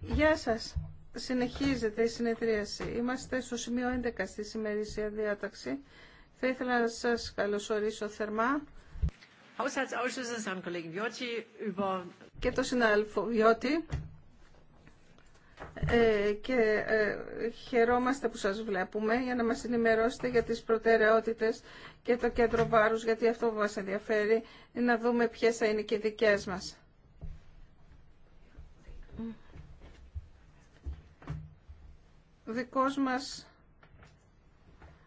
Γεια σας. Συνεχίζεται η συνεδρίαση. Είμαστε στο σημείο 11 στη σημερινή διάταξη. Θα ήθελα να σας καλωσορίσω θερμά. Και το συνάδελφο Βιώτη. Ε, και ε, χαιρόμαστε που σας βλέπουμε για να μας ενημερώσετε για τις προτεραιότητες και το κέντρο βάρους, γιατί αυτό που μας ενδιαφέρει είναι να δούμε ποιες θα είναι και δικές μας. Ο δικός μας,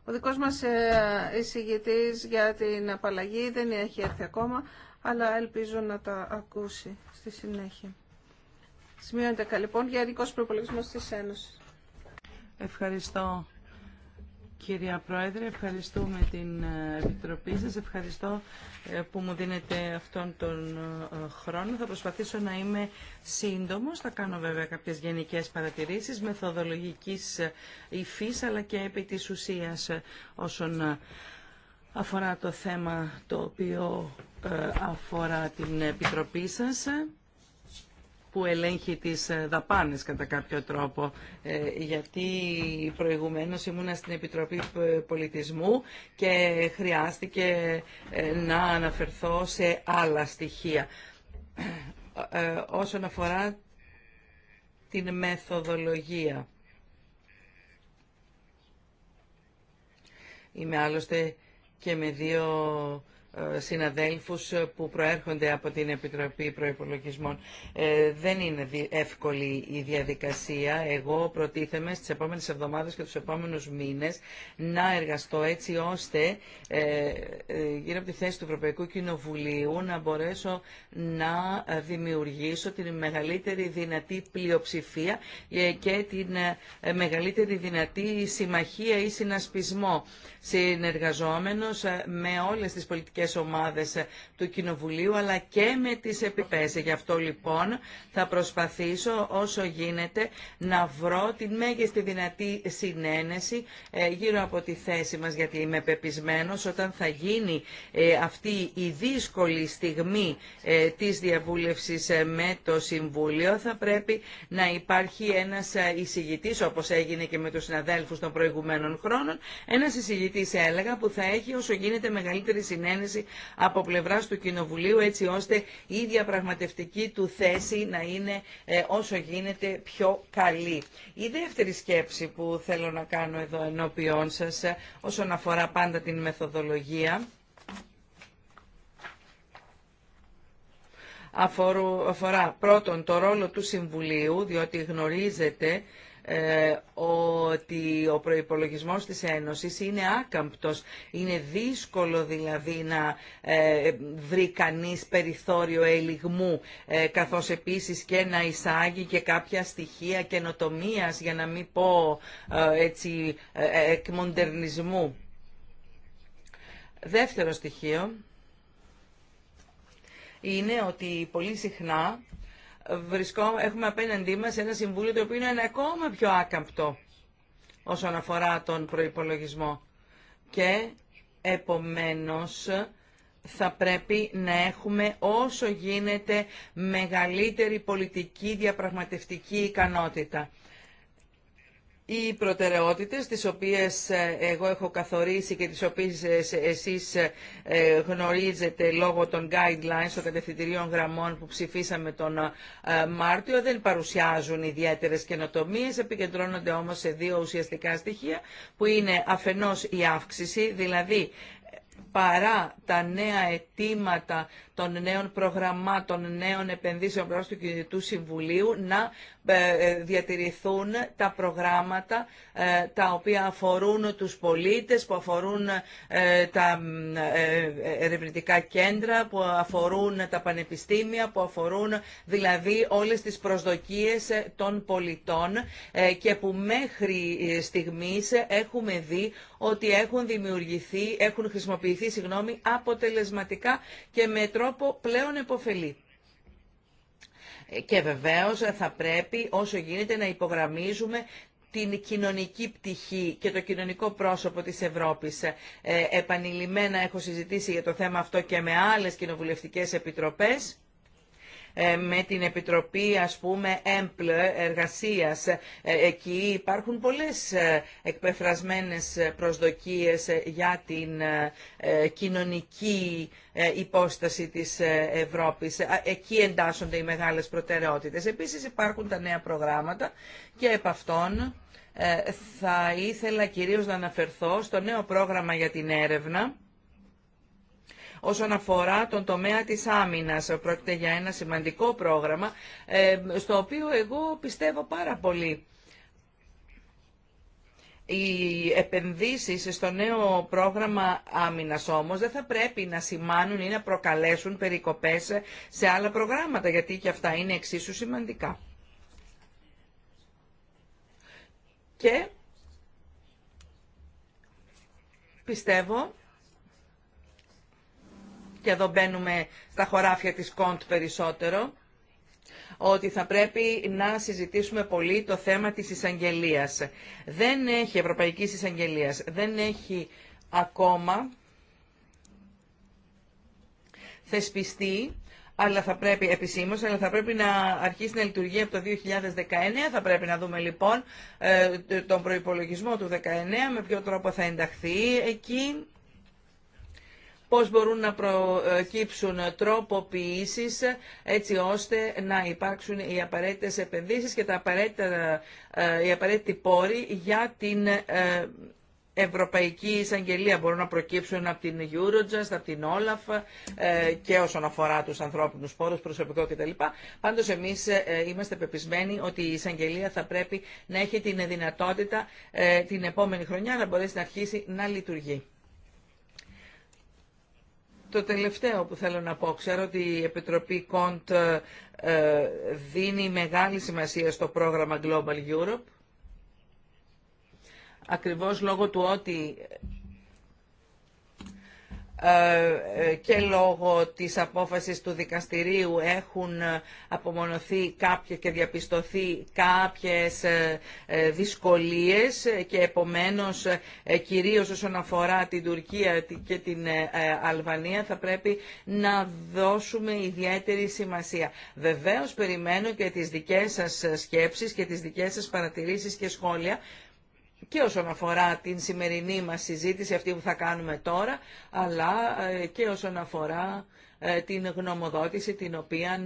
ο δικός μας ε, εισηγητής για την απαλλαγή δεν έχει έρθει ακόμα, αλλά ελπίζω να τα ακούσει στη συνέχεια. Σημειώνεται 11 λοιπόν, για ειδικό Προπολογισμό της Ένωσης. Ευχαριστώ. Κυρία Πρόεδρε, ευχαριστούμε την ε, Επιτροπή σας. Ευχαριστώ ε, που μου δίνετε αυτόν τον ε, χρόνο. Θα προσπαθήσω να είμαι σύντομος. Θα κάνω βέβαια κάποιες γενικές παρατηρήσεις μεθοδολογικής υφής αλλά και επί της ουσίας όσον αφορά το θέμα το οποίο αφορά την Επιτροπή σας που ελέγχει τις ε, δαπάνες κατά κάποιο τρόπο. Ε, γιατί προηγουμένως ήμουνα στην Επιτροπή Πολιτισμού και χρειάστηκε ε, να αναφερθώ σε άλλα στοιχεία. Όσον αφορά την μεθοδολογία. Είμαι άλλωστε και με δύο συναδέλφους που προέρχονται από την Επιτροπή Προϋπολογισμών. Ε, δεν είναι εύκολη η διαδικασία. Εγώ προτίθεμαι στις επόμενες εβδομάδες και τους επόμενους μήνες να εργαστώ έτσι ώστε ε, ε, γύρω από τη θέση του Ευρωπαϊκού Κοινοβουλίου να μπορέσω να δημιουργήσω την μεγαλύτερη δυνατή πλειοψηφία και την μεγαλύτερη δυνατή συμμαχία ή συνασπισμό συνεργαζόμενος με όλες τις πολιτικές πολιτικές ομάδες ε, του Κοινοβουλίου αλλά και με τις επιπές. Γι' αυτό λοιπόν θα προσπαθήσω όσο γίνεται να βρω την μέγιστη δυνατή συνένεση ε, γύρω από τη θέση μας γιατί είμαι πεπισμένος όταν θα γίνει ε, αυτή η δύσκολη στιγμή της διαβούλευσης με το Συμβούλιο θα πρέπει να υπάρχει ένας εισηγητής όπως έγινε και με τους συναδέλφους των προηγουμένων χρόνων ένας εισηγητής έλεγα που θα έχει όσο γίνεται μεγαλύτερη συνένεση από πλευράς του Κοινοβουλίου έτσι ώστε η διαπραγματευτική του θέση να είναι ε, όσο γίνεται πιο καλή. Η δεύτερη σκέψη που θέλω να κάνω εδώ ενώπιόν σας ε, όσον αφορά πάντα την μεθοδολογία αφορά πρώτον το ρόλο του Συμβουλίου διότι γνωρίζετε ε, ότι ο προϋπολογισμός της Ένωσης είναι άκαμπτος. Είναι δύσκολο δηλαδή να ε, βρει κανεί περιθώριο ελιγμού, ε, καθώς επίσης και να εισάγει και κάποια στοιχεία καινοτομία για να μην πω έτσι εκμοντερνισμού. Δεύτερο στοιχείο είναι ότι πολύ συχνά βρισκό, έχουμε απέναντί μας ένα συμβούλιο το οποίο είναι ακόμα πιο άκαμπτο όσον αφορά τον προϋπολογισμό. Και επομένως θα πρέπει να έχουμε όσο γίνεται μεγαλύτερη πολιτική διαπραγματευτική ικανότητα οι προτεραιότητες τις οποίες ε, εγώ έχω καθορίσει και τις οποίες ε, εσείς ε, γνωρίζετε λόγω των guidelines των κατευθυντηρίων γραμμών που ψηφίσαμε τον Μάρτιο δεν παρουσιάζουν ιδιαίτερες καινοτομίε, επικεντρώνονται όμως σε δύο ουσιαστικά στοιχεία που είναι αφενός η αύξηση, δηλαδή παρά τα νέα αιτήματα των νέων προγραμμάτων, νέων επενδύσεων προς του Κοινωνικού Συμβουλίου να ε, ε, διατηρηθούν τα προγράμματα ε, τα οποία αφορούν τους πολίτες, που αφορούν τα ερευνητικά κέντρα, που αφορούν τα πανεπιστήμια, που αφορούν δηλαδή όλες τις προσδοκίες των πολιτών και που μέχρι στιγμής έχουμε δει ότι έχουν δημιουργηθεί, έχουν χρησιμοποιηθεί συγγνώμη, αποτελεσματικά και με τρόπο πλέον επωφελή. Και βεβαίως θα πρέπει όσο γίνεται να υπογραμμίζουμε την κοινωνική πτυχή και το κοινωνικό πρόσωπο της Ευρώπης. Ε, επανειλημμένα έχω συζητήσει για το θέμα αυτό και με άλλες κοινοβουλευτικές επιτροπές ε, με την Επιτροπή ας πούμε ΕΜΠΛ εργασίας. Ε, εκεί υπάρχουν πολλές ε, εκπεφρασμένες προσδοκίες για την κοινωνική υπόσταση της Ευρώπης. Εκεί εντάσσονται οι μεγάλες προτεραιότητες. Επίσης υπάρχουν τα νέα προγράμματα και επ' αυτών θα ήθελα κυρίως να αναφερθώ στο νέο πρόγραμμα για την έρευνα όσον αφορά τον τομέα της άμυνας. Πρόκειται για ένα σημαντικό πρόγραμμα, ε, στο οποίο εγώ πιστεύω πάρα πολύ. Οι επενδύσεις στο νέο πρόγραμμα άμυνας όμως δεν θα πρέπει να σημάνουν ή να προκαλέσουν περικοπές σε άλλα προγράμματα, γιατί και αυτά είναι εξίσου σημαντικά. Και πιστεύω και εδώ μπαίνουμε στα χωράφια της Κοντ περισσότερο, ότι θα πρέπει να συζητήσουμε πολύ το θέμα της εισαγγελία. Δεν έχει ευρωπαϊκή εισαγγελία, δεν έχει ακόμα θεσπιστεί αλλά θα πρέπει επισήμω, αλλά θα πρέπει να αρχίσει να λειτουργεί από το 2019. Θα πρέπει να δούμε λοιπόν ε, τον προϋπολογισμό του 2019, με ποιο τρόπο θα ενταχθεί εκεί πώς μπορούν να προκύψουν τροποποιήσεις έτσι ώστε να υπάρξουν οι απαραίτητες επενδύσεις και τα απαραίτητα, ε, οι απαραίτητοι πόροι για την ε, Ευρωπαϊκή Εισαγγελία μπορούν να προκύψουν από την Eurojust, από την Olaf ε, και όσον αφορά τους ανθρώπινους πόρους, προσωπικό κτλ. Πάντως εμείς είμαστε πεπισμένοι ότι η Εισαγγελία θα πρέπει να έχει την δυνατότητα την επόμενη χρονιά να μπορέσει να αρχίσει να λειτουργεί. Το τελευταίο που θέλω να πω, ξέρω ότι η Επιτροπή Κοντ ε, ε, δίνει μεγάλη σημασία στο πρόγραμμα Global Europe, ακριβώς λόγω του ότι ε, ε, και λόγω της απόφασης του δικαστηρίου έχουν ε, απομονωθεί κάποια και διαπιστωθεί κάποιες δυσκολίες και επομένως κυρίως όσον αφορά την Τουρκία και την Αλβανία θα πρέπει να δώσουμε ιδιαίτερη σημασία. Βεβαίως περιμένω και τις δικές σας σκέψεις και τις δικές σας παρατηρήσεις και σχόλια και όσον αφορά την σημερινή μας συζήτηση, αυτή που θα κάνουμε τώρα, αλλά ε, και όσον αφορά ε, την γνωμοδότηση την οποία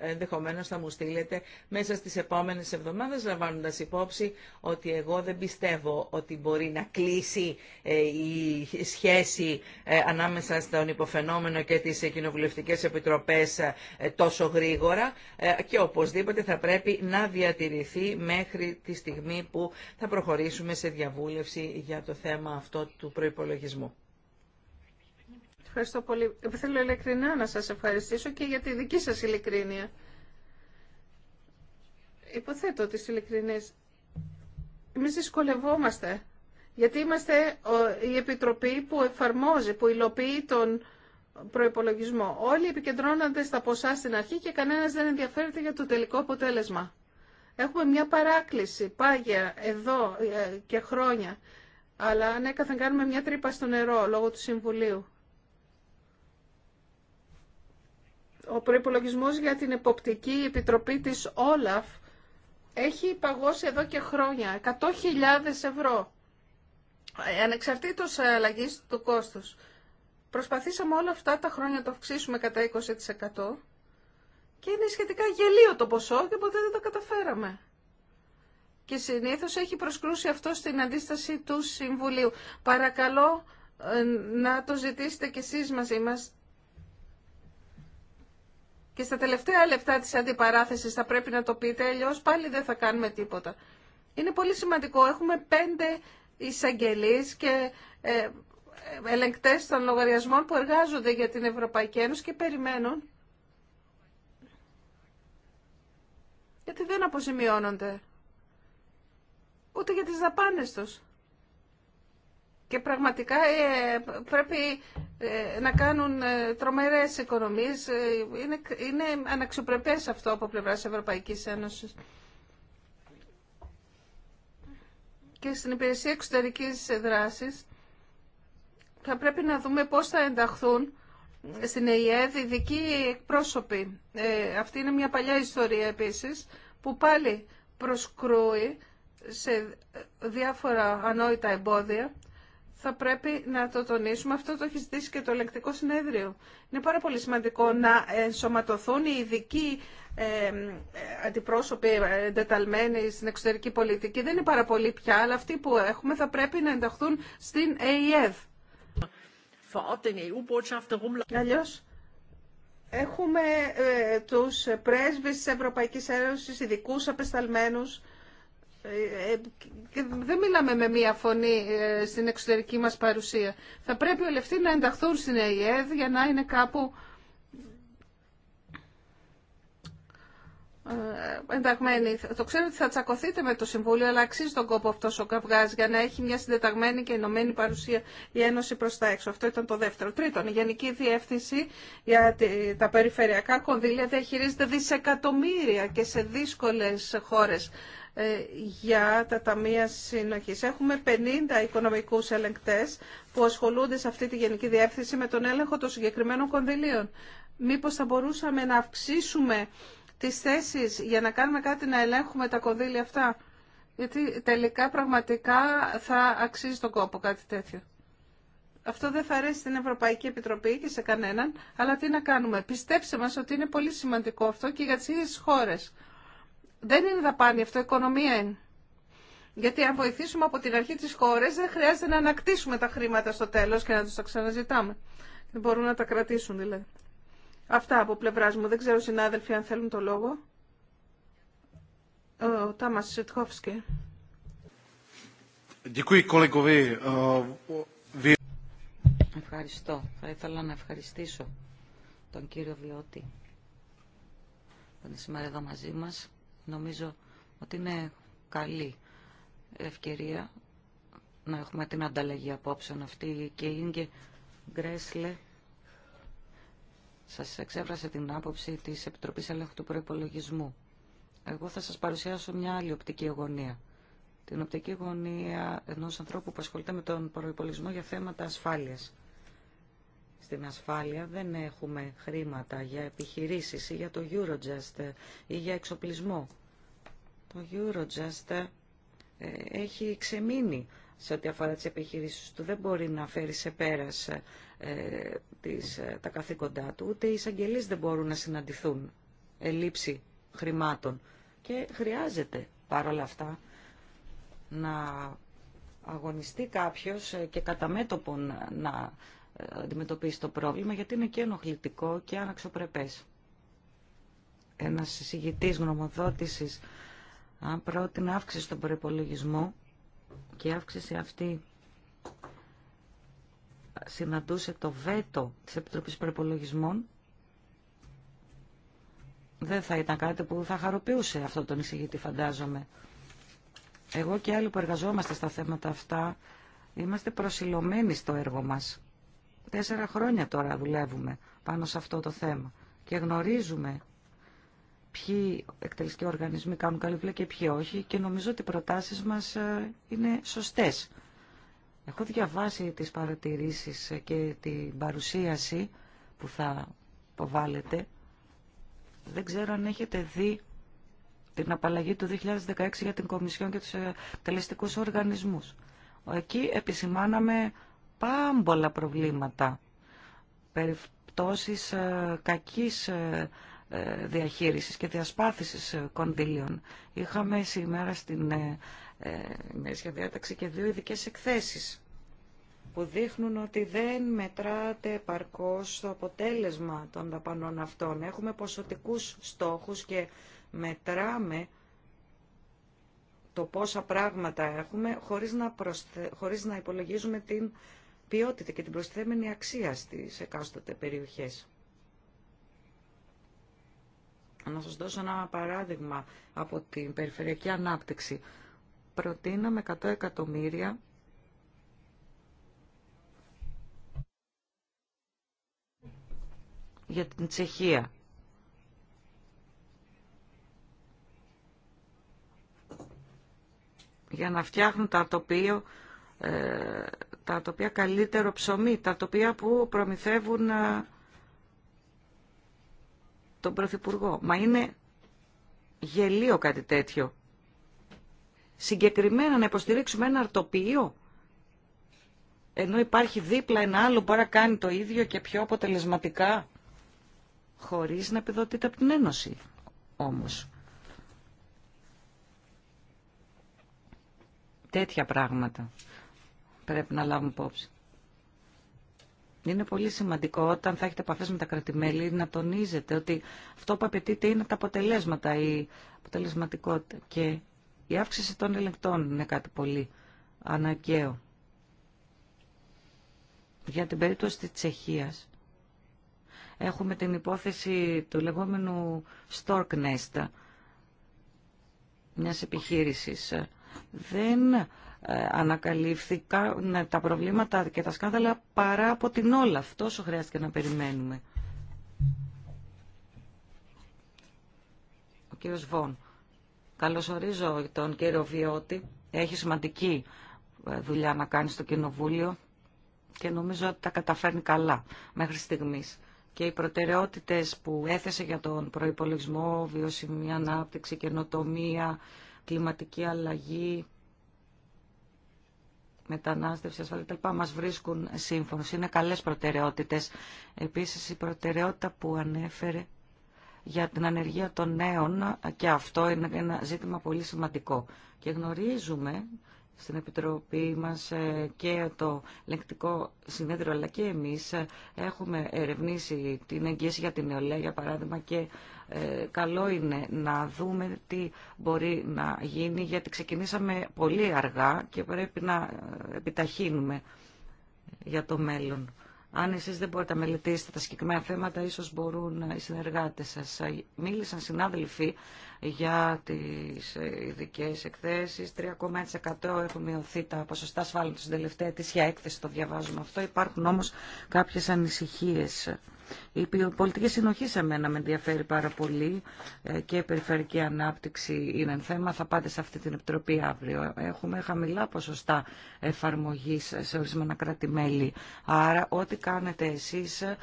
ε, ενδεχομένω θα μου στείλετε μέσα στις επόμενες εβδομάδες λαμβάνοντα υπόψη ότι εγώ δεν πιστεύω ότι μπορεί να κλείσει ε, η σχέση ανάμεσα στον υποφαινόμενο και τις κοινοβουλευτικές επιτροπές τόσο γρήγορα και οπωσδήποτε θα πρέπει να διατηρηθεί μέχρι τη στιγμή που θα προχωρήσουμε σε διαβούλευση για το θέμα αυτό του προϋπολογισμού. Ευχαριστώ πολύ. Θέλω ειλικρινά να σας ευχαριστήσω και για τη δική σας ειλικρίνεια. Υποθέτω τις ειλικρινές. Εμείς δυσκολευόμαστε, γιατί είμαστε η Επιτροπή που εφαρμόζει, που υλοποιεί τον προϋπολογισμό. Όλοι επικεντρώνονται στα ποσά στην αρχή και κανένας δεν ενδιαφέρεται για το τελικό αποτέλεσμα. Έχουμε μια παράκληση, πάγια, εδώ ε, και χρόνια, αλλά ανέκαθεν κάνουμε μια τρύπα στο νερό λόγω του Συμβουλίου. Ο προϋπολογισμός για την Εποπτική Επιτροπή της Όλαφ έχει παγώσει εδώ και χρόνια 100.000 ευρώ, ανεξαρτήτως αλλαγή του κόστους. Προσπαθήσαμε όλα αυτά τα χρόνια να το αυξήσουμε κατά 20% και είναι σχετικά γελίο το ποσό και ποτέ δεν το καταφέραμε. Και συνήθως έχει προσκρούσει αυτό στην αντίσταση του Συμβουλίου. Παρακαλώ ε, να το ζητήσετε κι εσείς μαζί μας και στα τελευταία λεπτά της αντιπαράθεσης θα πρέπει να το πείτε, αλλιώ πάλι δεν θα κάνουμε τίποτα. Είναι πολύ σημαντικό. Έχουμε πέντε εισαγγελείς και ε, ελεγκτές των λογαριασμών που εργάζονται για την Ευρωπαϊκή Ένωση και περιμένουν γιατί δεν αποζημιώνονται ούτε για τις δαπάνες τους και πραγματικά ε, πρέπει ε, να κάνουν ε, τρομερές οικονομίες. Είναι, είναι αναξιοπρεπές αυτό από πλευράς Ευρωπαϊκής Ένωσης. Και στην υπηρεσία εξωτερικής δράσης θα πρέπει να δούμε πώς θα ενταχθούν στην ΕΙΕΔ ειδικοί εκπρόσωποι. αυτή είναι μια παλιά ιστορία επίσης που πάλι προσκρούει σε διάφορα ανόητα εμπόδια θα πρέπει να το τονίσουμε. Αυτό το έχει ζητήσει και το ελεκτικό συνέδριο. Είναι πάρα πολύ σημαντικό να ενσωματωθούν οι ειδικοί αντιπρόσωποι εντεταλμένοι στην εξωτερική πολιτική. Δεν είναι πάρα πολύ πια, αλλά αυτοί που έχουμε θα πρέπει να ενταχθούν στην ΑΕΔ. Αλλιώ, έχουμε ε, τους πρέσβεις της Ευρωπαϊκής Ένωσης, ειδικού απεσταλμένους, ε, ε, δεν μιλάμε με μία φωνή ε, στην εξωτερική μας παρουσία. Θα πρέπει όλοι αυτοί να ενταχθούν στην ΕΕΔ για να είναι κάπου ενταγμένοι. Το ξέρω ότι θα τσακωθείτε με το Συμβούλιο, αλλά αξίζει τον κόπο αυτός ο καυγάς για να έχει μια συντεταγμένη και ενωμένη παρουσία η Ένωση προς τα έξω. Αυτό ήταν το δεύτερο. Τρίτον, η Γενική Διεύθυνση για τα περιφερειακά κονδύλια διαχειρίζεται δισεκατομμύρια και σε δύσκολες χώρες ε, για τα ταμεία συνοχής. Έχουμε 50 οικονομικούς ελεγκτές που ασχολούνται σε αυτή τη Γενική Διεύθυνση με τον έλεγχο των συγκεκριμένων κονδυλίων. Μήπως θα μπορούσαμε να αυξήσουμε τις θέσεις για να κάνουμε κάτι να ελέγχουμε τα κονδύλια αυτά. Γιατί τελικά πραγματικά θα αξίζει τον κόπο κάτι τέτοιο. Αυτό δεν θα αρέσει στην Ευρωπαϊκή Επιτροπή και σε κανέναν, αλλά τι να κάνουμε. Πιστέψτε μας ότι είναι πολύ σημαντικό αυτό και για τις ίδιες χώρες. Δεν είναι δαπάνη, αυτό οικονομία είναι. Γιατί αν βοηθήσουμε από την αρχή τις χώρες δεν χρειάζεται να ανακτήσουμε τα χρήματα στο τέλος και να τους τα ξαναζητάμε. Δεν μπορούν να τα κρατήσουν δηλαδή. Αυτά από πλευρά μου. Δεν ξέρω συνάδελφοι αν θέλουν το λόγο. Ο Τάμας Σιτχόφσκι. Ε, Ευχαριστώ. Θα ήθελα να ευχαριστήσω τον κύριο Βιώτη που είναι σήμερα εδώ μαζί μας Νομίζω ότι είναι καλή ευκαιρία να έχουμε την ανταλλαγή απόψεων αυτή και η Ίγκε Γκρέσλε σας εξέφρασε την άποψη της Επιτροπής Ελέγχου του Προϋπολογισμού. Εγώ θα σας παρουσιάσω μια άλλη οπτική γωνία. Την οπτική γωνία ενός ανθρώπου που ασχολείται με τον προϋπολογισμό για θέματα ασφάλειας στην ασφάλεια δεν έχουμε χρήματα για επιχειρήσεις ή για το Eurojust ή για εξοπλισμό. Το Eurojust ε, έχει ξεμείνει σε ό,τι αφορά τις επιχειρήσεις του. Δεν μπορεί να φέρει σε πέρας ε, ε, τα καθήκοντά του, ούτε οι εισαγγελείς δεν μπορούν να συναντηθούν ελήψη χρημάτων. Και χρειάζεται παρόλα αυτά να αγωνιστεί κάποιος και κατά μέτωπον να αντιμετωπίσει το πρόβλημα γιατί είναι και ενοχλητικό και αναξοπρεπές. Ένας εισηγητής γνωμοδότησης αν πρότεινε αύξηση στον προπολογισμό και η αύξηση αυτή συναντούσε το βέτο της Επιτροπής Προπολογισμών δεν θα ήταν κάτι που θα χαροποιούσε αυτό τον εισηγητή φαντάζομαι. Εγώ και άλλοι που εργαζόμαστε στα θέματα αυτά είμαστε προσιλωμένοι στο έργο μας. Τέσσερα χρόνια τώρα δουλεύουμε πάνω σε αυτό το θέμα και γνωρίζουμε ποιοι εκτελεστικοί οργανισμοί κάνουν καλή δουλειά και ποιοι όχι και νομίζω ότι οι προτάσεις μας ε, είναι σωστές. Έχω διαβάσει τις παρατηρήσεις ε, και την παρουσίαση που θα υποβάλλετε. Δεν ξέρω αν έχετε δει την απαλλαγή του 2016 για την Κομισιόν και τους ε, εκτελεστικούς οργανισμούς. Εκεί επισημάναμε πάμπολα προβλήματα, περιπτώσεις ε, κακής ε, ε, διαχείρισης και διασπάθησης κονδύλιων. Είχαμε σήμερα στην Μέσια διάταξη και δύο ειδικέ εκθέσεις που δείχνουν ότι δεν μετράτε παρκώς το αποτέλεσμα των δαπανών αυτών. Έχουμε ποσοτικούς στόχους και μετράμε το πόσα πράγματα έχουμε χωρίς να, χωρίς να υπολογίζουμε την ποιότητα και την προσθέμενη αξία στις εκάστοτε περιοχές. Να σας δώσω ένα παράδειγμα από την περιφερειακή ανάπτυξη. Προτείναμε 100 εκατομμύρια για την Τσεχία. για να φτιάχνουν τα τοπίο ε, τα τοπία καλύτερο ψωμί, τα τοπία που προμηθεύουν ε, τον Πρωθυπουργό. Μα είναι γελίο κάτι τέτοιο. Συγκεκριμένα να υποστηρίξουμε ένα αρτοπίο, ενώ υπάρχει δίπλα ένα άλλο που μπορεί να κάνει το ίδιο και πιο αποτελεσματικά, χωρίς να επιδοτείται από την Ένωση όμως. Τέτοια πράγματα πρέπει να λάβουμε υπόψη. Είναι πολύ σημαντικό όταν θα έχετε επαφέ με τα κρατημέλη να τονίζετε ότι αυτό που απαιτείται είναι τα αποτελέσματα, η αποτελεσματικότητα. Και η αύξηση των ελεγκτών είναι κάτι πολύ αναγκαίο. Για την περίπτωση της Τσεχίας έχουμε την υπόθεση του λεγόμενου Storknest, μιας επιχείρησης. Δεν ανακαλύφθηκαν τα προβλήματα και τα σκάνδαλα παρά από την όλα. Τόσο χρειάστηκε να περιμένουμε. Ο κύριος Βον. Καλωσορίζω τον κύριο Βιώτη. Έχει σημαντική ε, δουλειά να κάνει στο Κοινοβούλιο και νομίζω ότι τα καταφέρνει καλά μέχρι στιγμής. Και οι προτεραιότητες που έθεσε για τον προϋπολογισμό, βιωσιμή ανάπτυξη, καινοτομία, κλιματική αλλαγή, μετανάστευση, ασφαλή κτλ. μας βρίσκουν σύμφωνος. Είναι καλές προτεραιότητες. Επίσης η προτεραιότητα που ανέφερε για την ανεργία των νέων και αυτό είναι ένα ζήτημα πολύ σημαντικό. Και γνωρίζουμε στην Επιτροπή μας ε, και το Λεκτικό Συνέδριο αλλά και εμείς ε, έχουμε ερευνήσει την εγγύηση για την νεολαία για παράδειγμα και ε, καλό είναι να δούμε τι μπορεί να γίνει, γιατί ξεκινήσαμε πολύ αργά και πρέπει να ε, επιταχύνουμε για το μέλλον. Αν εσεί δεν μπορείτε να μελετήσετε τα συγκεκριμένα θέματα, ίσω μπορούν ε, οι συνεργάτε σα. Μίλησαν συνάδελφοι για τι ειδικέ εκθέσει. 3,1% έχουν μειωθεί τα ποσοστά ασφάλματο στην τελευταία αίτησια έκθεση. Το διαβάζουμε αυτό. Υπάρχουν όμω κάποιε ανησυχίε η πολιτική συνοχή σε μένα με ενδιαφέρει πάρα πολύ ε, και η περιφερειακή ανάπτυξη είναι θέμα. Θα πάτε σε αυτή την επιτροπή αύριο. Έχουμε χαμηλά ποσοστά εφαρμογής σε ορισμένα κράτη-μέλη. Άρα ό,τι κάνετε εσείς ε,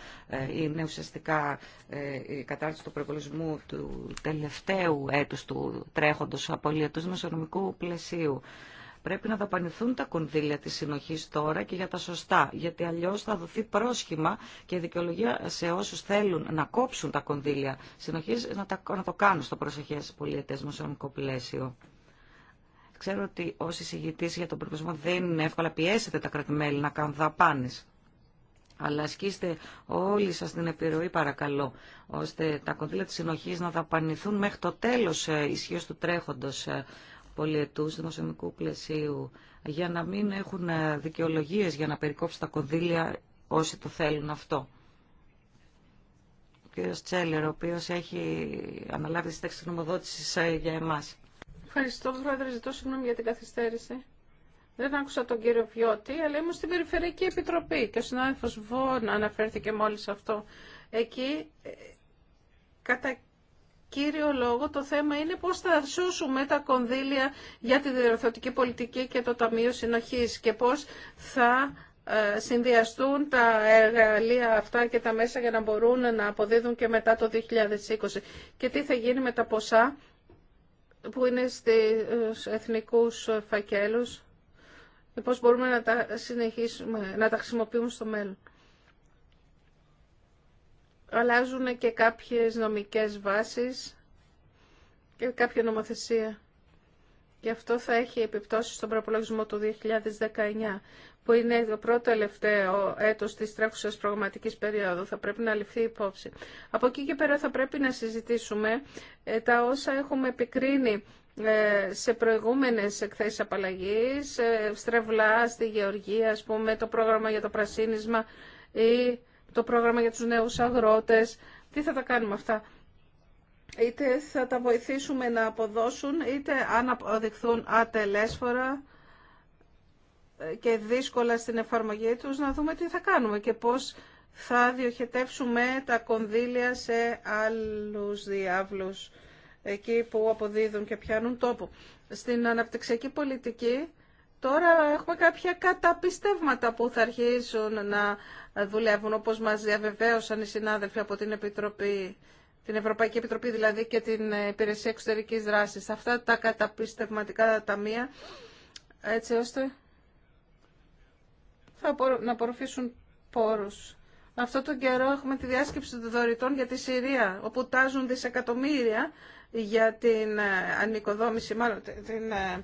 είναι ουσιαστικά ε, η κατάρτιση του προπολογισμού του τελευταίου έτου του τρέχοντος απολύτως μεσονομικού πλαισίου. Πρέπει να δαπανηθούν τα κονδύλια της συνοχής τώρα και για τα σωστά, γιατί αλλιώς θα δοθεί πρόσχημα και δικαιολογία σε όσους θέλουν να κόψουν τα κονδύλια συνοχής να, τα, να το κάνουν στο προσεχές πολιετές ονομικό πλαίσιο. Ξέρω ότι όσοι εισηγητή για τον προβλησμό δεν είναι εύκολα πιέσετε τα κρατημέλη να κάνουν δαπάνες, Αλλά ασκήστε όλοι σας την επιρροή παρακαλώ, ώστε τα κονδύλια της συνοχής να δαπανηθούν μέχρι το τέλος ε, ισχύω του τρέχοντος ε, πολιετούς δημοσιονομικού πλαισίου για να μην έχουν δικαιολογίε για να περικόψουν τα κονδύλια όσοι το θέλουν αυτό. Ο κύριος Τσέλερ, ο οποίο έχει αναλάβει τη στέξη νομοδότησης ε, για εμά. Ευχαριστώ, Πρόεδρε. Ζητώ συγγνώμη για την καθυστέρηση. Δεν άκουσα τον κύριο Βιώτη, αλλά ήμουν στην Περιφερειακή Επιτροπή και ο συνάδελφο Βόν αναφέρθηκε μόλι αυτό. Εκεί ε, κατά κύριο λόγο το θέμα είναι πώς θα σώσουμε τα κονδύλια για τη διορθωτική πολιτική και το Ταμείο Συνοχής και πώς θα ε, συνδυαστούν τα εργαλεία αυτά και τα μέσα για να μπορούν να αποδίδουν και μετά το 2020. Και τι θα γίνει με τα ποσά που είναι στους εθνικούς φακέλους και πώς μπορούμε να τα συνεχίσουμε, να τα χρησιμοποιούμε στο μέλλον αλλάζουν και κάποιες νομικές βάσεις και κάποια νομοθεσία. και αυτό θα έχει επιπτώσεις στον προπολογισμό του 2019, που είναι το πρώτο τελευταίο έτος της τρέχουσας προγραμματικής περίοδου. Θα πρέπει να ληφθεί υπόψη. Από εκεί και πέρα θα πρέπει να συζητήσουμε ε, τα όσα έχουμε επικρίνει ε, σε προηγούμενες εκθέσεις απαλλαγής, ε, στρεβλά στη Γεωργία, το πρόγραμμα για το πρασίνισμα ή το πρόγραμμα για τους νέους αγρότες, τι θα τα κάνουμε αυτά. Είτε θα τα βοηθήσουμε να αποδώσουν, είτε αν αποδειχθούν ατελέσφορα και δύσκολα στην εφαρμογή τους, να δούμε τι θα κάνουμε και πώς θα διοχετεύσουμε τα κονδύλια σε άλλους διάβλους εκεί που αποδίδουν και πιάνουν τόπο. Στην αναπτυξιακή πολιτική τώρα έχουμε κάποια καταπιστεύματα που θα αρχίσουν να δουλεύουν, όπως μας διαβεβαίωσαν οι συνάδελφοι από την Επιτροπή την Ευρωπαϊκή Επιτροπή δηλαδή και την Υπηρεσία Εξωτερικής Δράσης. Αυτά τα καταπιστευματικά ταμεία, έτσι ώστε θα να απορροφήσουν πόρους. Αυτό τον καιρό έχουμε τη διάσκεψη των δωρητών για τη Συρία, όπου τάζουν δισεκατομμύρια για την ε, ανοικοδόμηση, μάλλον την ε,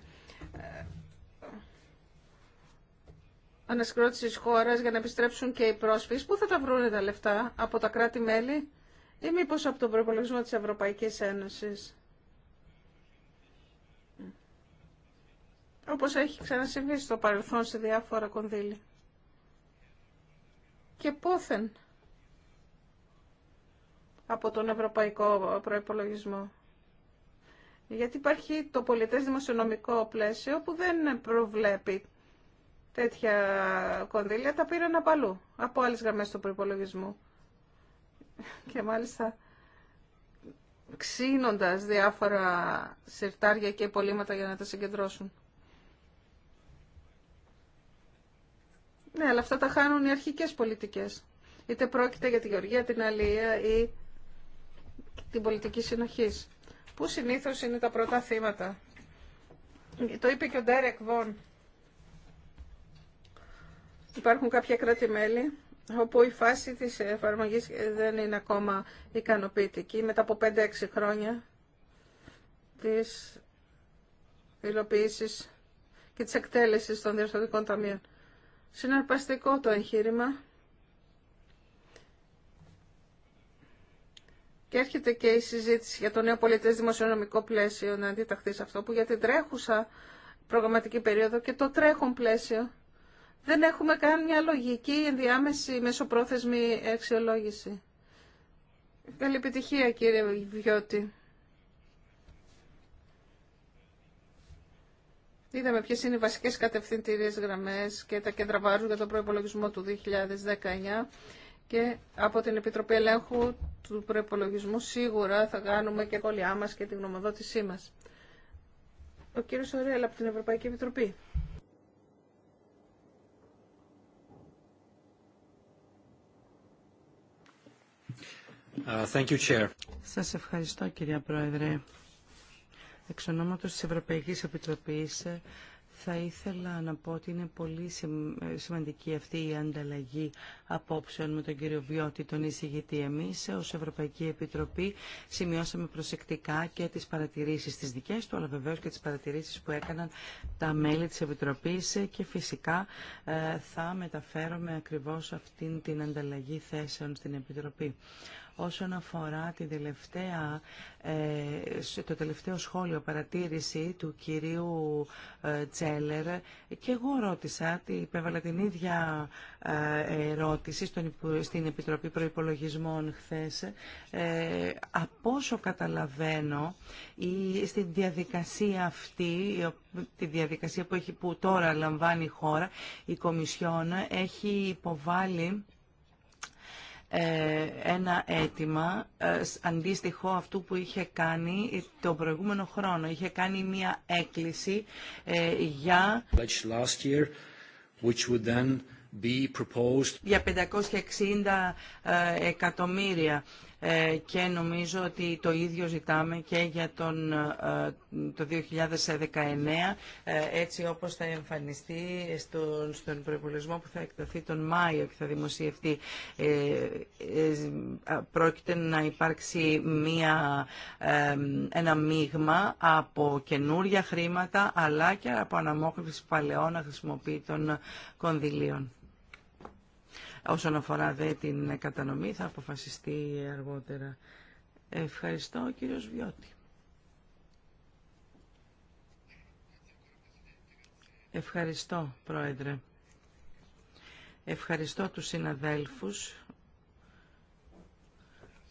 ανασκρότηση τη χώρας για να επιστρέψουν και οι πρόσφυγες. Πού θα τα βρουν τα λεφτά, από τα κράτη-μέλη ή μήπω από τον προπολογισμό της Ευρωπαϊκής Ένωσης. Όπω έχει ξανασυμβεί στο παρελθόν σε διάφορα κονδύλια. Και πόθεν από τον Ευρωπαϊκό Προϋπολογισμό. Γιατί υπάρχει το πολιτέ δημοσιονομικό πλαίσιο που δεν προβλέπει τέτοια κονδύλια τα πήραν από αλλού, από άλλες γραμμές του προπολογισμού. Και μάλιστα ξύνοντας διάφορα σερτάρια και υπολείμματα για να τα συγκεντρώσουν. Ναι, αλλά αυτά τα χάνουν οι αρχικές πολιτικές. Είτε πρόκειται για τη Γεωργία, την Αλία ή την πολιτική συνοχής. Που συνήθως είναι τα πρώτα θύματα. Το είπε και ο Ντέρεκ Βον Υπάρχουν κάποια κράτη-μέλη όπου η φάση της εφαρμογής δεν είναι ακόμα ικανοποιητική. Μετά από 5-6 χρόνια της υλοποίησης και της εκτέλεσης των διευθυντικών ταμείων. Συναρπαστικό το εγχείρημα. Και έρχεται και η συζήτηση για το νέο πολιτές δημοσιονομικό πλαίσιο να αντιταχθεί σε αυτό που για την τρέχουσα προγραμματική περίοδο και το τρέχον πλαίσιο δεν έχουμε καν μια λογική ενδιάμεση μεσοπρόθεσμη αξιολόγηση. Καλή επιτυχία κύριε Βιώτη. Είδαμε ποιες είναι οι βασικές κατευθυντήριες γραμμές και τα κέντρα βάρους για τον προϋπολογισμό του 2019 και από την Επιτροπή Ελέγχου του Προϋπολογισμού σίγουρα θα κάνουμε και κολλιά μας και τη γνωμοδότησή μας. Ο κύριος Ωρέλα από την Ευρωπαϊκή Επιτροπή. Uh, Σας ευχαριστώ κυρία Πρόεδρε. Εξ ονόματος της Ευρωπαϊκής Επιτροπής ε, θα ήθελα να πω ότι είναι πολύ ε, σημαντική αυτή η ανταλλαγή απόψεων με τον κύριο Βιώτη, τον εισηγητή. εμεί. Ε, Ω Ευρωπαϊκή Επιτροπή σημειώσαμε προσεκτικά και τι παρατηρήσει τι δικές του, αλλά βεβαίω και τι παρατηρήσει που έκαναν τα μέλη τη Επιτροπή, και φυσικά θα μεταφέρομαι ακριβώ αυτή την ανταλλαγή θέσεων στην Επιτροπή όσον αφορά την τελευταία, ε, το τελευταίο σχόλιο παρατήρηση του κυρίου ε, Τσέλερ και εγώ ρώτησα, υπέβαλα την ίδια ε, ερώτηση στην Επιτροπή Προϋπολογισμών χθες. Από όσο καταλαβαίνω, στη διαδικασία αυτή, τη διαδικασία που, έχει, που τώρα λαμβάνει η χώρα, η Κομισιόν έχει υποβάλει ε, ένα αίτημα ε, αντίστοιχο αυτού που είχε κάνει τον προηγούμενο χρόνο. Είχε κάνει μία έκκληση ε, για... Last 560 εκατομμύρια ε, και νομίζω ότι το ίδιο ζητάμε και για τον, ε, το 2019 ε, έτσι όπως θα εμφανιστεί στον, στον που θα εκδοθεί τον Μάιο και θα δημοσιευτεί. Πρόκειται να υπάρξει μία, ένα μείγμα από καινούρια χρήματα αλλά και από αναμόχληση παλαιών αχρησιμοποιητών κονδυλίων. Όσον αφορά δε την κατανομή θα αποφασιστεί αργότερα. Ευχαριστώ κύριος Βιώτη. Ευχαριστώ Πρόεδρε. Ευχαριστώ τους συναδέλφους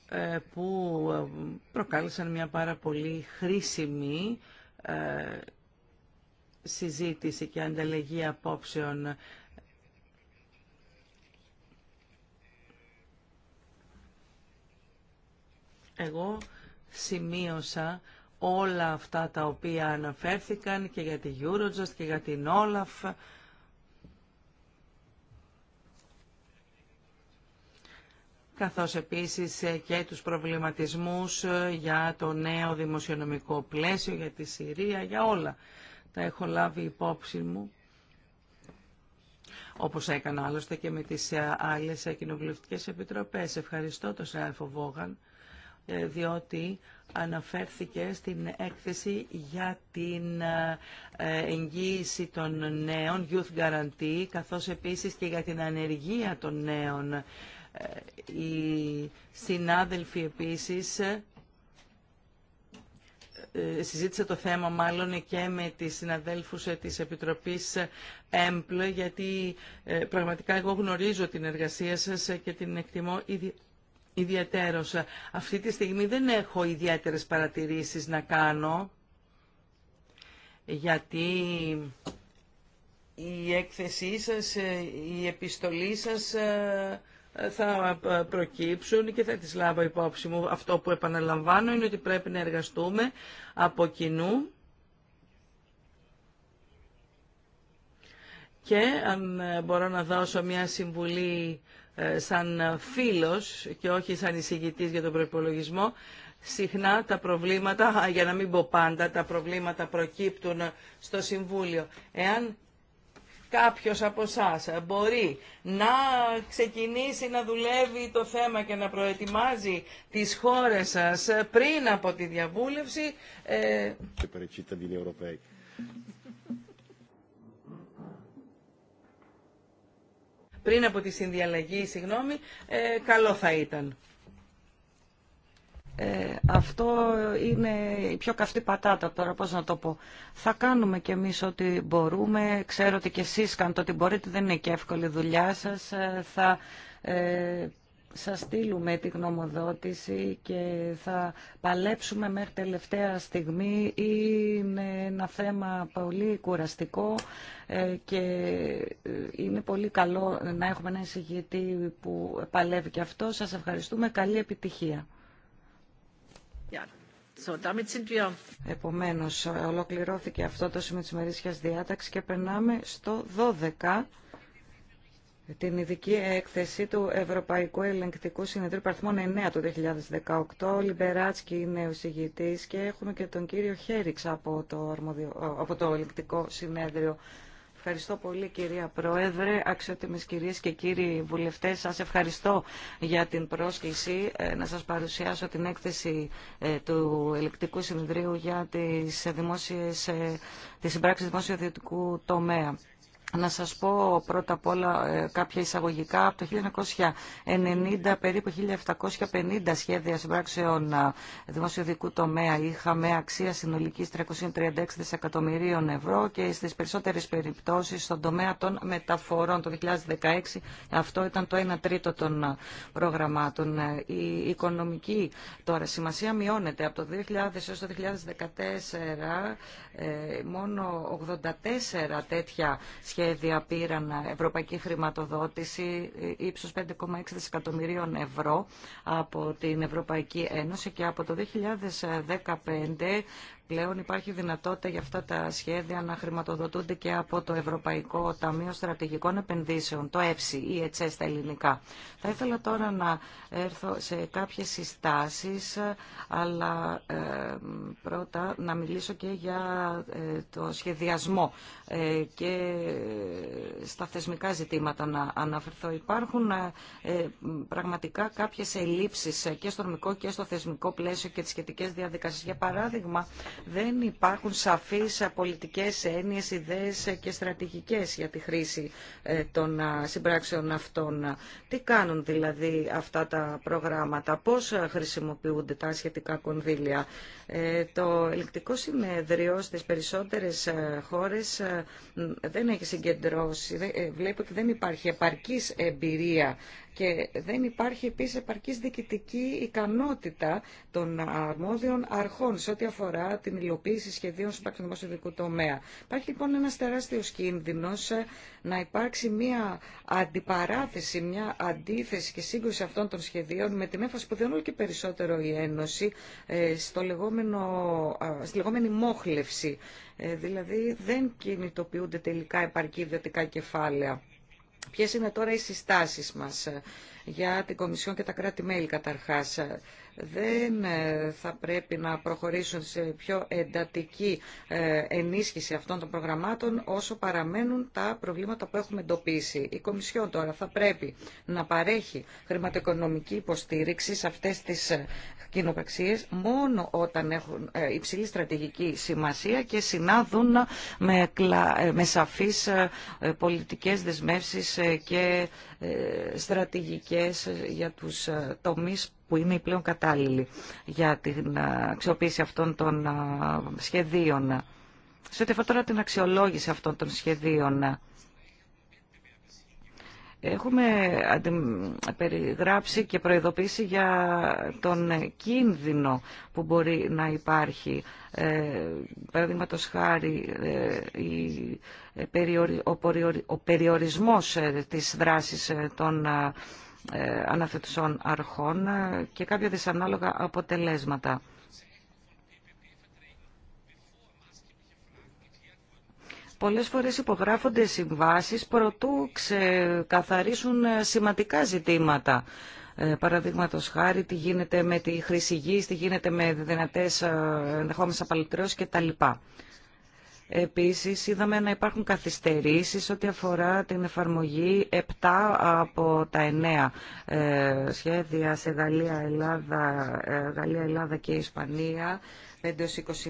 ε, που ε, προκάλεσαν μια πάρα πολύ χρήσιμη ε, συζήτηση και ανταλλαγή απόψεων. Εγώ σημείωσα όλα αυτά τα οποία αναφέρθηκαν και για τη Eurojust και για την Όλαφ, καθώς επίσης και τους προβληματισμούς για το νέο δημοσιονομικό πλαίσιο, για τη Συρία, για όλα. Τα έχω λάβει υπόψη μου, όπως έκανα άλλωστε και με τις άλλες κοινοβουλευτικές επιτροπές. Ευχαριστώ τον Σάιφο Βόγαν. Ε, διότι αναφέρθηκε στην έκθεση για την ε, εγγύηση των νέων, Youth Guarantee, καθώς επίσης και για την ανεργία των νέων. Ε, οι συνάδελφοι επίσης συζήτησε το θέμα μάλλον και με τις συναδέλφους της Επιτροπής ΕΜΠΛ γιατί πραγματικά εγώ γνωρίζω την εργασία σας και την εκτιμώ ιδιαίτερος. Αυτή τη στιγμή δεν έχω ιδιαίτερες παρατηρήσεις να κάνω, γιατί η έκθεσή σας, ε, η επιστολή σας ε, θα προκύψουν και θα τις λάβω υπόψη μου. Αυτό που επαναλαμβάνω είναι ότι πρέπει να εργαστούμε από κοινού και αν μπορώ να δώσω μια συμβουλή ε, σαν φίλος και όχι σαν εισηγητής για τον προπολογισμό. συχνά τα προβλήματα, για να μην πω πάντα, τα προβλήματα προκύπτουν στο Συμβούλιο. Εάν κάποιος από εσά μπορεί να ξεκινήσει να δουλεύει το θέμα και να προετοιμάζει τις χώρες σας πριν από τη διαβούλευση... Ε... πριν από τη συνδιαλλαγή, συγγνώμη, ε, καλό θα ήταν. Ε, αυτό είναι η πιο καυτή πατάτα τώρα, πώς να το πω. Θα κάνουμε κι εμείς ό,τι μπορούμε. Ξέρω ότι κι εσείς κάνετε ό,τι μπορείτε, δεν είναι και εύκολη δουλειά σας. Ε, θα σας στείλουμε τη γνωμοδότηση και θα παλέψουμε μέχρι τελευταία στιγμή. Είναι ένα θέμα πολύ κουραστικό ε, και ε, είναι πολύ καλό να έχουμε ένα εισηγητή που παλεύει και αυτό. Σας ευχαριστούμε. Καλή επιτυχία. Επομένως, ολοκληρώθηκε αυτό το σημείο της διάταξης και περνάμε στο 12 την ειδική έκθεση του Ευρωπαϊκού Ελεγκτικού Συνεδρίου Παρθμών 9 του 2018. Ο Λιμπεράτσκι είναι ο και έχουμε και τον κύριο Χέριξ από το, αρμοδιο... από το Ελεγκτικό Συνέδριο. Ευχαριστώ πολύ κυρία Πρόεδρε, αξιότιμες κυρίες και κύριοι βουλευτές. Σας ευχαριστώ για την πρόσκληση ε, να σας παρουσιάσω την έκθεση ε, του Ελεκτικού Συνεδρίου για τις, ε, δημόσιες, τις συμπράξεις τομέα να σας πω πρώτα απ' όλα ε, κάποια εισαγωγικά. Από το 1990 περίπου 1750 σχέδια συμπράξεων ε, δημοσιοδικού τομέα είχαμε αξία συνολικής 336 δισεκατομμυρίων ευρώ και στις περισσότερες περιπτώσεις στον τομέα των μεταφορών το 2016 αυτό ήταν το 1 τρίτο των ε, προγραμμάτων. Η οικονομική τώρα σημασία μειώνεται από το 2000 έως το 2014 μόνο 84 τέτοια σχέδια και πήραν ευρωπαϊκή χρηματοδότηση ύψους 5,6 δισεκατομμυρίων ευρώ από την Ευρωπαϊκή Ένωση και από το 2015 Πλέον υπάρχει δυνατότητα για αυτά τα σχέδια να χρηματοδοτούνται και από το Ευρωπαϊκό Ταμείο Στρατηγικών Επενδύσεων, το ΕΦΣΙ ή ΕΤΣΕ στα ελληνικά. Θα ήθελα τώρα να έρθω σε κάποιες συστάσεις, αλλά ε, πρώτα να μιλήσω και για ε, το σχεδιασμό ε, και στα θεσμικά ζητήματα να αναφερθώ. Υπάρχουν πραγματικά κάποιες ελλείψεις και στο νομικό και στο θεσμικό πλαίσιο και τις σχετικές διαδικασίες. Για παράδειγμα, δεν υπάρχουν σαφείς πολιτικές έννοιες, ιδέες και στρατηγικές για τη χρήση ε, των συμπράξεων αυτών. Τι κάνουν δηλαδή αυτά τα προγράμματα, πώς χρησιμοποιούνται τα σχετικά κονδύλια. Ε, το ελεκτικό συνέδριο στις περισσότερες ε, χώρες δεν έχει συγκεντρώσει, βλέπω ότι δεν υπάρχει επαρκής εμπειρία και δεν υπάρχει επίση επαρκής διοικητική ικανότητα των αρμόδιων αρχών σε ό,τι αφορά την υλοποίηση σχεδίων στον δημοσιοδικού τομέα. Υπάρχει λοιπόν ένα τεράστιο κίνδυνο ε, να υπάρξει μια αντιπαράθεση, μια αντίθεση και σύγκρουση αυτών των σχεδίων με την έμφαση που δεν όλο και περισσότερο η Ένωση ε, στο λεγόμενο, στη λεγόμενη μόχλευση. Ε, δηλαδή δεν κινητοποιούνται τελικά επαρκή ιδιωτικά κεφάλαια. Ποιες είναι τώρα οι συστάσεις μας ε, για την Κομισιόν και τα κράτη-μέλη καταρχάς. Ε, δεν ε, θα πρέπει να προχωρήσουν σε πιο εντατική ε, ενίσχυση αυτών των προγραμμάτων όσο παραμένουν τα προβλήματα που έχουμε εντοπίσει. Η Κομισιόν τώρα θα πρέπει να παρέχει χρηματοοικονομική υποστήριξη σε αυτές τις ε, κοινοπραξίες μόνο όταν έχουν υψηλή στρατηγική σημασία και συνάδουν με, με σαφείς πολιτικές δεσμεύσεις και στρατηγικές για τους τομείς που είναι οι πλέον κατάλληλοι για την ε, αξιοποίηση αυτών των ε, σχεδίων. Σε ό,τι τώρα την αξιολόγηση αυτών των σχεδίων, Έχουμε περιγράψει και προειδοποίησει για τον κίνδυνο που μπορεί να υπάρχει. Ε, Παραδείγματο χάρη, ε, ο περιορισμός της δράσης των ε, αναθετουσών αρχών ε, και κάποια δυσανάλογα αποτελέσματα. Πολλές φορές υπογράφονται συμβάσεις προτού ξεκαθαρίσουν ε, σημαντικά ζητήματα. Παραδείγματο παραδείγματος χάρη, τι γίνεται με τη χρήση γης, τι γίνεται με δυνατές ενδεχόμενες απαλυτρώσεις κτλ. Επίσης είδαμε να υπάρχουν καθυστερήσεις ό,τι αφορά την εφαρμογή 7 από τα 9 ε, σχέδια σε Γαλλία, Ελλάδα, ε, Γαλλία, Ελλάδα και Ισπανία 5-20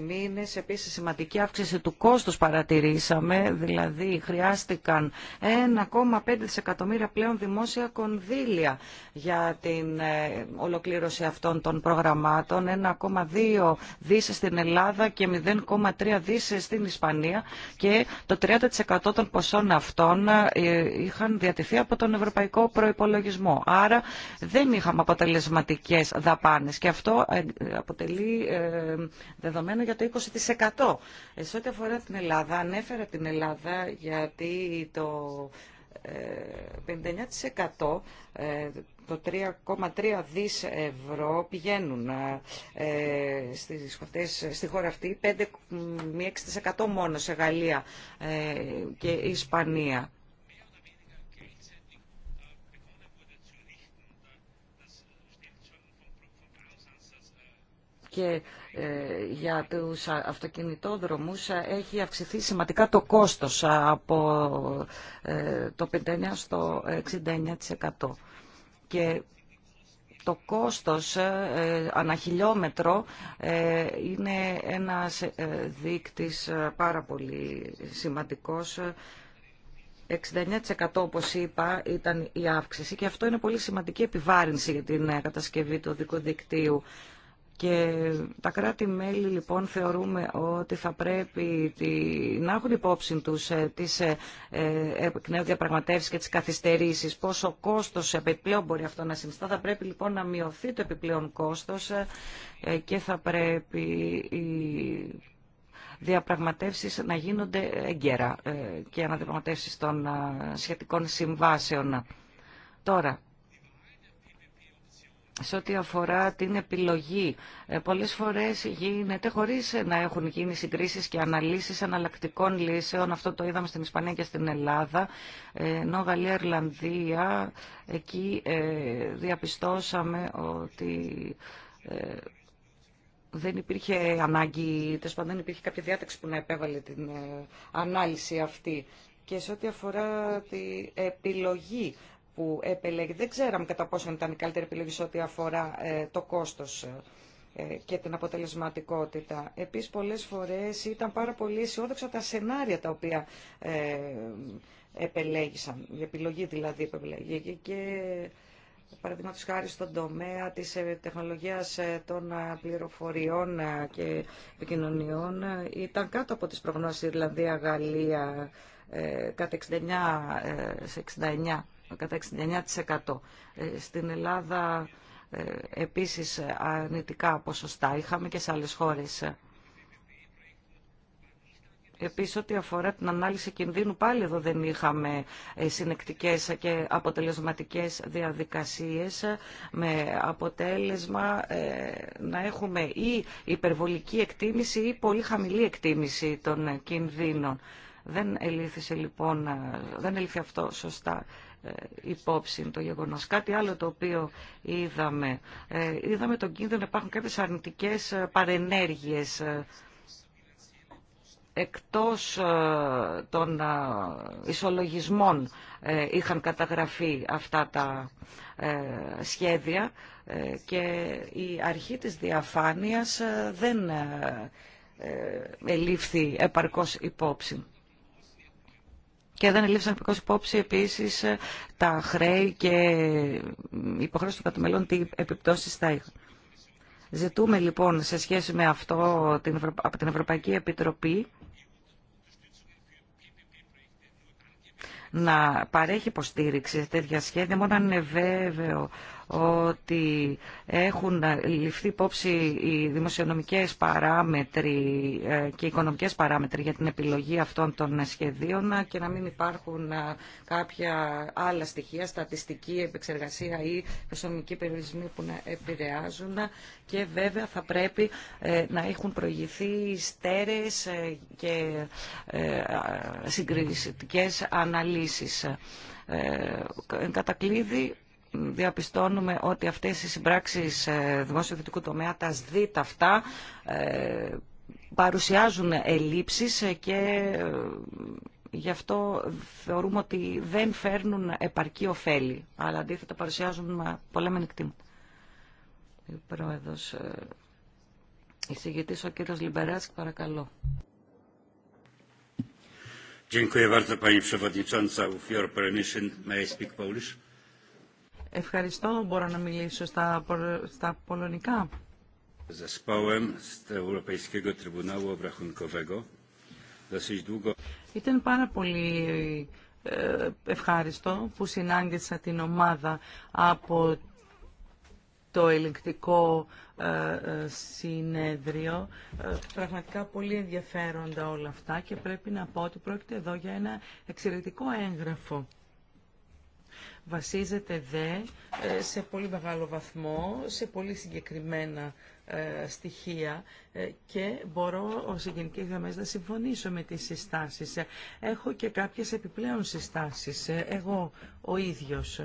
μήνες. Επίσης σημαντική αύξηση του κόστους παρατηρήσαμε, δηλαδή χρειάστηκαν 1,5 δισεκατομμύρια πλέον δημόσια κονδύλια για την ε, ολοκλήρωση αυτών των προγραμμάτων, 1,2 δίσε στην Ελλάδα και 0,3 δις στην Ισπανία και το 30% των ποσών αυτών ε, είχαν διατηθεί από τον Ευρωπαϊκό Προϋπολογισμό. Άρα δεν είχαμε αποτελεσματικές δαπάνες και αυτό ε, αποτελεί δεδομένο για το 20%. Ε, σε ό,τι αφορά την Ελλάδα, ανέφερα την Ελλάδα γιατί το 59% ε, ε, το 3,3 δις ευρώ πηγαίνουν στις στη χώρα αυτή, 5,6% μόνο σε Γαλλία και Ισπανία. και ε, για τους αυτοκινητόδρομους έχει αυξηθεί σημαντικά το κόστος από ε, το 59% στο 69%. Και το κόστος ε, αναχιλιόμετρο είναι ένας δείκτης πάρα πολύ σημαντικός 69% όπως είπα ήταν η αύξηση και αυτό είναι πολύ σημαντική επιβάρυνση για την κατασκευή του οδικού δικτύου. Και τα κράτη-μέλη λοιπόν θεωρούμε ότι θα πρέπει να έχουν υπόψη τους ε, τις ε, ε, νέες διαπραγματεύσεις και τις καθυστερήσεις, πόσο κόστος επιπλέον μπορεί αυτό να συνιστά. Θα πρέπει λοιπόν να μειωθεί το επιπλέον κόστος και θα πρέπει οι διαπραγματεύσεις να γίνονται έγκαιρα και αναδιαπραγματεύσεις των σχετικών συμβάσεων. Τώρα, σε ό,τι αφορά την επιλογή. Ε, πολλές φορές γίνεται χωρίς να έχουν γίνει συγκρίσεις και αναλύσεις αναλλακτικών λύσεων. Αυτό το είδαμε στην Ισπανία και στην Ελλάδα. Ε, ενώ Γαλλία, Ιρλανδία, εκεί ε, διαπιστώσαμε ότι δεν υπήρχε ανάγκη, τέλο πάντων δεν υπήρχε κάποια διάταξη που να επέβαλε την ανάλυση αυτή. Και σε ό,τι αφορά την επιλογή που επελέγει. Δεν ξέραμε κατά πόσο ήταν η καλύτερη επιλογή σε ό,τι αφορά ε, το κόστος ε, ε, και την αποτελεσματικότητα. Επίσης, πολλές φορές ήταν πάρα πολύ αισιόδοξα τα σενάρια τα οποία επελέγησαν, η επιλογή δηλαδή που Και παραδείγματος χάρη στον τομέα της τεχνολογίας των πληροφοριών και επικοινωνιών ήταν κάτω από τις προγνώσεις Ιρλανδία, δηλαδή, Γαλλία, κατά 69, 69 κατά 69%. Ε, στην Ελλάδα ε, επίσης αρνητικά ποσοστά είχαμε και σε άλλες χώρες. Επίσης, ό,τι αφορά την ανάλυση κινδύνου, πάλι εδώ δεν είχαμε ε, συνεκτικές και αποτελεσματικές διαδικασίες με αποτέλεσμα να έχουμε ή υπερβολική εκτίμηση ή πολύ χαμηλή εκτίμηση των κινδύνων. Δεν ελήφθησε λοιπόν, δεν ελήφθη αυτό σωστά υπόψη το γεγονός. Κάτι άλλο το οποίο είδαμε. Ε, είδαμε τον κίνδυνο να υπάρχουν κάποιες αρνητικές ε, παρενέργειες ε, εκτός των ισολογισμών είχαν καταγραφεί αυτά τα σχέδια και η αρχή της διαφάνειας δεν ελήφθη επαρκώς υπόψη. Και δεν ελήφθησαν επικώ υπόψη επίση ε, τα χρέη και υποχρέωση των κατομελών τι επιπτώσει θα είχαν. Ζητούμε λοιπόν σε σχέση με αυτό από την Ευρωπαϊκή Επιτροπή να παρέχει υποστήριξη σε τέτοια σχέδια μόνο αν είναι βέβαιο ότι έχουν ληφθεί υπόψη οι δημοσιονομικές παράμετροι ε, και οι οικονομικές παράμετροι για την επιλογή αυτών των σχεδίων και να μην υπάρχουν ε, κάποια άλλα στοιχεία, στατιστική επεξεργασία ή προσωπική περιορισμοί που να επηρεάζουν και βέβαια θα πρέπει ε, να έχουν προηγηθεί στέρες και συγκριτικές αναλύσεις. κατακλείδη διαπιστώνουμε ότι αυτές οι συμπράξεις ε, δημόσιο-δυτικού τομέα, τα ΣΔΙΤ αυτά, ε, παρουσιάζουν ελλείψεις και ε, γι' αυτό θεωρούμε ότι δεν φέρνουν επαρκή ωφέλη, αλλά αντίθετα παρουσιάζουν πολλά μενικτήματα. Πρόεδρος, εισηγητής ο κύριος Λιμπεράς, παρακαλώ. Dziękuję bardzo Pani Przewodnicząca. If you're permission, may I speak Polish? Ευχαριστώ. Μπορώ να μιλήσω στα, στα πολωνικά. Ήταν πάρα πολύ ε, ευχάριστο που συνάντησα την ομάδα από το ελεγκτικό ε, ε, συνέδριο. Πραγματικά πολύ ενδιαφέροντα όλα αυτά και πρέπει να πω ότι πρόκειται εδώ για ένα εξαιρετικό έγγραφο βασίζεται δε ε, σε πολύ μεγάλο βαθμό, σε πολύ συγκεκριμένα ε, στοιχεία ε, και μπορώ ως γενική γραμμές να συμφωνήσω με τις συστάσεις. Έχω και κάποιες επιπλέον συστάσεις, εγώ ο ίδιος.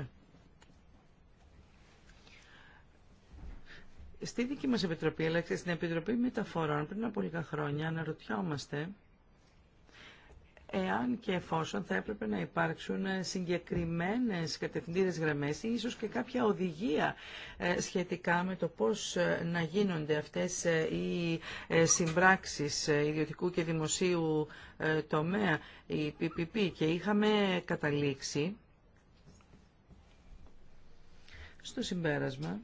Στη δική μας Επιτροπή, αλλά και στην Επιτροπή Μεταφορών, πριν από λίγα χρόνια, αναρωτιόμαστε εάν και εφόσον θα έπρεπε να υπάρξουν συγκεκριμένες κατευθυντήρες γραμμές ή ίσως και κάποια οδηγία ε, σχετικά με το πώς ε, να γίνονται αυτές ε, οι συμπράξεις ιδιωτικού και δημοσίου τομέα, η PPP. Και είχαμε καταλήξει στο συμπέρασμα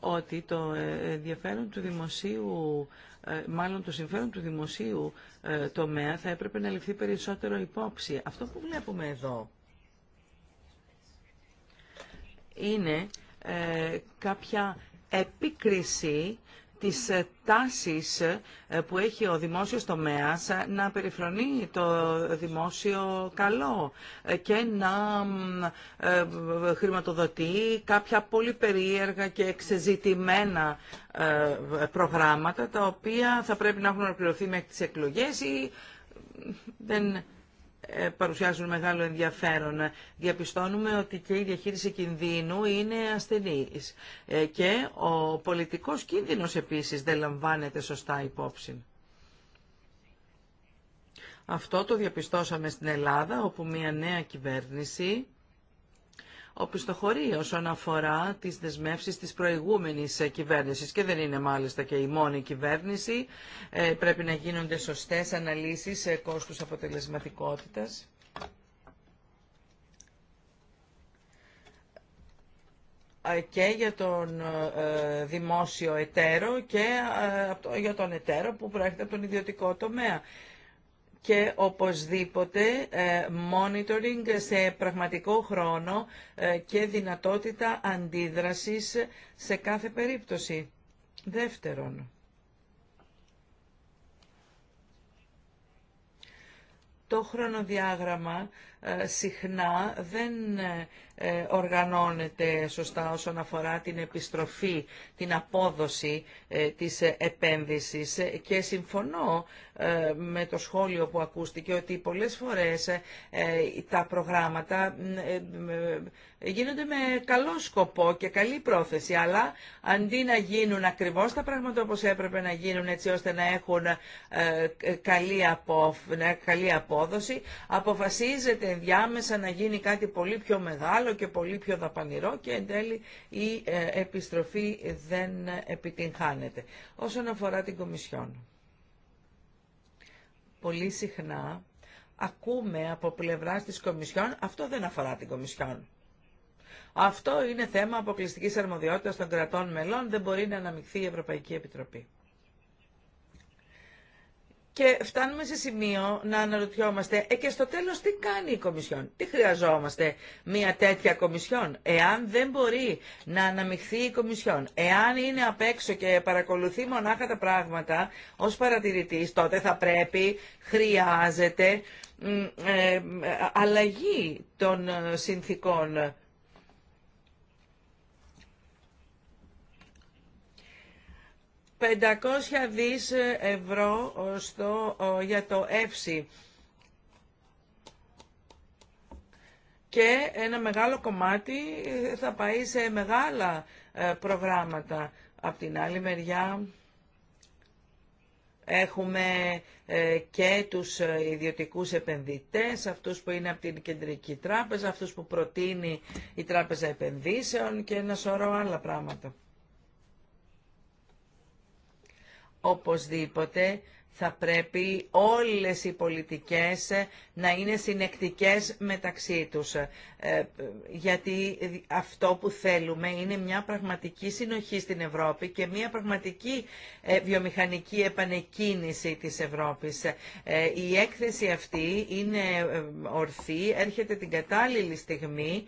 ότι το ενδιαφέρον του δημοσίου ε, μάλλον το συμφέρον του δημοσίου ε, τομέα θα έπρεπε να ληφθεί περισσότερο υπόψη. Αυτό που βλέπουμε εδώ είναι ε, κάποια επίκριση τις ε, τάσεις ε, που έχει ο δημόσιος τομέας ε, να περιφρονεί το δημόσιο καλό και να χρηματοδοτεί κάποια πολύ περίεργα και εξεζητημένα προγράμματα τα οποία θα πρέπει να έχουν ολοκληρωθεί μέχρι τις εκλογές ή δεν ε, παρουσιάζουν μεγάλο ενδιαφέρον. Διαπιστώνουμε ότι και η διαχείριση κινδύνου είναι ασθενής ε, και ο πολιτικός κίνδυνος επίσης δεν λαμβάνεται σωστά υπόψη. Αυτό το διαπιστώσαμε στην Ελλάδα, όπου μια νέα κυβέρνηση οπισθοχωρεί όσον αφορά τις δεσμεύσεις της προηγούμενης κυβέρνησης και δεν είναι μάλιστα και η μόνη κυβέρνηση. Ε, πρέπει να γίνονται σωστές αναλύσεις κόστους αποτελεσματικότητας. Ε, και για τον ε, δημόσιο εταίρο και για τον εταίρο που προέρχεται από τον ιδιωτικό τομέα και οπωσδήποτε ε, monitoring σε πραγματικό χρόνο ε, και δυνατότητα αντίδρασης σε κάθε περίπτωση. Δεύτερον, το χρονοδιάγραμμα ε, συχνά δεν ε, οργανώνεται σωστά όσον αφορά την επιστροφή, την απόδοση ε, της επένδυσης και συμφωνώ με το σχόλιο που ακούστηκε ότι πολλές φορές τα προγράμματα γίνονται με καλό σκοπό και καλή πρόθεση αλλά αντί να γίνουν ακριβώς τα πράγματα όπως έπρεπε να γίνουν έτσι ώστε να έχουν καλή, καλή απόδοση αποφασίζεται ενδιάμεσα να γίνει κάτι πολύ πιο μεγάλο και πολύ πιο δαπανηρό και εν τέλει η ε, επιστροφή δεν επιτυγχάνεται. Όσον αφορά την Κομισιόν, πολύ συχνά ακούμε από πλευράς της Κομισιόν «αυτό δεν αφορά την Κομισιόν». Αυτό είναι θέμα αποκλειστικής αρμοδιότητας των κρατών μελών, δεν μπορεί να αναμειχθεί η Ευρωπαϊκή Επιτροπή. Και φτάνουμε σε σημείο να αναρωτιόμαστε, «Ε, και στο τέλος τι κάνει η Κομισιόν, τι χρειαζόμαστε μια τέτοια Κομισιόν, εάν δεν μπορεί να αναμειχθεί η Κομισιόν, εάν είναι απ' έξω και παρακολουθεί μονάχα τα πράγματα ως παρατηρητής, τότε θα πρέπει, χρειάζεται ε, ε, αλλαγή των συνθήκων 500 δις ευρώ ε, ε, για το ΕΦΣΥ. Και ένα μεγάλο κομμάτι ε, θα πάει σε μεγάλα προγράμματα. Απ' την άλλη μεριά έχουμε και τους ιδιωτικούς επενδυτές, αυτούς που είναι από την Κεντρική Τράπεζα, αυτούς που προτείνει η Τράπεζα Επενδύσεων και ένα σωρό άλλα πράγματα. οπωσδήποτε θα πρέπει όλες οι πολιτικές να είναι συνεκτικές μεταξύ τους. Ε, γιατί αυτό που θέλουμε είναι μια πραγματική συνοχή στην Ευρώπη και μια πραγματική ε, βιομηχανική επανεκκίνηση της Ευρώπης. Ε, η έκθεση αυτή είναι ορθή, έρχεται την κατάλληλη στιγμή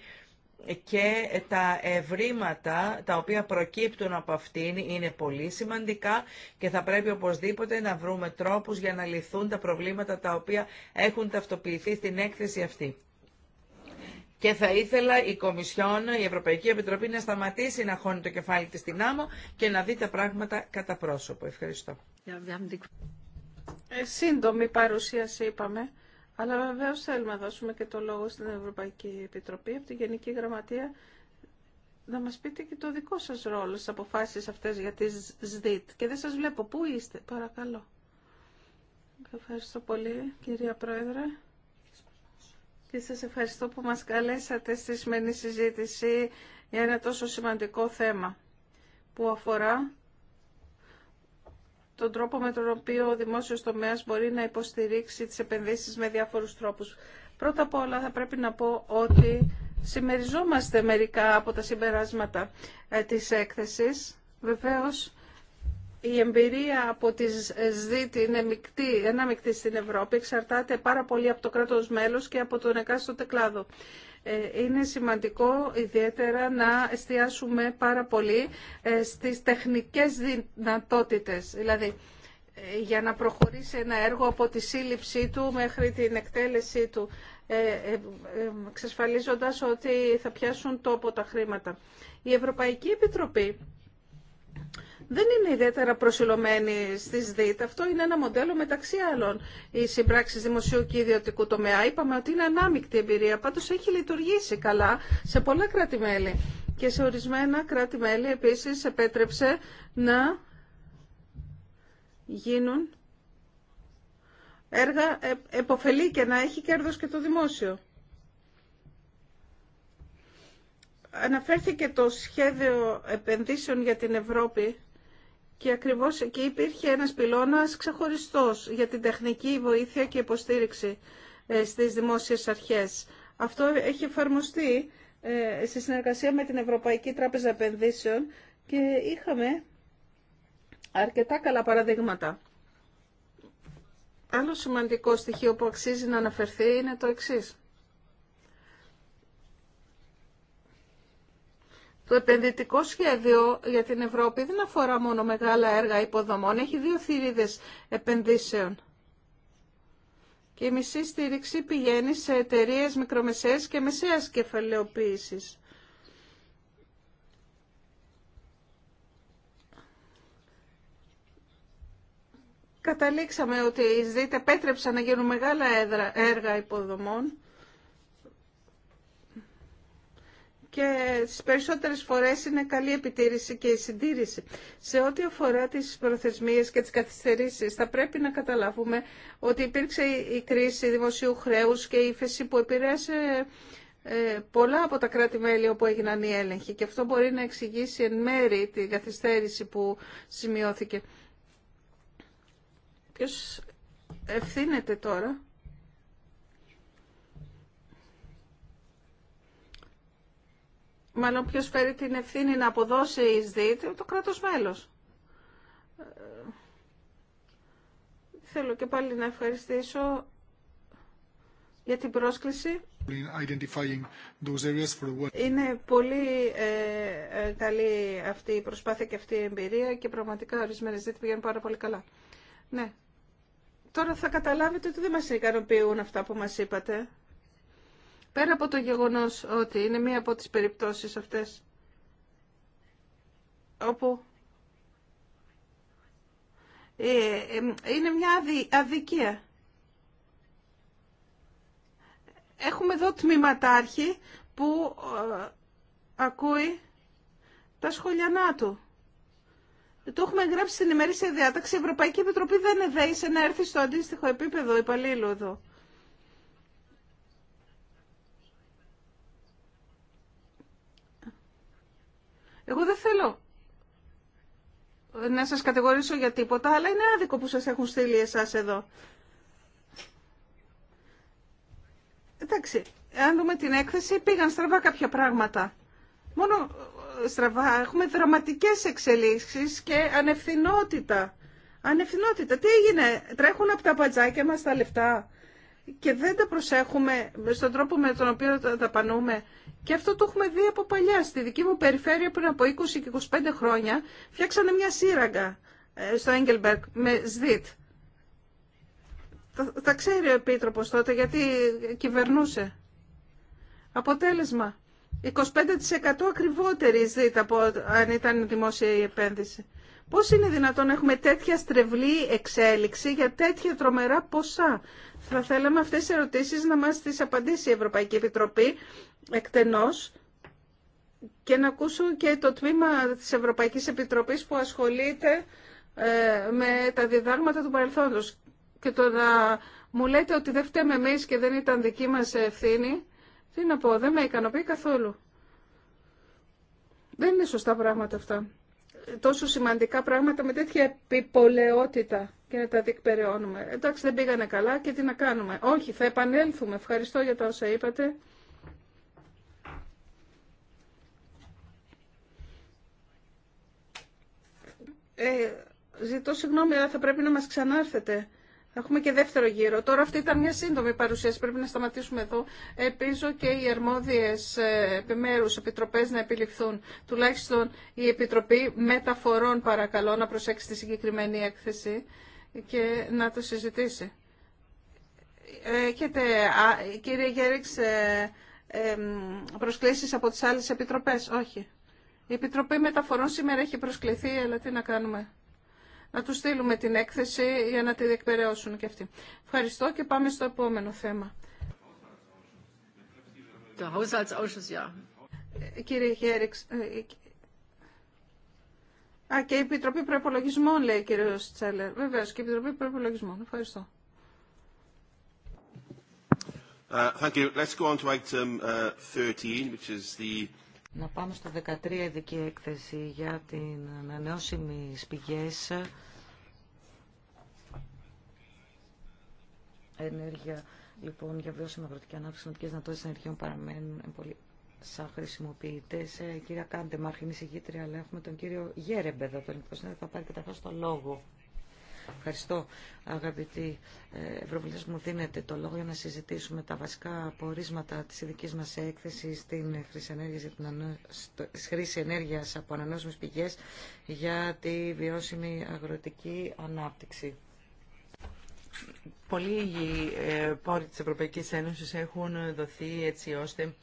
και τα ευρήματα τα οποία προκύπτουν από αυτήν είναι πολύ σημαντικά και θα πρέπει οπωσδήποτε να βρούμε τρόπους για να λυθούν τα προβλήματα τα οποία έχουν ταυτοποιηθεί στην έκθεση αυτή. Και θα ήθελα η Κομισιόν, η Ευρωπαϊκή Επιτροπή να σταματήσει να χώνει το κεφάλι της στην άμμο και να δει τα πράγματα κατά πρόσωπο. Ευχαριστώ. Ε, σύντομη παρουσίαση είπαμε. Αλλά βεβαίω θέλουμε να δώσουμε και το λόγο στην Ευρωπαϊκή Επιτροπή, από τη Γενική Γραμματεία, να μας πείτε και το δικό σας ρόλο στι αποφάσεις αυτές για τις ΣΔΙΤ. Και δεν σας βλέπω. Πού είστε, παρακαλώ. Ευχαριστώ πολύ, κυρία Πρόεδρε. Και σας ευχαριστώ που μας καλέσατε στη σημερινή συζήτηση για ένα τόσο σημαντικό θέμα που αφορά τον τρόπο με τον οποίο ο δημόσιο τομέα μπορεί να υποστηρίξει τι επενδύσει με διάφορου τρόπου. Πρώτα απ' όλα θα πρέπει να πω ότι συμμεριζόμαστε μερικά από τα συμπεράσματα ε, της έκθεσης. Βεβαίως, η εμπειρία από τη ΣΔΙΤ είναι μεικτή, ένα μεικτή στην Ευρώπη, εξαρτάται πάρα πολύ από το κράτος μέλος και από τον εκάστοτε κλάδο. Ε, είναι σημαντικό ιδιαίτερα να εστιάσουμε πάρα πολύ ε, στις τεχνικές δυνατότητες. Δηλαδή, ε, για να προχωρήσει ένα έργο από τη σύλληψή του μέχρι την εκτέλεσή του, εξασφαλίζοντας ότι θα πιάσουν τόπο τα χρήματα. Η Ευρωπαϊκή Επιτροπή δεν είναι ιδιαίτερα προσιλωμένη στι ΔΙΤ. Αυτό είναι ένα μοντέλο μεταξύ άλλων. Οι συμπράξει δημοσίου και ιδιωτικού τομέα. Είπαμε ότι είναι ανάμεικτη εμπειρία. Πάντω έχει λειτουργήσει καλά σε πολλά κράτη-μέλη. Και σε ορισμένα κράτη-μέλη επίση επέτρεψε να γίνουν έργα ε, επωφελή και να έχει κέρδος και το δημόσιο. Αναφέρθηκε το σχέδιο επενδύσεων για την Ευρώπη και ακριβώς εκεί υπήρχε ένας πυλώνας ξεχωριστός για την τεχνική βοήθεια και υποστήριξη ε, στις δημόσιες αρχές. Αυτό έχει εφαρμοστεί ε, στη συνεργασία με την Ευρωπαϊκή Τράπεζα Επενδύσεων και είχαμε αρκετά καλά παραδείγματα. Άλλο σημαντικό στοιχείο που αξίζει να αναφερθεί είναι το εξής. Το επενδυτικό σχέδιο για την Ευρώπη δεν αφορά μόνο μεγάλα έργα υποδομών, έχει δύο θηρίδες επενδύσεων. Και η μισή στήριξη πηγαίνει σε εταιρείε μικρομεσαίες και μεσαίας κεφαλαιοποίησης. Καταλήξαμε ότι οι ΣΔΙΤ επέτρεψαν να γίνουν μεγάλα έργα υποδομών και τις περισσότερες φορές είναι καλή επιτήρηση και η συντήρηση. Σε ό,τι αφορά τις προθεσμίες και τις καθυστερήσεις, θα πρέπει να καταλάβουμε ότι υπήρξε η κρίση δημοσίου χρέους και η ύφεση που επηρέασε ε, πολλά από τα κράτη-μέλη όπου έγιναν οι έλεγχοι και αυτό μπορεί να εξηγήσει εν μέρη την καθυστέρηση που σημειώθηκε. Ποιος ευθύνεται τώρα μάλλον ποιος φέρει την ευθύνη να αποδώσει εις ΔΙΤ, το κράτος μέλος. Ε, θέλω και πάλι να ευχαριστήσω για την πρόσκληση. Είναι πολύ ε, ε, καλή αυτή η προσπάθεια και αυτή η εμπειρία και πραγματικά ορισμένε ΔΙΤ πηγαίνουν πάρα πολύ καλά. Ναι. Τώρα θα καταλάβετε ότι δεν μας ικανοποιούν αυτά που μας είπατε. Πέρα από το γεγονός ότι είναι μία από τις περιπτώσεις αυτές όπου ε, ε, είναι μια αδικία. Έχουμε εδώ τμήματάρχη που ε, ακούει τα σχολιανά του. Το έχουμε γράψει στην ημερήσια διάταξη. Η Ευρωπαϊκή Επιτροπή δεν εδέησε να έρθει στο αντίστοιχο επίπεδο υπαλλήλου εδώ. Εγώ δεν θέλω να σας κατηγορήσω για τίποτα, αλλά είναι άδικο που σας έχουν στείλει εσάς εδώ. Εντάξει, αν δούμε την έκθεση, πήγαν στραβά κάποια πράγματα. Μόνο ε, στραβά, έχουμε δραματικές εξελίξεις και ανευθυνότητα. Ανευθυνότητα, τι έγινε, τρέχουν από τα πατζάκια μας τα λεφτά και δεν τα προσέχουμε στον τρόπο με τον οποίο τα δαπανούμε. Και αυτό το έχουμε δει από παλιά. Στη δική μου περιφέρεια πριν από 20 και 25 χρόνια φτιάξανε μια σύραγγα ε, στο Engelberg με ΣΔΙΤ. Τα, ξέρει ο Επίτροπος τότε γιατί κυβερνούσε. Αποτέλεσμα. 25% ακριβότερη ΣΔΙΤ από αν ήταν δημόσια η επένδυση. Πώς είναι δυνατόν να έχουμε τέτοια στρεβλή εξέλιξη για τέτοια τρομερά ποσά. Θα θέλαμε αυτές τις ερωτήσεις να μας τις απαντήσει η Ευρωπαϊκή Επιτροπή εκτενώς και να ακούσουν και το τμήμα της Ευρωπαϊκής Επιτροπής που ασχολείται ε, με τα διδάγματα του παρελθόντος. Και το να μου λέτε ότι δεν φταίμε εμείς και δεν ήταν δική μας ευθύνη, τι να πω, δεν με ικανοποιεί καθόλου. Δεν είναι σωστά πράγματα αυτά τόσο σημαντικά πράγματα με τέτοια επιπολαιότητα και να τα διεκπεραιώνουμε. Εντάξει, δεν πήγανε καλά και τι να κάνουμε. Όχι, θα επανέλθουμε. Ευχαριστώ για τα όσα είπατε. Ε, ζητώ συγγνώμη, αλλά θα πρέπει να μας ξανάρθετε. Έχουμε και δεύτερο γύρο. Τώρα αυτή ήταν μια σύντομη παρουσίαση. Πρέπει να σταματήσουμε εδώ. Επίζω και οι αρμόδιες ε, επιμέρους επιτροπές να επιληφθούν. Τουλάχιστον η Επιτροπή Μεταφορών παρακαλώ να προσέξει τη συγκεκριμένη έκθεση και να το συζητήσει. Έχετε, κύριε Γέριξ, ε, ε, προσκλήσεις από τις άλλες επιτροπές. Όχι. Η Επιτροπή Μεταφορών σήμερα έχει προσκληθεί, αλλά τι να κάνουμε να του στείλουμε την έκθεση για να τη διεκπαιρεώσουν και αυτοί. Ευχαριστώ και πάμε στο επόμενο θέμα. Ε, κύριε Χέριξ, ε, ε, Α, και η Επιτροπή Προεπολογισμών λέει ο κύριο Τσέλερ. Βεβαίω, και η Επιτροπή Προεπολογισμών. Ευχαριστώ. Uh, thank you. Let's go on to item uh, 13, which is the να πάμε στο 13 ειδική έκθεση για την ανανεώσιμη πηγές ενέργεια λοιπόν για βιώσιμη αγροτική ανάπτυξη τι δυνατότητες ενεργειών παραμένουν πολύ σαν χρησιμοποιητέ. Ε, κύριε Κάντε, Μάρχη, είναι εισηγήτρια, αλλά έχουμε τον κύριο Γέρεμπε εδώ, τον θα πάρει καταρχά το λόγο. Ευχαριστώ αγαπητοί ε, ευρωβουλευτές μου δίνετε το λόγο για να συζητήσουμε τα βασικά απορίσματα τη ειδική μας έκθεσης στην χρήση ενέργεια από ανανεώσιμες πηγές για τη βιώσιμη αγροτική ανάπτυξη. Πολλοί ε, πόροι της Ευρωπαϊκής Ένωσης έχουν δοθεί έτσι ώστε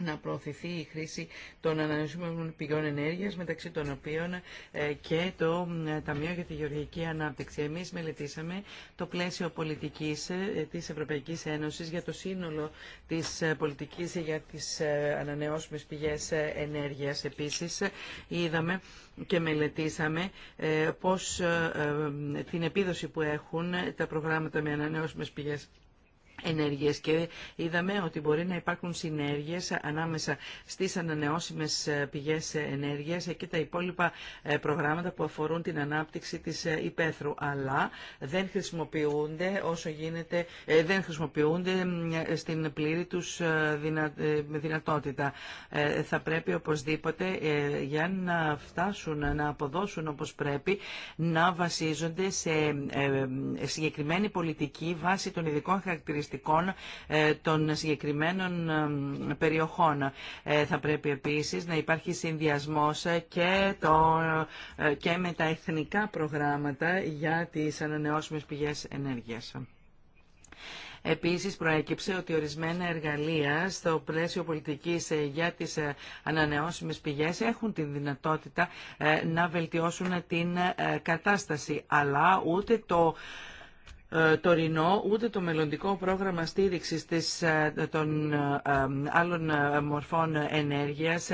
να προωθηθεί η χρήση των ανανεώσιμων πηγών ενέργειας, μεταξύ των οποίων ε, και το ε, Ταμείο για τη Γεωργική Ανάπτυξη. Εμείς μελετήσαμε το πλαίσιο πολιτικής ε, της Ευρωπαϊκής Ένωσης για το σύνολο της πολιτικής για τις ανανεώσιμες πηγές ενέργειας. Επίσης, είδαμε και μελετήσαμε πώς την επίδοση που έχουν τα προγράμματα με ανανεώσιμες πηγές ενέργειες και είδαμε ότι μπορεί να υπάρχουν συνέργειες ανάμεσα στις ανανεώσιμες ε, πηγές ενέργειας και τα υπόλοιπα ε, προγράμματα που αφορούν την ανάπτυξη της ε, υπαίθρου αλλά δεν χρησιμοποιούνται όσο γίνεται, δεν χρησιμοποιούνται στην πλήρη τους δυνατότητα. Θα πρέπει οπωσδήποτε για να φτάσουν να αποδώσουν όπως πρέπει να βασίζονται σε συγκεκριμένη πολιτική βάση των ειδικών χαρακτηριστικών χαρακτηριστικών ε, των συγκεκριμένων ε, περιοχών. Ε, θα πρέπει επίσης να υπάρχει συνδυασμός και, το, και με τα εθνικά προγράμματα για τις ανανεώσιμες πηγές ενέργειας. Επίσης προέκυψε ότι ορισμένα εργαλεία στο πλαίσιο πολιτικής για τις ανανεώσιμες πηγές έχουν την δυνατότητα να βελτιώσουν την κατάσταση. Αλλά ούτε το ε, τωρινό ούτε το μελλοντικό πρόγραμμα στήριξης της, ε, των ε, άλλων μορφών ενέργειας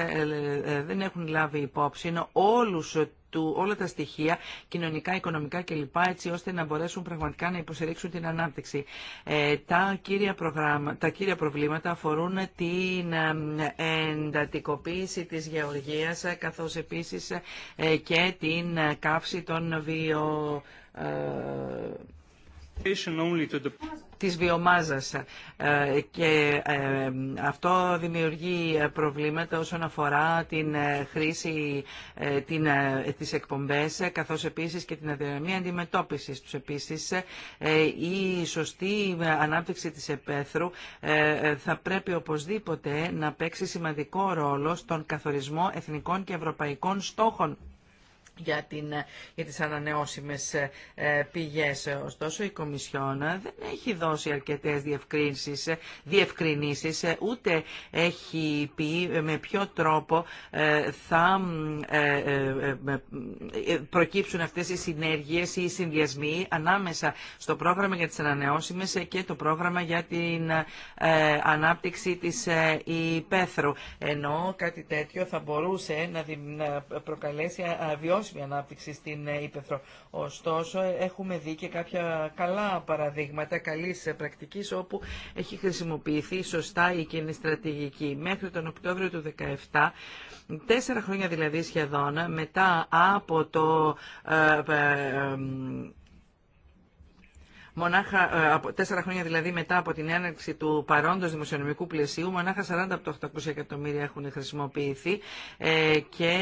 δεν έχουν λάβει υπόψη όλους του, όλα τα στοιχεία, κοινωνικά, οικονομικά κλπ, έτσι ώστε να μπορέσουν πραγματικά να υποστηρίξουν την ανάπτυξη. τα, κύρια προβλήματα αφορούν την εντατικοποίηση της γεωργίας, καθώς επίσης και την καύση των βιο της βιομάζας ε, και ε, αυτό δημιουργεί ε, προβλήματα όσον αφορά την χρήση την, της εκπομπές καθώς επίσης και την αδυναμία αντιμετώπισης τους επίσης η σωστή ανάπτυξη της επέθρου θα πρέπει οπωσδήποτε να παίξει σημαντικό ρόλο στον καθορισμό εθνικών και ευρωπαϊκών στόχων για, την, για τις ανανεώσιμες ε, πηγές. Ωστόσο η Κομισιόνα δεν έχει δώσει αρκετές ε, διευκρινήσεις, διευκρινήσεις ούτε έχει πει με ποιο τρόπο ε, θα προκύψουν αυτές οι συνέργειες ή οι συνδυασμοί ανάμεσα στο πρόγραμμα για τις ανανεώσιμες και το πρόγραμμα για την ανάπτυξη της υπαίθρου. Ενώ κάτι τέτοιο θα μπορούσε να προκαλέσει αβιώσιμη μια ανάπτυξη στην ε, Ήπεθρο. Ωστόσο, έχουμε δει και κάποια καλά παραδείγματα καλής ε, πρακτική όπου έχει χρησιμοποιηθεί σωστά η κοινή στρατηγική. Μέχρι τον Οκτώβριο του 2017, τέσσερα χρόνια δηλαδή σχεδόν, μετά από το ε, Μονάχα, ε, τέσσερα χρόνια δηλαδή μετά από την έναρξη του παρόντος δημοσιονομικού πλαισίου, μονάχα 40 από τα 800 εκατομμύρια έχουν χρησιμοποιηθεί ε, και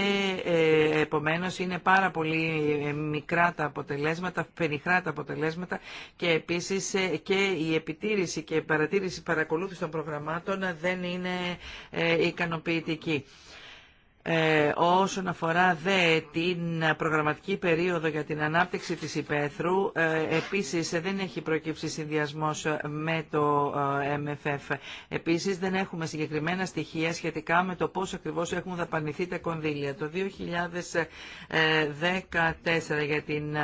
ε, επομένως είναι πάρα πολύ μικρά τα αποτελέσματα, πενιχρά τα αποτελέσματα και επίσης και η επιτήρηση και η παρατήρηση παρακολούθηση των προγραμμάτων δεν είναι ικανοποιητική. Ε, όσον αφορά δε την προγραμματική περίοδο για την ανάπτυξη της υπαίθρου, ε, επίσης δεν έχει προκύψει συνδυασμός με το ε, MFF. Επίσης δεν έχουμε συγκεκριμένα στοιχεία σχετικά με το πώς ακριβώς έχουν δαπανηθεί τα κονδύλια. Το 2014 για την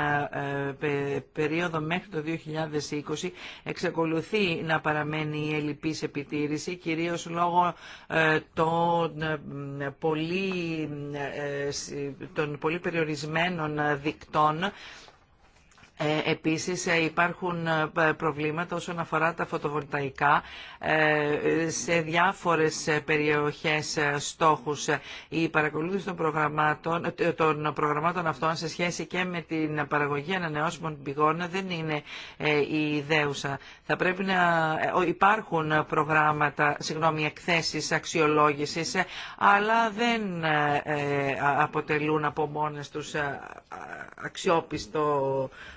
περίοδο μέχρι το 2020 εξακολουθεί να παραμένει η ελληπής επιτήρηση, κυρίως λόγω των πολύ ε, ε, των πολύ περιορισμένων δικτών ε, επίσης ε, υπάρχουν ε, προβλήματα όσον αφορά τα φωτοβολταϊκά σε διάφορες περιοχές στόχους. Η παρακολούθηση των προγραμμάτων, των προγραμμάτων αυτών σε σχέση και με την παραγωγή ανανεώσιμων πηγών δεν είναι η ιδέουσα. Θα πρέπει να υπάρχουν προγράμματα, συγγνώμη, εκθέσεις αξιολόγησης, αλλά δεν αποτελούν από μόνες τους αξιόπιστο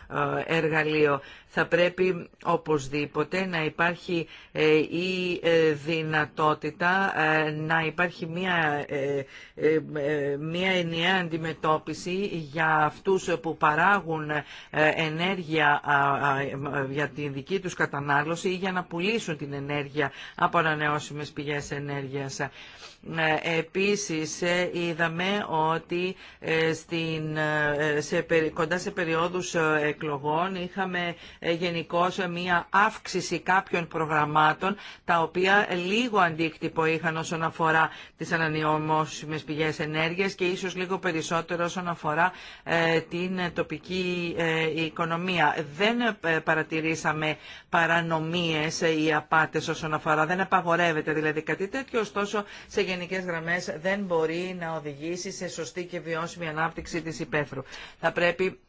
ε, εργαλείο θα πρέπει οπωσδήποτε να υπάρχει ε, η ε, δυνατότητα ε, να υπάρχει μια, μια ενιαία αντιμετώπιση για αυτούς που παράγουν ενέργεια για την δική τους κατανάλωση ή για να πουλήσουν την ενέργεια από ανανεώσιμες πηγές ενέργειας. Επίσης είδαμε ότι στην, σε, κοντά σε περιόδους εκλογών είχαμε ε, γενικώ μία αύξηση κάποιων προγραμμάτων τα οποία λίγο αντίκτυπο είχαν όσον αφορά τις ανανεώσιμε πηγές ενέργειας και ίσως λίγο περισσότερο όσον αφορά ε, την τοπική ε, οικονομία. Δεν παρατηρήσαμε παρανομίες ή απάτες όσον αφορά, δεν απαγορεύεται δηλαδή κάτι τέτοιο, ωστόσο σε γενικές γραμμές δεν μπορεί να οδηγήσει σε σωστή και βιώσιμη ανάπτυξη της υπαίθρου. Θα πρέπει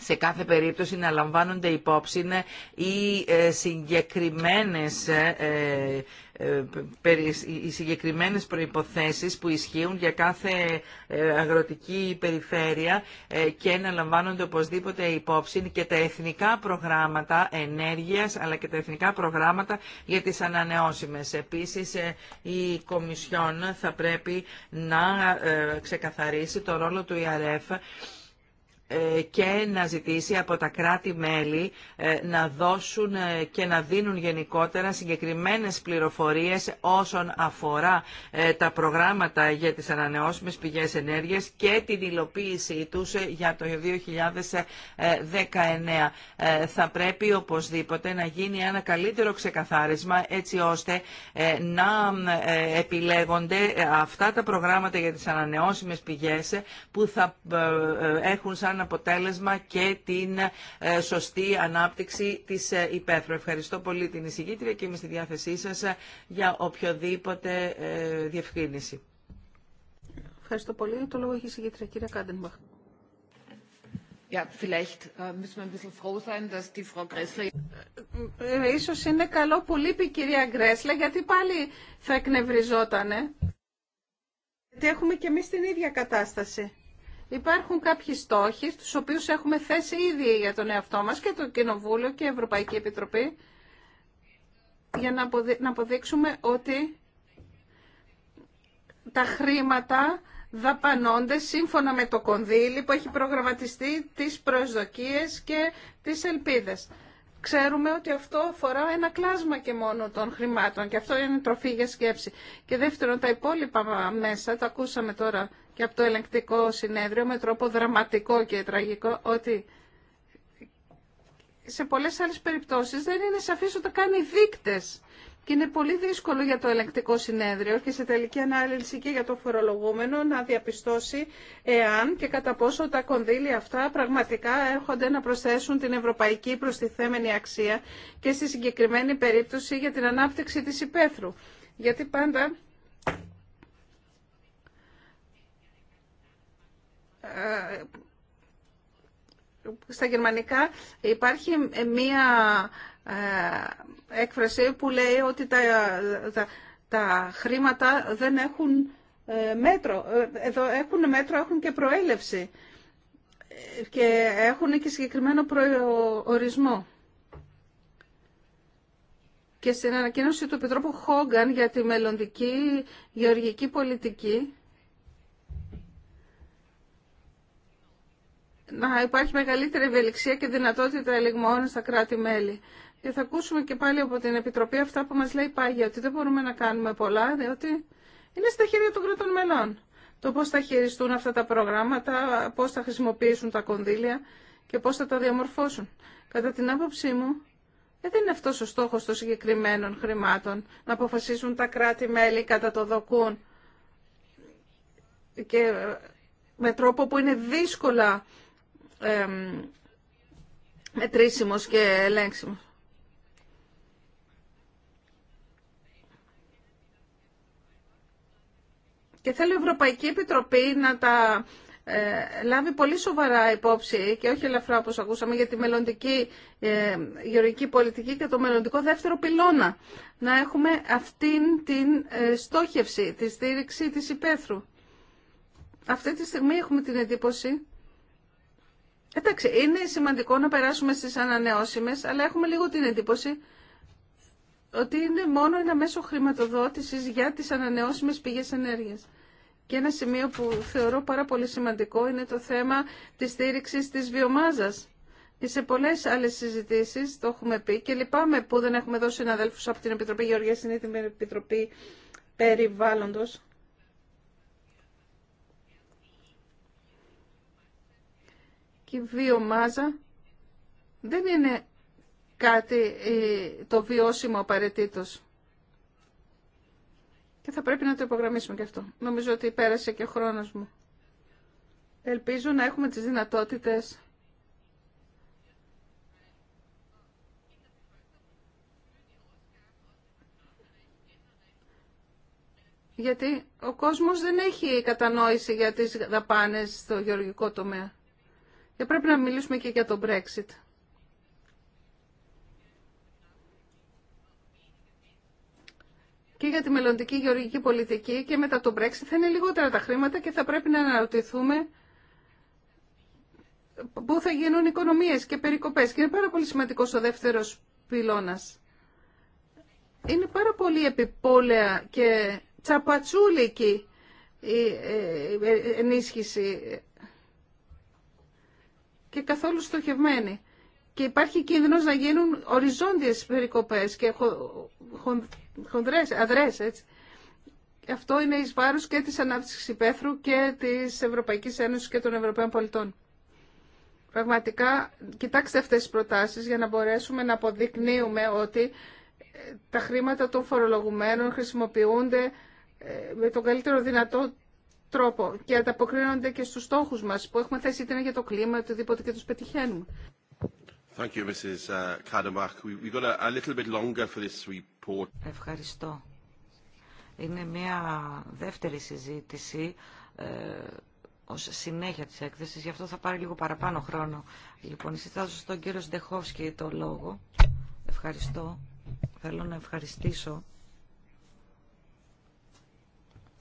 σε κάθε περίπτωση να λαμβάνονται υπόψη οι ε, συγκεκριμένες, ε, ε, οι συγκεκριμένες προϋποθέσεις που ισχύουν για κάθε αγροτική περιφέρεια και να λαμβάνονται οπωσδήποτε υπόψη και τα εθνικά προγράμματα ενέργειας αλλά και τα εθνικά προγράμματα για τις ανανεώσιμες. Επίσης η Κομισιόν θα πρέπει να ξεκαθαρίσει το ρόλο του ΙΑΡΕΦ ε, και να ζητήσει από τα κράτη-μέλη ε, να δώσουν ε, και να δίνουν γενικότερα συγκεκριμένες πληροφορίες όσον αφορά τα προγράμματα για τις ανανεώσιμες πηγές ενέργειας και την υλοποίησή τους για το 2019. Θα πρέπει οπωσδήποτε να γίνει ένα καλύτερο ξεκαθάρισμα έτσι ώστε να επιλέγονται αυτά τα προγράμματα για τις ανανεώσιμες πηγές που θα έχουν σαν σαν αποτέλεσμα και την ε, σωστή ανάπτυξη της ε, υπαίθρου. Ευχαριστώ πολύ την εισηγήτρια και είμαι στη διάθεσή σας ε, για οποιοδήποτε διευκρίνηση. Ευχαριστώ πολύ. Το λόγο έχει η εισηγήτρια, κύριε Κάντενμπαχ. Ίσως είναι καλό που λείπει η κυρία Γκρέσλε, γιατί πάλι θα εκνευριζότανε. Γιατί έχουμε και εμείς την ίδια κατάσταση. Υπάρχουν κάποιοι στόχοι, τους οποίους έχουμε θέσει ήδη για τον εαυτό μας και το Κοινοβούλιο και η Ευρωπαϊκή Επιτροπή, για να αποδείξουμε ότι τα χρήματα δαπανώνται σύμφωνα με το κονδύλι που έχει προγραμματιστεί τις προσδοκίες και τις ελπίδες ξέρουμε ότι αυτό αφορά ένα κλάσμα και μόνο των χρημάτων και αυτό είναι τροφή για σκέψη. Και δεύτερον, τα υπόλοιπα μέσα, τα ακούσαμε τώρα και από το ελεγκτικό συνέδριο με τρόπο δραματικό και τραγικό, ότι σε πολλές άλλες περιπτώσεις δεν είναι σαφής ότι κάνει δείκτες και είναι πολύ δύσκολο για το ελεγκτικό συνέδριο και σε τελική ανάλυση και για το φορολογούμενο να διαπιστώσει εάν και κατά πόσο τα κονδύλια αυτά πραγματικά έρχονται να προσθέσουν την ευρωπαϊκή προστιθέμενη αξία και στη συγκεκριμένη περίπτωση για την ανάπτυξη της υπαίθρου. Γιατί πάντα ε, στα γερμανικά υπάρχει μία ε, έκφραση που λέει ότι τα, τα, χρήματα δεν έχουν ε, μέτρο. Ε, εδώ έχουν μέτρο, έχουν και προέλευση και έχουν και συγκεκριμένο προορισμό. Και στην ανακοίνωση του Επιτρόπου Χόγκαν για τη μελλοντική γεωργική πολιτική να υπάρχει μεγαλύτερη ευελιξία και δυνατότητα ελιγμών στα κράτη-μέλη. Και ε, θα ακούσουμε και πάλι από την Επιτροπή αυτά που μας λέει Πάγια, ότι δεν μπορούμε να κάνουμε πολλά, διότι είναι στα χέρια των κρατών μελών. Το πώς θα χειριστούν αυτά τα προγράμματα, πώς θα χρησιμοποιήσουν τα κονδύλια και πώς θα τα διαμορφώσουν. Κατά την άποψή μου, ε, δεν είναι αυτό ο στόχο των συγκεκριμένων χρημάτων, να αποφασίσουν τα κράτη-μέλη κατά το δοκούν και ε, με τρόπο που είναι δύσκολα εμ, μετρήσιμος και ελέγξιμος. Και θέλω η Ευρωπαϊκή Επιτροπή να τα ε, λάβει πολύ σοβαρά υπόψη και όχι ελαφρά όπως ακούσαμε για τη μελλοντική ε, γεωργική πολιτική και το μελλοντικό δεύτερο πυλώνα. Να έχουμε αυτήν την ε, στόχευση, τη στήριξη της υπαίθρου. Αυτή τη στιγμή έχουμε την εντύπωση. Εντάξει, είναι σημαντικό να περάσουμε στις ανανεώσιμες, αλλά έχουμε λίγο την εντύπωση ότι είναι μόνο ένα μέσο χρηματοδότησης για τις ανανεώσιμες πηγές ενέργειας. Και ένα σημείο που θεωρώ πάρα πολύ σημαντικό είναι το θέμα της στήριξης της βιομάζας. Και σε πολλέ άλλε συζητήσει το έχουμε πει και λυπάμαι που δεν έχουμε δώσει συναδέλφου από την Επιτροπή Γεωργία είναι την Επιτροπή Περιβάλλοντο. Και η βιομάζα δεν είναι κάτι ε, το βιώσιμο απαραίτητο. Και θα πρέπει να το υπογραμμίσουμε και αυτό. Νομίζω ότι πέρασε και ο χρόνος μου. Ελπίζω να έχουμε τις δυνατότητες Γιατί ο κόσμος δεν έχει κατανόηση για τις δαπάνες στο γεωργικό τομέα. Και πρέπει να μιλήσουμε και για το Brexit. και για τη μελλοντική γεωργική πολιτική και μετά το Brexit θα είναι λιγότερα τα χρήματα και θα πρέπει να αναρωτηθούμε πού θα γίνουν οικονομίες και περικοπές. Και είναι πάρα πολύ σημαντικό ο δεύτερος πυλώνας. Είναι πάρα πολύ επιπόλαια και τσαπατσούλικη η ε, ε, ενίσχυση και καθόλου στοχευμένη. Και υπάρχει κίνδυνος να γίνουν οριζόντιες περικοπές και χοντρές, αδρές, έτσι. Αυτό είναι εις βάρος και της ανάπτυξης υπαίθρου και της Ευρωπαϊκής Ένωσης και των Ευρωπαίων πολιτών. Πραγματικά, κοιτάξτε αυτές τις προτάσεις για να μπορέσουμε να αποδεικνύουμε ότι ε, τα χρήματα των φορολογουμένων χρησιμοποιούνται ε, με τον καλύτερο δυνατό τρόπο και ανταποκρίνονται και στους στόχους μας που έχουμε θέσει είτε είναι για το κλίμα, οτιδήποτε και τους πετυχαίνουμε. Ευχαριστώ. Είναι μια δεύτερη συζήτηση ε, ως συνέχεια της έκθεσης, γι' αυτό θα πάρει λίγο παραπάνω χρόνο. Λοιπόν, συστάζω στον κύριο Σντεχόφσκι το λόγο. Ευχαριστώ. Θέλω να ευχαριστήσω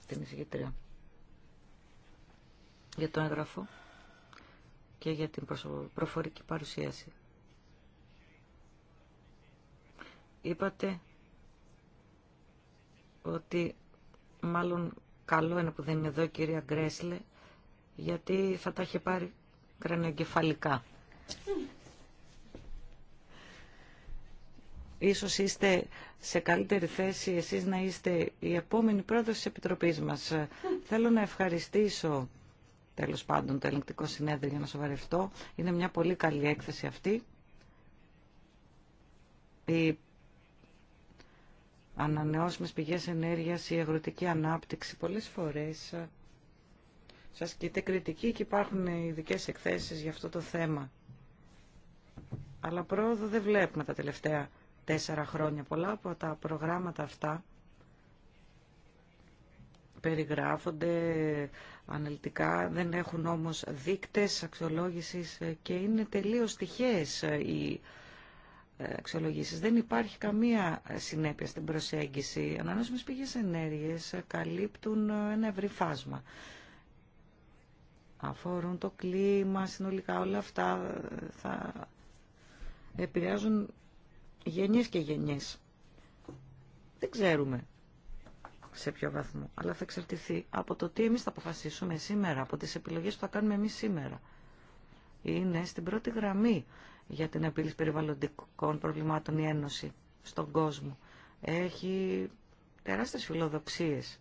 την εισηγήτρια για τον έγγραφο και για την προφορική παρουσίαση. Είπατε ότι μάλλον καλό είναι που δεν είναι εδώ η κυρία Γκρέσλε, γιατί θα τα είχε πάρει κρανιογκεφαλικά. Ίσως είστε σε καλύτερη θέση εσείς να είστε η επόμενη πρόεδρος της Επιτροπής μας. Θέλω να ευχαριστήσω τέλος πάντων το ελεγκτικό συνέδριο για να σοβαρευτώ. Είναι μια πολύ καλή έκθεση αυτή ανανεώσιμες πηγές ενέργειας, η αγροτική ανάπτυξη. Πολλές φορές ε, σας κοίται κριτική και υπάρχουν ειδικέ εκθέσεις για αυτό το θέμα. Αλλά πρόοδο δεν βλέπουμε τα τελευταία τέσσερα χρόνια. Πολλά από τα προγράμματα αυτά περιγράφονται αναλυτικά, δεν έχουν όμως δείκτες αξιολόγησης ε, και είναι τελείως τυχαίες ε, δεν υπάρχει καμία συνέπεια στην προσέγγιση. ανανόσιμε πηγές ενέργεια καλύπτουν ένα ευρύ φάσμα. Αφορούν το κλίμα, συνολικά όλα αυτά θα επηρεάζουν γενιές και γενιές. Δεν ξέρουμε σε ποιο βαθμό, αλλά θα εξαρτηθεί από το τι εμείς θα αποφασίσουμε σήμερα, από τις επιλογές που θα κάνουμε εμείς σήμερα. Είναι στην πρώτη γραμμή για την επίλυση περιβαλλοντικών προβλημάτων η Ένωση στον κόσμο. Έχει τεράστιες φιλοδοξίες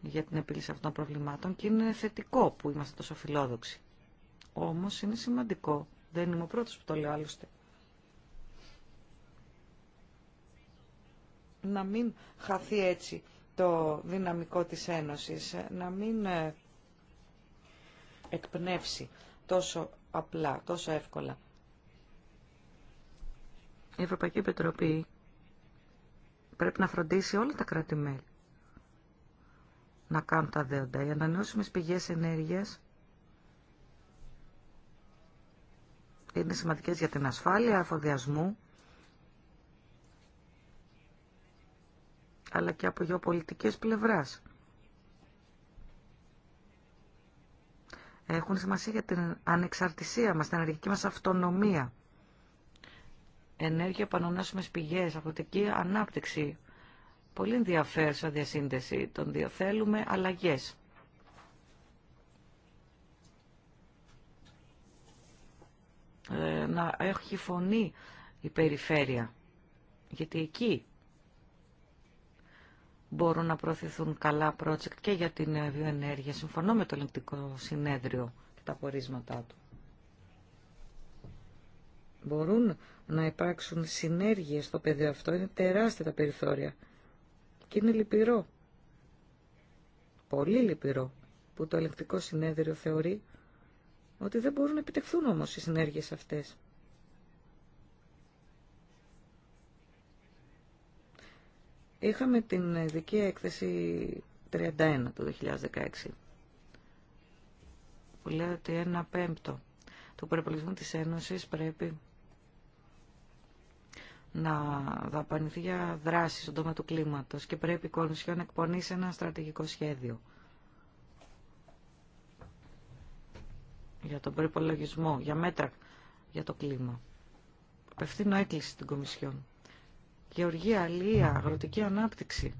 για την επίλυση αυτών των προβλημάτων και είναι θετικό που είμαστε τόσο φιλόδοξοι. Όμως είναι σημαντικό, δεν είμαι ο πρώτος που το λέω άλλωστε, να μην χαθεί έτσι το δυναμικό της Ένωσης, να μην ε, εκπνεύσει τόσο απλά, τόσο εύκολα η Ευρωπαϊκή Επιτροπή πρέπει να φροντίσει όλα τα κράτη-μέλη να κάνουν τα δέοντα. Οι ανανεώσιμες πηγές ενέργειας είναι σημαντικές για την ασφάλεια αφοδιασμού, αλλά και από γεωπολιτικές πλευράς. Έχουν σημασία για την ανεξαρτησία μας, την ενεργική μας αυτονομία ενέργεια από πηγέ, πηγές, αγροτική ανάπτυξη. Πολύ ενδιαφέρουσα διασύνδεση των δύο. Θέλουμε αλλαγέ. Ε, να έχει φωνή η περιφέρεια, γιατί εκεί μπορούν να προωθηθούν καλά project και για την βιοενέργεια. Συμφωνώ με το ελεγκτικό συνέδριο και τα πορίσματά του μπορούν να υπάρξουν συνέργειες στο πεδίο αυτό. Είναι τεράστια τα περιθώρια. Και είναι λυπηρό. Πολύ λυπηρό που το ελεγκτικό συνέδριο θεωρεί ότι δεν μπορούν να επιτευχθούν όμως οι συνέργειες αυτές. Είχαμε την ειδική έκθεση 31 το 2016 που λέει ότι ένα πέμπτο του προπολογισμού της Ένωσης πρέπει να δαπανηθεί για δράση στον τομέα του κλίματος και πρέπει η Κομισιόν να εκπονήσει ένα στρατηγικό σχέδιο για τον προπολογισμό, για μέτρα για το κλίμα. Απευθύνω έκκληση στην Κομισιόν. Γεωργία, αλία, αγροτική ανάπτυξη.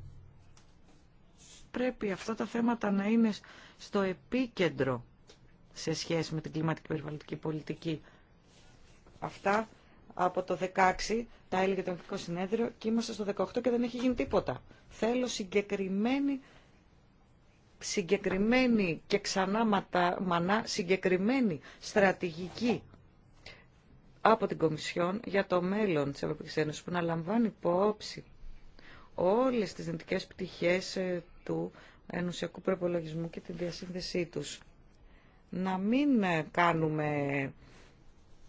Πρέπει αυτά τα θέματα να είναι στο επίκεντρο σε σχέση με την κλιματική περιβαλλοντική πολιτική. Αυτά από το 16, τα έλεγε το Ευρωπαϊκό Συνέδριο, και είμαστε στο 18 και δεν έχει γίνει τίποτα. Θέλω συγκεκριμένη, συγκεκριμένη και ξανά ματά, μανά, συγκεκριμένη στρατηγική από την Κομισιόν για το μέλλον της Ευρωπαϊκής Ένωσης που να λαμβάνει υπόψη όλες τις δυνατικές πτυχές ε, του Ενωσιακού προπολογισμού και τη διασύνδεσή τους. Να μην ε, κάνουμε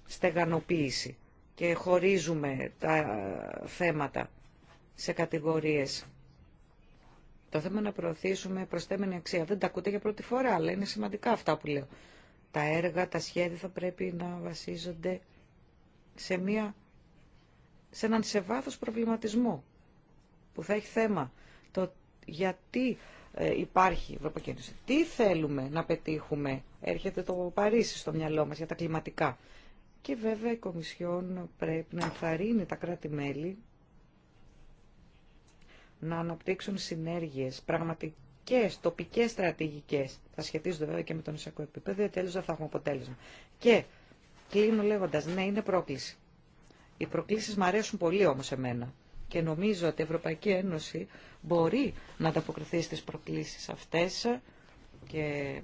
στεγανοποίηση και χωρίζουμε τα θέματα σε κατηγορίες. Το θέμα να προωθήσουμε προσθέμενη αξία. Δεν τα ακούτε για πρώτη φορά, αλλά είναι σημαντικά αυτά που λέω. Τα έργα, τα σχέδια θα πρέπει να βασίζονται σε, μια, σε έναν σε βάθος προβληματισμό που θα έχει θέμα. Το γιατί ε, υπάρχει η Ευρωπαϊκή Ένωση. Τι θέλουμε να πετύχουμε. Έρχεται το Παρίσι στο μυαλό μας για τα κλιματικά. Και βέβαια η Κομισιόν πρέπει να ενθαρρύνει τα κράτη-μέλη να αναπτύξουν συνέργειες, πραγματικές, τοπικές στρατηγικές. Θα σχετίζονται βέβαια και με τον νησιακό επίπεδο, γιατί τέλος δεν θα έχουμε αποτέλεσμα. Και κλείνω λέγοντας, ναι είναι πρόκληση. Οι προκλήσεις μου αρέσουν πολύ όμως εμένα. Και νομίζω ότι η Ευρωπαϊκή Ένωση μπορεί να ανταποκριθεί στις προκλήσεις αυτές και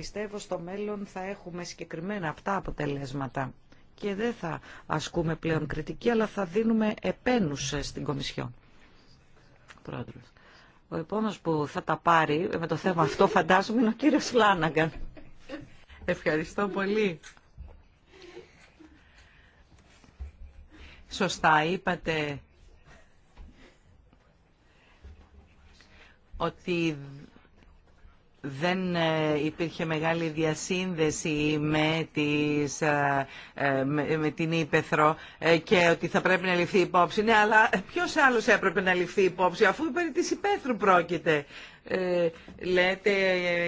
Πιστεύω στο μέλλον θα έχουμε συγκεκριμένα αυτά αποτελέσματα και δεν θα ασκούμε πλέον κριτική, αλλά θα δίνουμε επένους στην Κομισιό. Πρόεδρος. Ο επόμενος που θα τα πάρει με το θέμα αυτό φαντάζομαι είναι ο κύριος Λάναγκαν. Ευχαριστώ πολύ. Σωστά είπατε ότι δεν ε, υπήρχε μεγάλη διασύνδεση με, τις, ε, ε, με την Ήπεθρο και ότι θα πρέπει να ληφθεί υπόψη. Ναι, αλλά ποιος άλλος έπρεπε να ληφθεί υπόψη αφού περί της Ήπεθρου πρόκειται. Ε, λέτε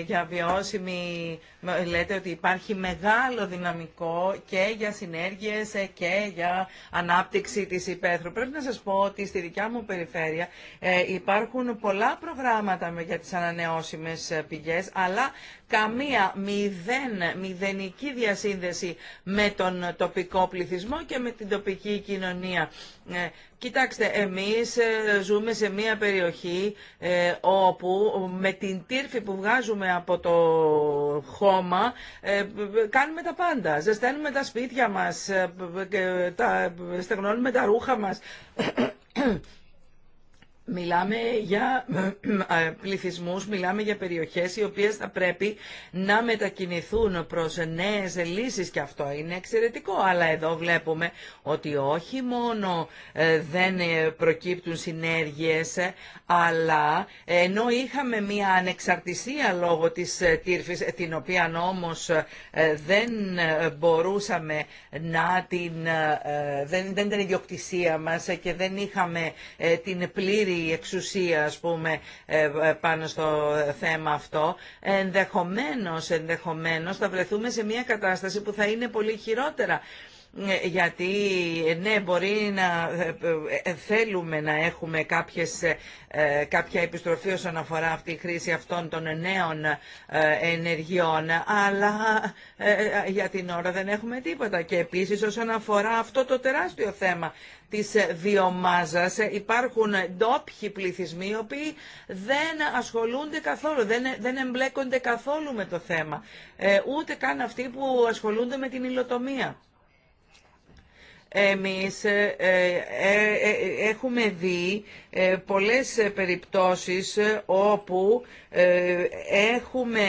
για βιώσιμη, λέτε ότι υπάρχει μεγάλο δυναμικό και για συνέργειες ε, και για ανάπτυξη της υπαίθρου. Πρέπει να σας πω ότι στη δικιά μου περιφέρεια ε, υπάρχουν πολλά προγράμματα για τις ανανεώσιμες πηγές, αλλά καμία μηδέν, μηδενική διασύνδεση με τον τοπικό πληθυσμό και με την τοπική κοινωνία. Ε, κοιτάξτε, εμείς ε, ζούμε σε μια περιοχή ε, όπου με την τύρφη που βγάζουμε από το χώμα κάνουμε τα πάντα. Ζεσταίνουμε τα σπίτια μας, τα, στεγνώνουμε τα ρούχα μας. Μιλάμε για ε, ε, πληθυσμούς, μιλάμε για περιοχές οι οποίες θα πρέπει να μετακινηθούν προς νέες λύσεις και αυτό είναι εξαιρετικό. Αλλά εδώ βλέπουμε ότι όχι μόνο ε, δεν προκύπτουν συνέργειες, αλλά ενώ είχαμε μία ανεξαρτησία λόγω της τύρφης, την οποία όμως δεν μπορούσαμε να την... δεν ήταν ιδιοκτησία μας και δεν είχαμε την πλήρη η εξουσία ας πούμε ε, ε, πάνω στο θέμα αυτό ενδεχομένως, ενδεχομένως θα βρεθούμε σε μια κατάσταση που θα είναι πολύ χειρότερα γιατί ναι μπορεί να ε, ε, θέλουμε να έχουμε κάποιες, ε, κάποια επιστροφή όσον αφορά αυτή η χρήση αυτών των νέων ενεργειών αλλά για την ώρα δεν έχουμε τίποτα και επίσης όσον αφορά αυτό το τεράστιο θέμα της βιομάζας υπάρχουν ντόπιοι πληθυσμοί οι οποίοι δεν ασχολούνται καθόλου, δεν, δεν εμπλέκονται καθόλου με το θέμα, ούτε καν αυτοί που ασχολούνται με την υλοτομία. Εμείς ε, ε, ε, έχουμε δει πολλές περιπτώσεις όπου έχουμε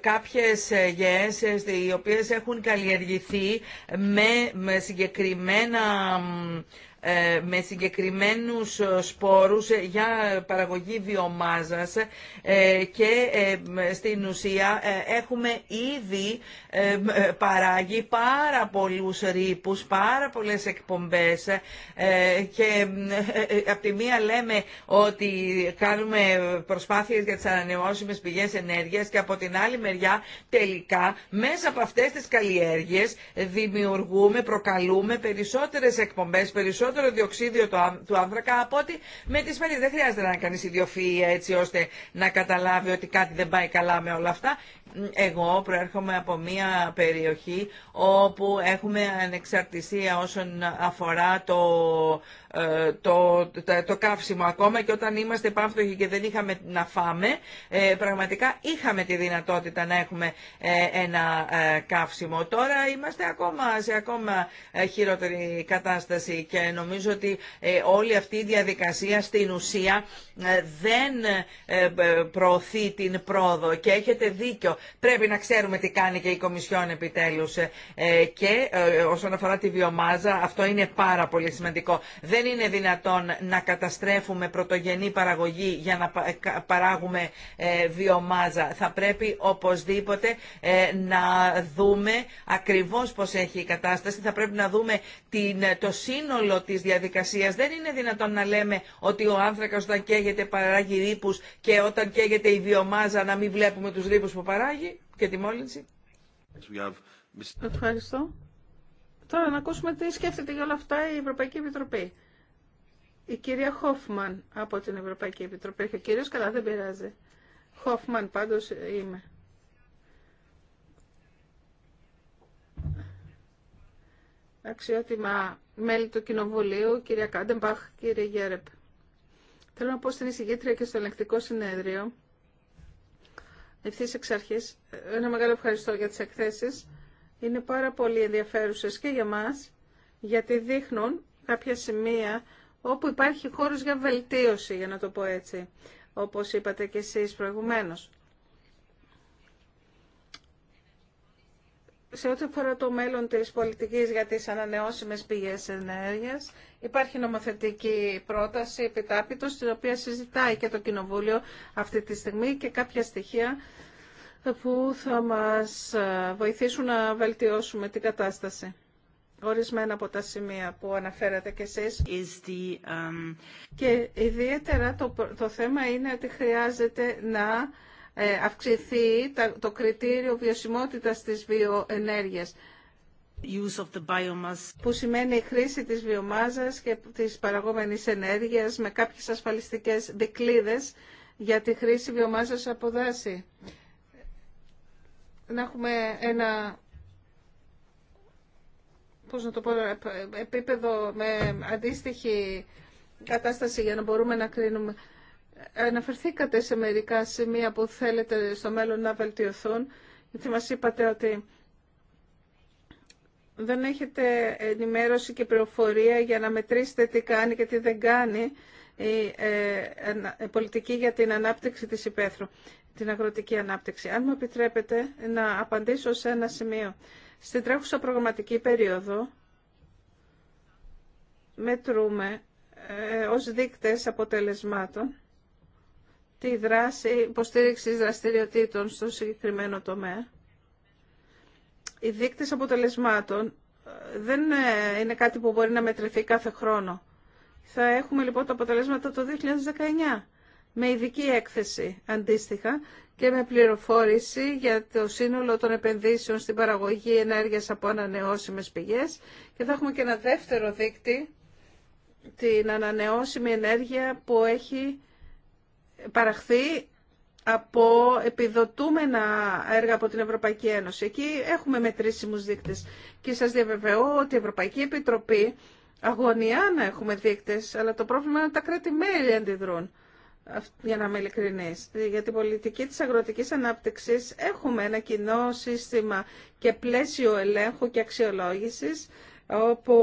κάποιες γεές οι οποίες έχουν καλλιεργηθεί με συγκεκριμένα ε, με συγκεκριμένους ε, σπόρους ε, για παραγωγή βιομάζας και στην ουσία έχουμε ήδη παράγει πάρα πολλούς ρήπους, πάρα πολλές εκπομπές και από τη μία λέμε ότι κάνουμε προσπάθειες για τις ανανεώσιμες πηγές ενέργειας και από την άλλη μεριά τελικά μέσα από αυτές τις καλλιέργειες δημιουργούμε, προκαλούμε περισσότερες εκπομπές, περισσότερες περισσότερο διοξίδιο του άνθρακα από ότι με τις μέρες Δεν χρειάζεται να κάνεις κανεί ιδιοφυή έτσι ώστε να καταλάβει ότι κάτι δεν πάει καλά με όλα αυτά εγώ προέρχομαι από μια περιοχή όπου έχουμε ανεξαρτησία όσον αφορά ε, το, το, το, καύσιμο. Ακόμα και όταν είμαστε πάμπτωχοι και δεν είχαμε να φάμε, ε, πραγματικά είχαμε τη δυνατότητα να έχουμε ε, ένα καύσιμο. Τώρα είμαστε ακόμα σε ακόμα χειρότερη κατάσταση και νομίζω ότι όλη αυτή η διαδικασία στην ουσία δεν προωθεί την πρόοδο και έχετε δίκιο. Πρέπει να ξέρουμε τι κάνει και η Κομισιόν επιτέλους. Ε, και ε, όσον αφορά τη βιομάζα, αυτό είναι πάρα πολύ σημαντικό. Δεν είναι δυνατόν να καταστρέφουμε πρωτογενή παραγωγή για να παράγουμε ε, βιομάζα. Θα πρέπει οπωσδήποτε να δούμε ακριβώς πώς έχει η κατάσταση. Θα πρέπει να δούμε την, το σύνολο της διαδικασίας. Δεν είναι δυνατόν να λέμε ότι ο άνθρακας όταν καίγεται παράγει ρήπους και όταν καίγεται η βιομάζα να μην βλέπουμε τους ρήπους που παράγει και τη μόλυνση. Ευχαριστώ. Τώρα να ακούσουμε τι σκέφτεται για όλα αυτά η Ευρωπαϊκή Επιτροπή. Η κυρία Χόφμαν από την Ευρωπαϊκή Επιτροπή. ο κύριο καλά δεν πειράζει. Χόφμαν πάντως είμαι. Αξιότιμα μέλη του Κοινοβουλίου, κυρία Κάντεμπαχ, κύριε Γέρεπ. Θέλω να πω στην εισηγήτρια και στο ελεγκτικό συνέδριο ευθύ εξ αρχή, Ένα μεγάλο ευχαριστώ για τις εκθέσεις. Είναι πάρα πολύ ενδιαφέρουσε και για μας, γιατί δείχνουν κάποια σημεία όπου υπάρχει χώρος για βελτίωση, για να το πω έτσι, όπως είπατε και εσεί προηγουμένως. σε ό,τι αφορά το μέλλον της πολιτικής για τις ανανεώσιμες πηγές ενέργειας, υπάρχει νομοθετική πρόταση επιτάπητος, την οποία συζητάει και το Κοινοβούλιο αυτή τη στιγμή και κάποια στοιχεία που θα μας ε, βοηθήσουν να βελτιώσουμε την κατάσταση. Ορισμένα από τα σημεία που αναφέρατε κι εσείς. Um, και ιδιαίτερα το, το θέμα είναι ότι χρειάζεται να ε, αυξηθεί το κριτήριο βιωσιμότητας της βιοενέργειας of που σημαίνει η χρήση της βιομάζας και της παραγόμενης ενέργειας με κάποιες ασφαλιστικές δικλίδες για τη χρήση βιομάζας από δάση. Να έχουμε ένα πώς να το πω, ε, επίπεδο με αντίστοιχη κατάσταση για να μπορούμε να κρίνουμε Αναφερθήκατε σε μερικά σημεία που θέλετε στο μέλλον να βελτιωθούν, γιατί μας είπατε ότι δεν έχετε ενημέρωση και πληροφορία για να μετρήσετε τι κάνει και τι δεν κάνει η ε, πολιτική για την ανάπτυξη της υπαίθρου, την αγροτική ανάπτυξη. Αν μου επιτρέπετε να απαντήσω σε ένα σημείο. Στην τρέχουσα προγραμματική περίοδο μετρούμε ε, ως δείκτες αποτελεσμάτων τη δράση υποστηρίξη δραστηριοτήτων στο συγκεκριμένο τομέα. Οι δείκτες αποτελεσμάτων ε, δεν ε, είναι κάτι που μπορεί να μετρηθεί κάθε χρόνο. Θα έχουμε λοιπόν τα αποτελέσματα το 2019 με ειδική έκθεση αντίστοιχα και με πληροφόρηση για το σύνολο των επενδύσεων στην παραγωγή ενέργειας από ανανεώσιμες πηγές και θα έχουμε και ένα δεύτερο δείκτη την ανανεώσιμη ενέργεια που έχει παραχθεί από επιδοτούμενα έργα από την Ευρωπαϊκή Ένωση. Εκεί έχουμε μετρήσιμους δείκτες. Και σας διαβεβαιώ ότι η Ευρωπαϊκή Επιτροπή αγωνιά να έχουμε δείκτες, αλλά το πρόβλημα είναι ότι τα κράτη-μέλη αντιδρούν. Για να είμαι ειλικρινής, για την πολιτική της αγροτικής ανάπτυξης έχουμε ένα κοινό σύστημα και πλαίσιο ελέγχου και αξιολόγησης, όπου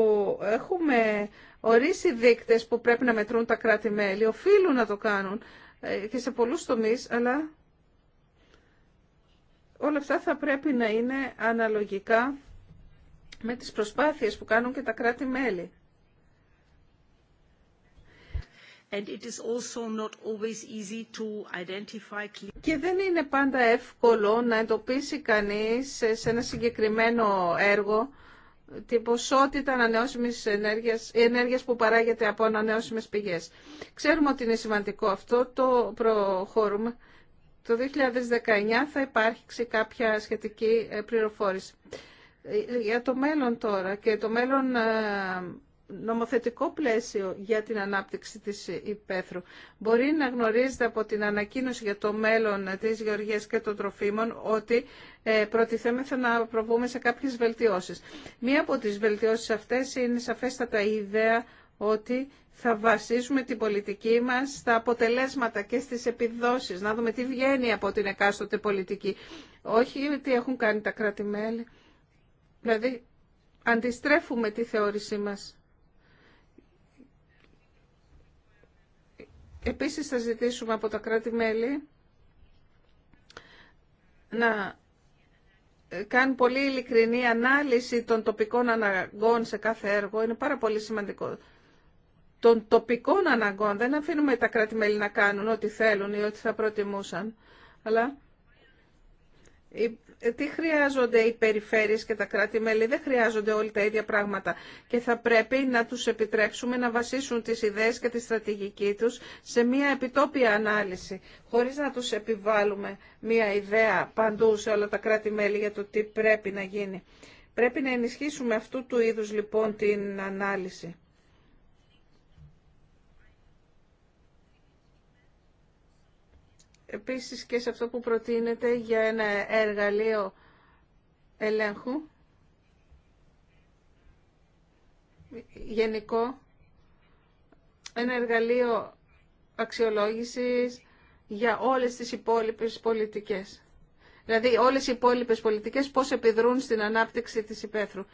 έχουμε ορίσει δείκτες που πρέπει να μετρούν τα κράτη-μέλη, οφείλουν να το κάνουν, ε, και σε πολλούς τομείς, αλλά όλα αυτά θα πρέπει να είναι αναλογικά με τις προσπάθειες που κάνουν και τα κράτη-μέλη. Και δεν είναι πάντα εύκολο να εντοπίσει κανείς σε ένα συγκεκριμένο έργο την ποσότητα ανανεώσιμης ενέργειας, ενέργειας που παράγεται από ανανεώσιμες πηγές. Ξέρουμε ότι είναι σημαντικό αυτό, το προχωρούμε. Το 2019 θα υπάρξει κάποια σχετική πληροφόρηση. Ε, για το μέλλον τώρα και το μέλλον ε, νομοθετικό πλαίσιο για την ανάπτυξη της υπαίθρου. Μπορεί να γνωρίζετε από την ανακοίνωση για το μέλλον της γεωργίας και των τροφίμων ότι ε, προτιθέμεθα να προβούμε σε κάποιες βελτιώσεις. Μία από τις βελτιώσεις αυτές είναι σαφέστατα η ιδέα ότι θα βασίζουμε την πολιτική μας στα αποτελέσματα και στις επιδόσεις, να δούμε τι βγαίνει από την εκάστοτε πολιτική. Όχι τι έχουν κάνει τα κράτη-μέλη. Δηλαδή, αντιστρέφουμε τη θεώρησή μας. Επίσης θα ζητήσουμε από τα κράτη-μέλη να κάνουν πολύ ειλικρινή ανάλυση των τοπικών αναγκών σε κάθε έργο. Είναι πάρα πολύ σημαντικό. Των τοπικών αναγκών. Δεν αφήνουμε τα κράτη-μέλη να κάνουν ό,τι θέλουν ή ό,τι θα προτιμούσαν. Αλλά τι χρειάζονται οι περιφέρειες και τα κράτη-μέλη. Δεν χρειάζονται όλοι τα ίδια πράγματα και θα πρέπει να τους επιτρέψουμε να βασίσουν τις ιδέες και τη στρατηγική τους σε μια επιτόπια ανάλυση, χωρίς να τους επιβάλλουμε μια ιδέα παντού σε όλα τα κράτη-μέλη για το τι πρέπει να γίνει. Πρέπει να ενισχύσουμε αυτού του είδους λοιπόν την ανάλυση. επίσης και σε αυτό που προτείνεται για ένα εργαλείο ελέγχου γενικό, ένα εργαλείο αξιολόγησης για όλες τις υπόλοιπες πολιτικές. Δηλαδή όλες οι υπόλοιπες πολιτικές πώς επιδρούν στην ανάπτυξη της υπαίθρου.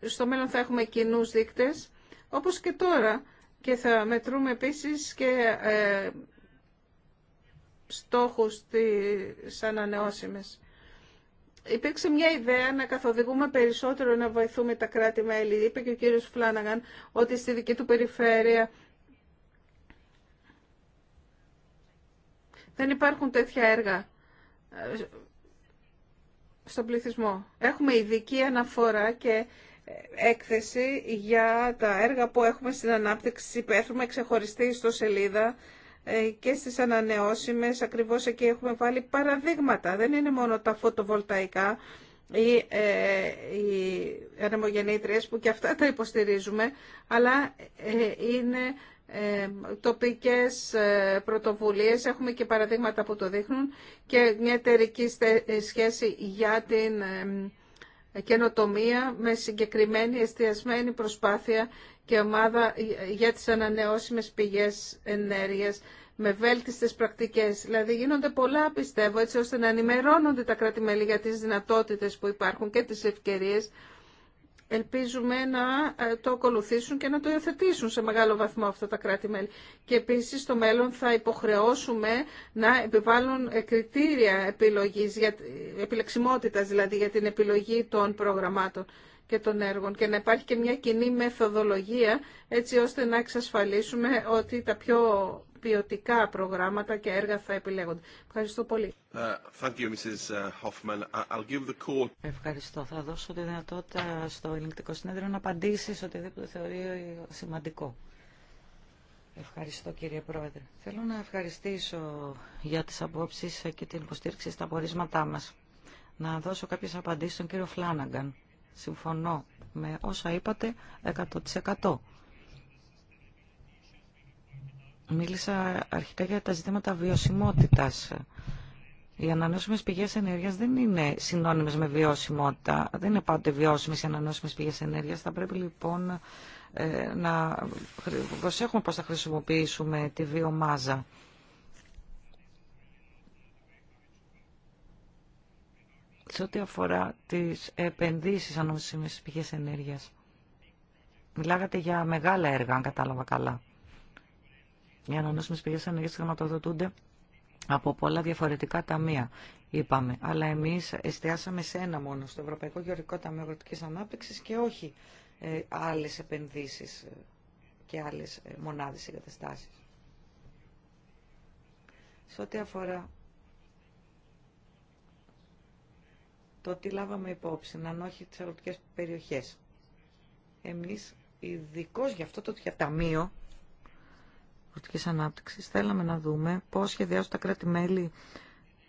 Στο μέλλον θα έχουμε κοινούς δείκτες, όπως και τώρα, και θα μετρούμε επίσης και ε, στόχους της ανανεώσιμες. Υπήρξε μια ιδέα να καθοδηγούμε περισσότερο να βοηθούμε τα κράτη-μέλη. Είπε και ο κύριος Φλάναγαν ότι στη δική του περιφέρεια δεν υπάρχουν τέτοια έργα ε, στον πληθυσμό. Έχουμε ειδική αναφορά και έκθεση για τα έργα που έχουμε στην ανάπτυξη πέθουμε ξεχωριστή στο σελίδα ε, και στις ανανεώσιμες, ακριβώς εκεί έχουμε βάλει παραδείγματα. Δεν είναι μόνο τα φωτοβολταϊκά ή ε, οι που και αυτά τα υποστηρίζουμε, αλλά ε, είναι ε, τοπικές πρωτοβουλίες, έχουμε και παραδείγματα που το δείχνουν και μια εταιρική σχέση για την καινοτομία με συγκεκριμένη εστιασμένη προσπάθεια και ομάδα για τις ανανεώσιμες πηγές ενέργειας με βέλτιστες πρακτικές. Δηλαδή γίνονται πολλά πιστεύω έτσι ώστε να ενημερώνονται τα κράτη-μέλη για τις δυνατότητες που υπάρχουν και τις ευκαιρίες. Ελπίζουμε να ε, το ακολουθήσουν και να το υιοθετήσουν σε μεγάλο βαθμό αυτά τα κράτη-μέλη. Και επίσης στο μέλλον θα υποχρεώσουμε να επιβάλλουν ε, κριτήρια επιλογής, ε, επιλεξιμότητας δηλαδή για την επιλογή των προγραμμάτων και των έργων και να υπάρχει και μια κοινή μεθοδολογία έτσι ώστε να εξασφαλίσουμε ότι τα πιο ποιοτικά προγράμματα και έργα θα επιλέγονται. Ευχαριστώ πολύ. you, Ευχαριστώ. Θα δώσω τη δυνατότητα στο ελληνικό συνέδριο να απαντήσει σε οτιδήποτε θεωρεί σημαντικό. Ευχαριστώ κύριε Πρόεδρε. Θέλω να ευχαριστήσω για τις απόψεις και την υποστήριξη στα πορίσματά μας. Να δώσω κάποιες απαντήσεις στον κύριο Φλάναγκαν. Συμφωνώ με όσα είπατε 100%. Μίλησα αρχικά για τα ζητήματα βιωσιμότητας. Οι ανανεώσιμες πηγές ενέργειας δεν είναι συνώνυμες με βιώσιμότητα. Δεν είναι πάντοτε βιώσιμες οι ανανεώσιμες πηγές ενέργειας. Θα πρέπει λοιπόν ε, να προσέχουμε πώς θα χρησιμοποιήσουμε τη βιομάζα. Σε ό,τι αφορά τις επενδύσεις ανώσιμες πηγές ενέργειας. Μιλάγατε για μεγάλα έργα, αν κατάλαβα καλά. Οι ανανόσιμε πηγές ενέργειας χρηματοδοτούνται από πολλά διαφορετικά ταμεία, είπαμε. Αλλά εμείς εστιάσαμε σε ένα μόνο, στο Ευρωπαϊκό Γεωργικό Ταμείο Αγροτικής Ανάπτυξης και όχι ε, άλλες επενδύσεις ε, και άλλες ε, μονάδες εγκαταστάσεις. Σε ό,τι αφορά το τι λάβαμε υπόψη, αν όχι τι αγροτικέ περιοχές. Εμείς, ειδικώ για αυτό το ταμείο αγροτική ανάπτυξη, θέλαμε να δούμε πώς σχεδιάζουν τα κράτη-μέλη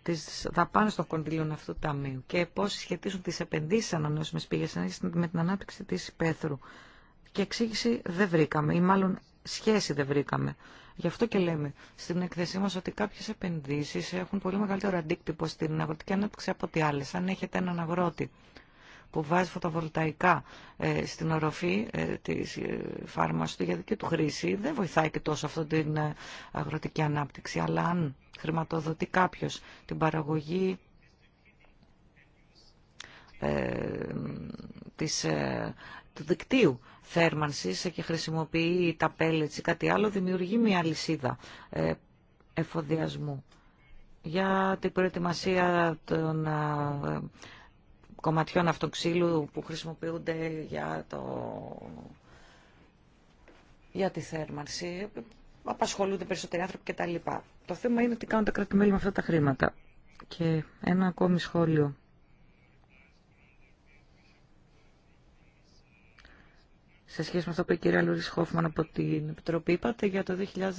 τι δαπάνε των κονδυλίων αυτού του ταμείου και πώς σχετίζουν τις επενδύσεις ανανεώσιμε πήγες με την ανάπτυξη της υπαίθρου. Και εξήγηση δεν βρήκαμε ή μάλλον σχέση δεν βρήκαμε Γι' αυτό και λέμε στην έκθεσή μας ότι κάποιε επενδύσεις έχουν πολύ μεγαλύτερο αντίκτυπο στην αγροτική ανάπτυξη από ό,τι άλλες. Αν έχετε έναν αγρότη που βάζει φωτοβολταϊκά ε, στην οροφή ε, της ε, φάρμας του για δική του χρήση, δεν βοηθάει και τόσο αυτή την αγροτική ανάπτυξη. Αλλά αν χρηματοδοτεί κάποιο την παραγωγή της, του δικτύου θέρμανσης και χρησιμοποιεί τα πέλετς ή κάτι άλλο, δημιουργεί μια λυσίδα ε, εφοδιασμού. Για την προετοιμασία των ε, κομματιών αυτοξύλου που χρησιμοποιούνται για, το... για τη θέρμανση, απασχολούνται περισσότεροι άνθρωποι κτλ. Το θέμα είναι τι κάνουν τα κράτη-μέλη με αυτά τα χρήματα. Και ένα ακόμη σχόλιο σε σχέση με αυτό που είπε η κυρία Λούρις Χόφμαν από την Επιτροπή, είπατε για το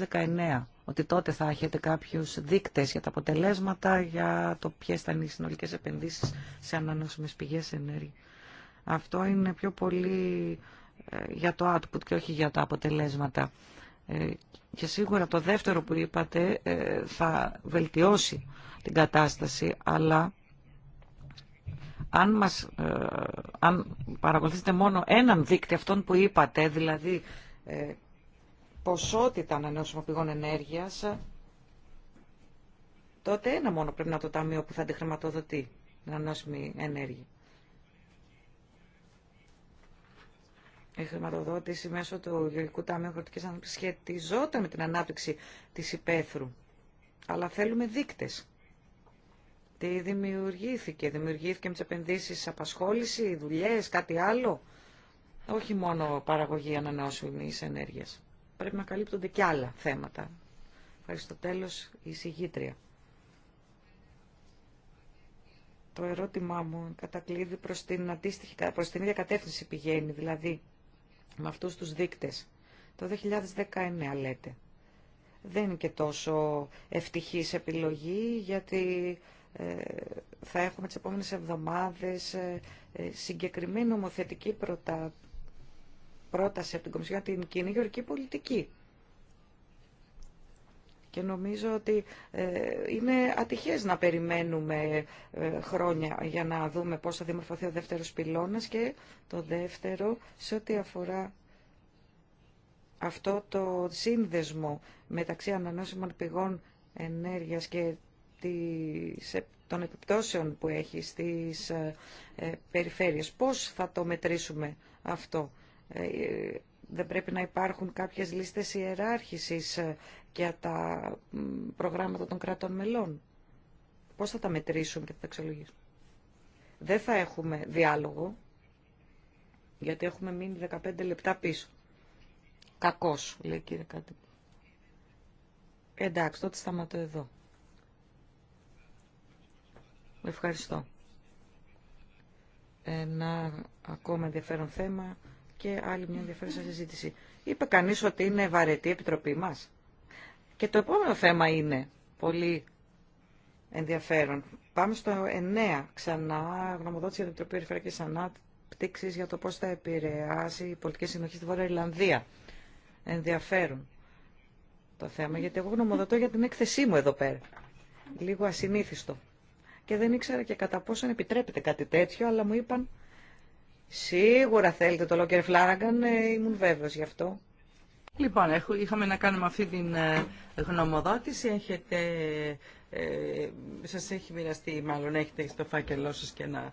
2019 ότι τότε θα έχετε κάποιους δείκτες για τα αποτελέσματα, για το ποιε θα είναι οι συνολικές επενδύσεις σε ανανεώσιμες πηγές ενέργεια. Αυτό είναι πιο πολύ ε, για το output και όχι για τα αποτελέσματα. Ε, και σίγουρα το δεύτερο που είπατε ε, θα βελτιώσει την κατάσταση, αλλά αν, μας, ε, αν παρακολουθήσετε μόνο έναν δείκτη αυτόν που είπατε, δηλαδή ε, ποσότητα ανανεώσιμων πηγών ενέργειας, τότε ένα μόνο πρέπει να το ταμείο που θα αντιχρηματοδοτεί την ανανεώσιμη ενέργεια. Η χρηματοδότηση μέσω του Γεωργικού Ταμείου Χρωτικής Ανάπτυξης σχετιζόταν με την ανάπτυξη της υπαίθρου. Αλλά θέλουμε δείκτες. Τι δημιουργήθηκε, δημιουργήθηκε με τι επενδύσει απασχόληση, δουλειέ, κάτι άλλο. Όχι μόνο παραγωγή ανανεώσιμη ενέργεια. Πρέπει να καλύπτονται και άλλα θέματα. Ευχαριστώ τέλο η συγγήτρια. Το ερώτημά μου κατακλείδει προς την, αντίστοιχη, προς την ίδια κατεύθυνση πηγαίνει, δηλαδή με αυτούς τους δείκτες. Το 2019 λέτε. Δεν είναι και τόσο ευτυχής επιλογή, γιατί ε, θα έχουμε τις επόμενες εβδομάδες ε, ε, συγκεκριμένη νομοθετική πρωτα... πρόταση από την Κομισιόν για την κοινή πολιτική. Και νομίζω ότι είναι ατυχές να περιμένουμε χρόνια για να δούμε πώς θα δημορφωθεί ο δεύτερος πυλώνας και το δεύτερο σε ό,τι αφορά αυτό το σύνδεσμο μεταξύ ανανεώσιμων πηγών ενέργειας και των επιπτώσεων που έχει στις ε, περιφέρειες. Πώς θα το μετρήσουμε αυτό. Ε, δεν πρέπει να υπάρχουν κάποιες λίστες ιεράρχησης ε, για τα προγράμματα των κρατών μελών. Πώς θα τα μετρήσουμε και θα τα εξολογήσουμε Δεν θα έχουμε διάλογο, γιατί έχουμε μείνει 15 λεπτά πίσω. Κακός, λέει κύριε Κάτι. Εντάξει, τότε σταματώ εδώ. Ευχαριστώ. Ένα ακόμα ενδιαφέρον θέμα και άλλη μια ενδιαφέρουσα συζήτηση. Είπε κανεί ότι είναι βαρετή η Επιτροπή μα Και το επόμενο θέμα είναι πολύ ενδιαφέρον. Πάμε στο 9 ξανά, γνωμοδότηση για την Επιτροπή Περιφερειακής Ανάπτυξη για το πώ θα επηρεάσει η πολιτική συνοχή στη Βόρεια Ιρλανδία. Ενδιαφέρον το θέμα, γιατί εγώ γνωμοδοτώ για την έκθεσή μου εδώ πέρα. Λίγο ασυνήθιστο και δεν ήξερα και κατά πόσον επιτρέπεται κάτι τέτοιο, αλλά μου είπαν σίγουρα θέλετε το λόγο κύριε Φλάραγκαν, ήμουν βέβαιος γι' αυτό. Λοιπόν, είχαμε να κάνουμε αυτή την ε, γνωμοδότηση, έχετε, ε, σας έχει μοιραστεί, μάλλον έχετε στο φάκελό σας και ένα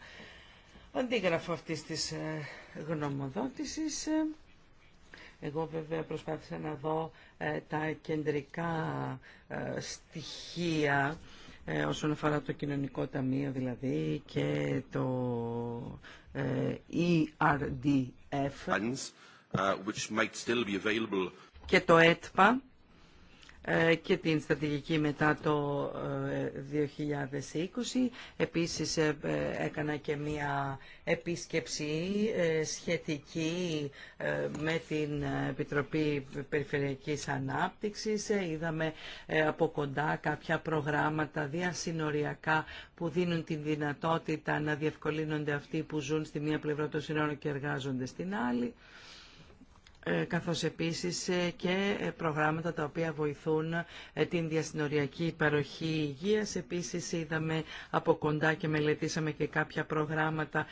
αντίγραφο αυτής της ε, γνωμοδότησης. Εγώ βέβαια προσπάθησα να δω τα κεντρικά στοιχεία ε, όσον αφορά το κοινωνικό ταμείο δηλαδή και το ε, ERDF ε, και το ΕΤΠΑ ε, και την στρατηγική μετά το 2020. Ε, Επίσης ε, έκανα και μία επίσκεψη σχετική με την Επιτροπή Περιφερειακής Ανάπτυξης. Είδαμε από κοντά κάποια προγράμματα διασυνοριακά που δίνουν την δυνατότητα να διευκολύνονται αυτοί που ζουν στη μία πλευρά των συνόρων και εργάζονται στην άλλη. Ε, καθώς επίσης ε, και ε, προγράμματα τα οποία βοηθούν την διασυνοριακή παροχή υγείας. Επίσης είδαμε από κοντά και μελετήσαμε και κάποια προγράμματα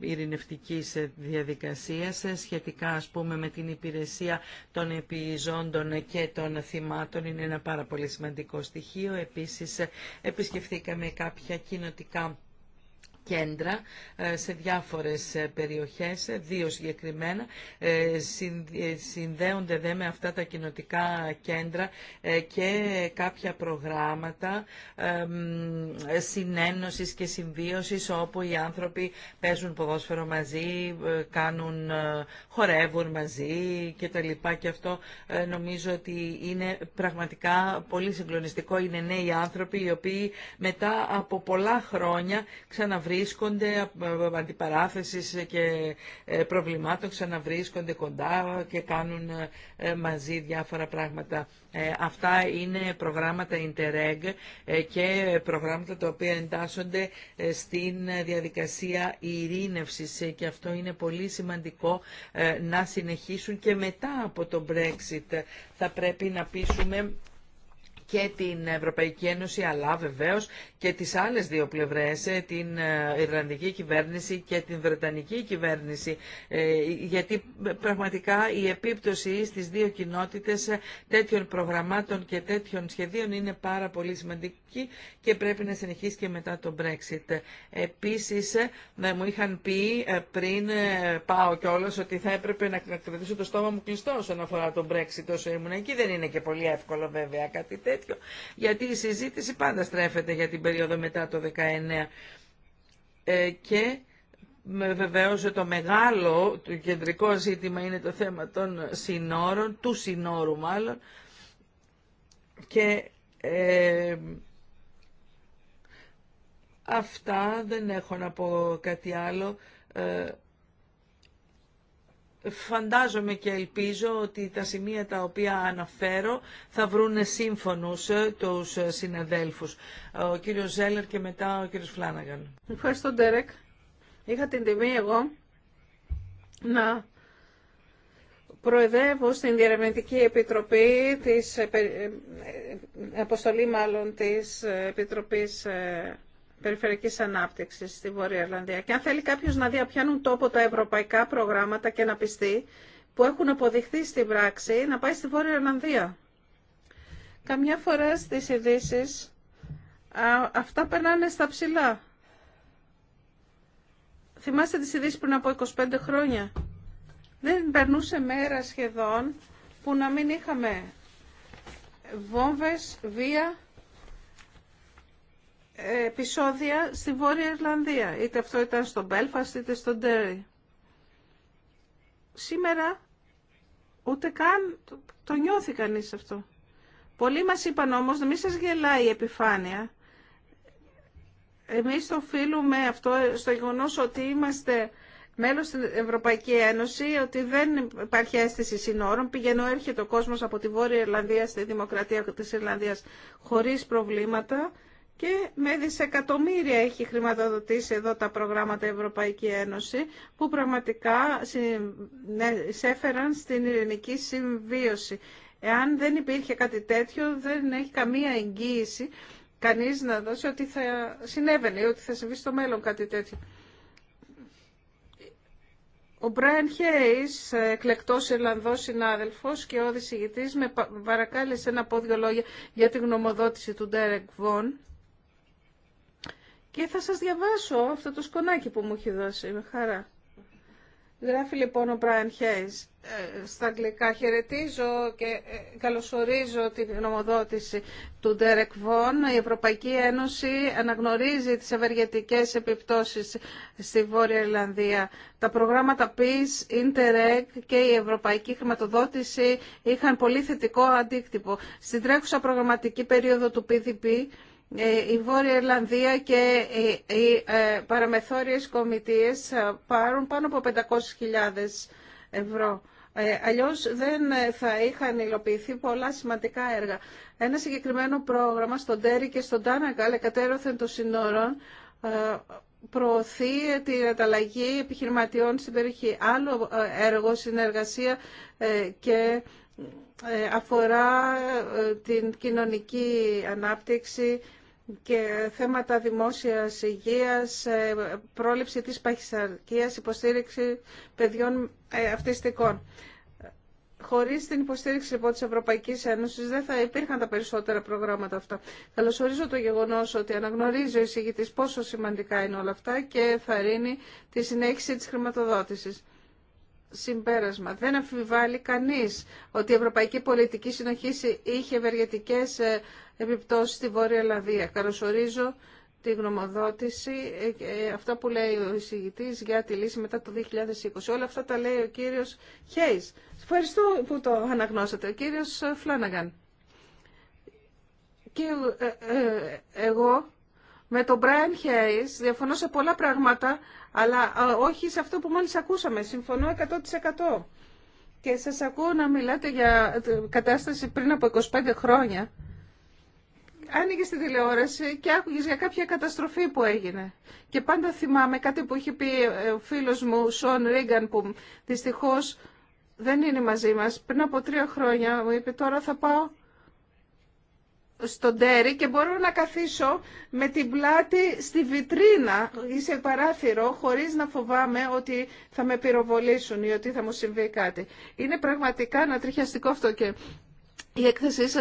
ειρηνευτικής διαδικασίας σχετικά ας πούμε με την υπηρεσία των επιζώντων και των θυμάτων. Είναι ένα πάρα πολύ σημαντικό στοιχείο. Επίσης επισκεφθήκαμε κάποια κοινοτικά κέντρα ε, σε διάφορες ε, περιοχές, ε, δύο συγκεκριμένα, συνδέονται δε με αυτά τα κοινοτικά κέντρα και κάποια προγράμματα συνένωσης και συμβίωσης όπου οι άνθρωποι παίζουν ποδόσφαιρο μαζί, κάνουν, χορεύουν μαζί και τα λοιπά και αυτό νομίζω ότι είναι πραγματικά πολύ συγκλονιστικό. Είναι νέοι άνθρωποι οι οποίοι μετά από πολλά χρόνια ξαναβρίσκονται βρίσκονται αντιπαράθεσης και ε, προβλημάτων, ξαναβρίσκονται κοντά και κάνουν ε, μαζί διάφορα πράγματα. Ε, αυτά είναι προγράμματα Interreg και προγράμματα τα οποία εντάσσονται στην διαδικασία ειρήνευσης και αυτό είναι πολύ σημαντικό να συνεχίσουν και μετά από το Brexit. Θα πρέπει να πείσουμε και την Ευρωπαϊκή Ένωση αλλά βεβαίω και τις άλλες δύο πλευρές, ε, την ε, Ιρλανδική κυβέρνηση και την Βρετανική κυβέρνηση ε, γιατί πραγματικά η επίπτωση στι δύο κοινότητε τέτοιων προγραμμάτων και τέτοιων σχεδίων είναι πάρα πολύ σημαντική και πρέπει να συνεχίσει και μετά το Brexit. Επίσης μου είχαν πει πριν πάω κιόλας ότι θα έπρεπε να κρατήσω το στόμα μου κλειστό όσον αφορά τον Brexit όσο ήμουν εκεί. Δεν είναι και πολύ εύκολο βέβαια κάτι τέτοιο γιατί η συζήτηση πάντα στρέφεται για την περίοδο μετά το 19 ε, και βεβαίω το μεγάλο, το κεντρικό ζήτημα είναι το θέμα των συνόρων, του συνόρου μάλλον και ε, αυτά δεν έχω να πω κάτι άλλο. Ε, Φαντάζομαι και ελπίζω ότι τα σημεία τα οποία αναφέρω θα βρουν σύμφωνους ε, τους συναδέλφους. Ο κύριος Ζέλερ και μετά ο κύριος Φλάναγκαν. Ευχαριστώ Ντέρεκ. Είχα την τιμή εγώ να προεδρεύω στην Διερευνητική Επιτροπή της ε, ε, αποστολή μάλλον της Επιτροπής περιφερειακής ανάπτυξης στη Βόρεια Ιρλανδία. Και αν θέλει κάποιος να δει τόπο τα ευρωπαϊκά προγράμματα και να πιστεί που έχουν αποδειχθεί στην πράξη, να πάει στη Βόρεια Ιρλανδία. Καμιά φορά στις ειδήσει αυτά περνάνε στα ψηλά. Θυμάστε τις ειδήσει πριν από 25 χρόνια. Δεν περνούσε μέρα σχεδόν που να μην είχαμε βόμβες, βία επεισόδια στη Βόρεια Ιρλανδία. Είτε αυτό ήταν στο Μπέλφαστ είτε στο Ντέρι. Σήμερα ούτε καν το νιώθει κανείς αυτό. Πολλοί μας είπαν όμως να μην σας γελάει η επιφάνεια. Εμείς το οφείλουμε αυτό στο γεγονό ότι είμαστε μέλος στην Ευρωπαϊκή Ένωση, ότι δεν υπάρχει αίσθηση συνόρων. Πηγαίνω έρχεται ο κόσμος από τη Βόρεια Ιρλανδία στη Δημοκρατία της Ιρλανδίας χωρίς προβλήματα και με δισεκατομμύρια έχει χρηματοδοτήσει εδώ τα προγράμματα Ευρωπαϊκή Ένωση που πραγματικά σέφεραν στην ειρηνική συμβίωση. Εάν δεν υπήρχε κάτι τέτοιο δεν έχει καμία εγγύηση κανείς να δώσει ότι θα συνέβαινε ή ότι θα συμβεί στο μέλλον κάτι τέτοιο. Ο Μπράιν Χέις, εκλεκτός Ιρλανδός συνάδελφος και ο με παρακάλεσε να πω δύο λόγια για τη γνωμοδότηση του Ντέρεκ Βον και θα σας διαβάσω αυτό το σκονάκι που μου έχει δώσει, με χαρά. Γράφει λοιπόν ο Brian Hayes ε, στα αγγλικά. Χαιρετίζω και ε, καλωσορίζω την γνωμοδότηση του Derek Vaughan. Η Ευρωπαϊκή Ένωση αναγνωρίζει τις ευεργετικές επιπτώσεις στη Βόρεια Ιρλανδία. Τα προγράμματα Peace, Interreg και η Ευρωπαϊκή Χρηματοδότηση είχαν πολύ θετικό αντίκτυπο. Στην τρέχουσα προγραμματική περίοδο του PDP ε, η Βόρεια Ιρλανδία και οι ε, παραμεθόριες κομιτείες ε, πάρουν πάνω από 500.000 ευρώ. Αλλιώς δεν θα είχαν υλοποιηθεί πολλά σημαντικά έργα. Ένα συγκεκριμένο πρόγραμμα στον Τέρι και στον Τάναγκαλ, εκατέρωθεν των συνόρων, προωθεί την αταλλαγή επιχειρηματιών στην περιοχή. Άλλο έργο, συνεργασία και αφορά την κοινωνική ανάπτυξη και θέματα δημόσιας υγείας, ε, πρόληψη της παχυσαρκίας, υποστήριξη παιδιών ε, αυτιστικών. Χωρίς την υποστήριξη λοιπόν της Ευρωπαϊκής Ένωσης δεν θα υπήρχαν τα περισσότερα προγράμματα αυτά. Καλωσορίζω το γεγονός ότι αναγνωρίζει ο εισηγητής πόσο σημαντικά είναι όλα αυτά και θαρρύνει τη συνέχιση της χρηματοδότησης συμπέρασμα. Δεν αφιβάλλει κανείς ότι η Ευρωπαϊκή Πολιτική Συνοχή είχε ευεργετικές ε, Επιπτώσει στη Βόρεια Ελλαδία. Καλωσορίζω τη γνωμοδότηση, ε, ε, αυτά που λέει ο εισηγητή για τη λύση μετά το 2020. Όλα αυτά τα λέει ο κύριος Χέις. Ευχαριστώ που το αναγνώσατε. Ο κύριος Φλάναγκαν. Και ε, εγώ με τον Brian Hayes διαφωνώ σε πολλά πράγματα, αλλά όχι σε αυτό που μόλις ακούσαμε. Συμφωνώ 100%. Και σας ακούω να μιλάτε για κατάσταση πριν από 25 χρόνια άνοιγε τη τηλεόραση και άκουγες για κάποια καταστροφή που έγινε. Και πάντα θυμάμαι κάτι που είχε πει ε, ο φίλος μου, Σον Ρίγκαν, που δυστυχώς δεν είναι μαζί μας. Πριν από τρία χρόνια μου είπε τώρα θα πάω στον τέρι και μπορώ να καθίσω με την πλάτη στη βιτρίνα ή σε παράθυρο χωρίς να φοβάμαι ότι θα με πυροβολήσουν ή ότι θα μου συμβεί κάτι. Είναι πραγματικά ανατριχιαστικό αυτό και η έκθεσή σα,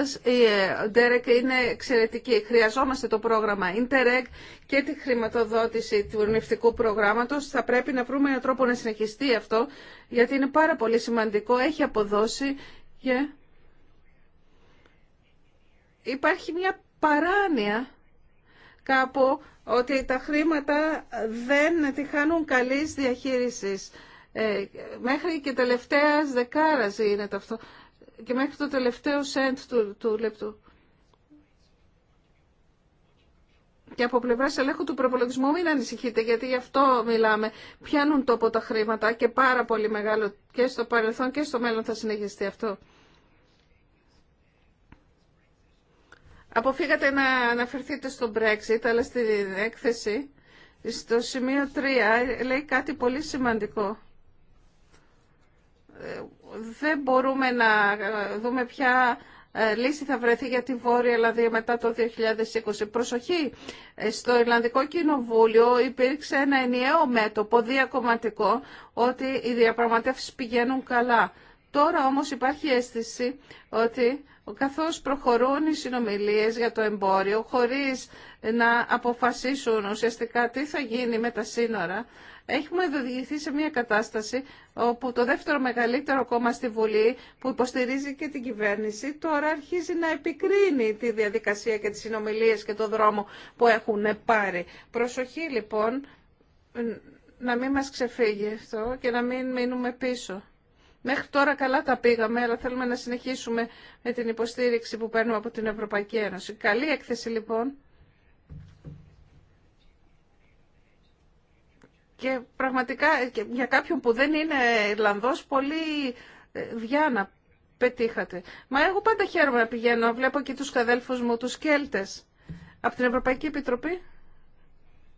Ντέρεκ, είναι εξαιρετική. Χρειαζόμαστε το πρόγραμμα Interreg και τη χρηματοδότηση του ερμηνευτικού προγράμματο. Θα πρέπει να βρούμε έναν τρόπο να συνεχιστεί αυτό, γιατί είναι πάρα πολύ σημαντικό, έχει αποδώσει και υπάρχει μια παράνοια κάπου ότι τα χρήματα δεν τη χάνουν καλής διαχείρισης. Ε, μέχρι και τελευταία δεκάρας είναι το αυτό και μέχρι το τελευταίο σέντ του, του λεπτού. Και από πλευρά ελέγχου του προπολογισμού μην ανησυχείτε, γιατί γι' αυτό μιλάμε. Πιάνουν τόπο τα χρήματα και πάρα πολύ μεγάλο και στο παρελθόν και στο μέλλον θα συνεχιστεί αυτό. Αποφύγατε να αναφερθείτε στο Brexit, αλλά στην έκθεση, στο σημείο 3, λέει κάτι πολύ σημαντικό ε, δεν μπορούμε να δούμε ποια ε, λύση θα βρεθεί για τη Βόρεια Ελλάδα μετά το 2020. Προσοχή, ε, στο Ιρλανδικό Κοινοβούλιο υπήρξε ένα ενιαίο μέτωπο διακομματικό ότι οι διαπραγματεύσεις πηγαίνουν καλά. Τώρα όμως υπάρχει αίσθηση ότι καθώς προχωρούν οι συνομιλίες για το εμπόριο χωρίς να αποφασίσουν ουσιαστικά τι θα γίνει με τα σύνορα, Έχουμε οδηγηθεί σε μια κατάσταση όπου το δεύτερο μεγαλύτερο κόμμα στη Βουλή που υποστηρίζει και την κυβέρνηση τώρα αρχίζει να επικρίνει τη διαδικασία και τις συνομιλίες και το δρόμο που έχουν πάρει. Προσοχή λοιπόν να μην μας ξεφύγει αυτό και να μην μείνουμε πίσω. Μέχρι τώρα καλά τα πήγαμε, αλλά θέλουμε να συνεχίσουμε με την υποστήριξη που παίρνουμε από την Ευρωπαϊκή Ένωση. Καλή έκθεση λοιπόν. Και πραγματικά για κάποιον που δεν είναι Ιρλανδός, πολύ ε, διάνα πετύχατε. Μα εγώ πάντα χαίρομαι να πηγαίνω, βλέπω και τους καδέλφου μου, τους Κέλτες. Από την Ευρωπαϊκή Επιτροπή,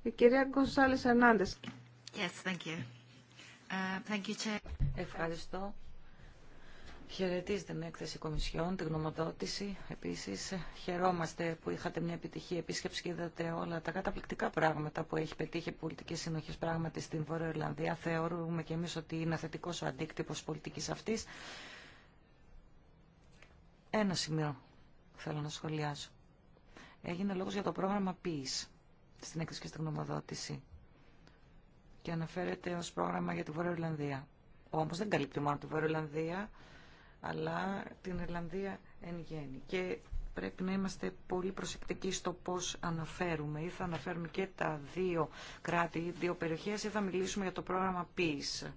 η κυρία Γκονσάλης Ενάντε. Yes, thank you. Uh, thank you, Chair. Ευχαριστώ. Χαιρετίζετε την έκθεση κομισιών, την γνωμοδότηση. Επίση, χαιρόμαστε που είχατε μια επιτυχή επίσκεψη και είδατε όλα τα καταπληκτικά πράγματα που έχει πετύχει η πολιτική συνοχή πράγματι στην Βόρεια Ιρλανδία. Θεωρούμε και εμεί ότι είναι θετικό ο αντίκτυπο πολιτική αυτή. Ένα σημείο θέλω να σχολιάσω. Έγινε λόγο για το πρόγραμμα PEACE στην έκθεση και στην γνωμοδότηση και αναφέρεται ω πρόγραμμα για τη Βόρεια Ιρλανδία. Όμω δεν καλύπτει μόνο τη Βόρεια Ιρλανδία, αλλά την Ιρλανδία εν γέννη. Και πρέπει να είμαστε πολύ προσεκτικοί στο πώς αναφέρουμε. Ή θα αναφέρουμε και τα δύο κράτη δύο περιοχές ή θα μιλήσουμε για το πρόγραμμα Peace.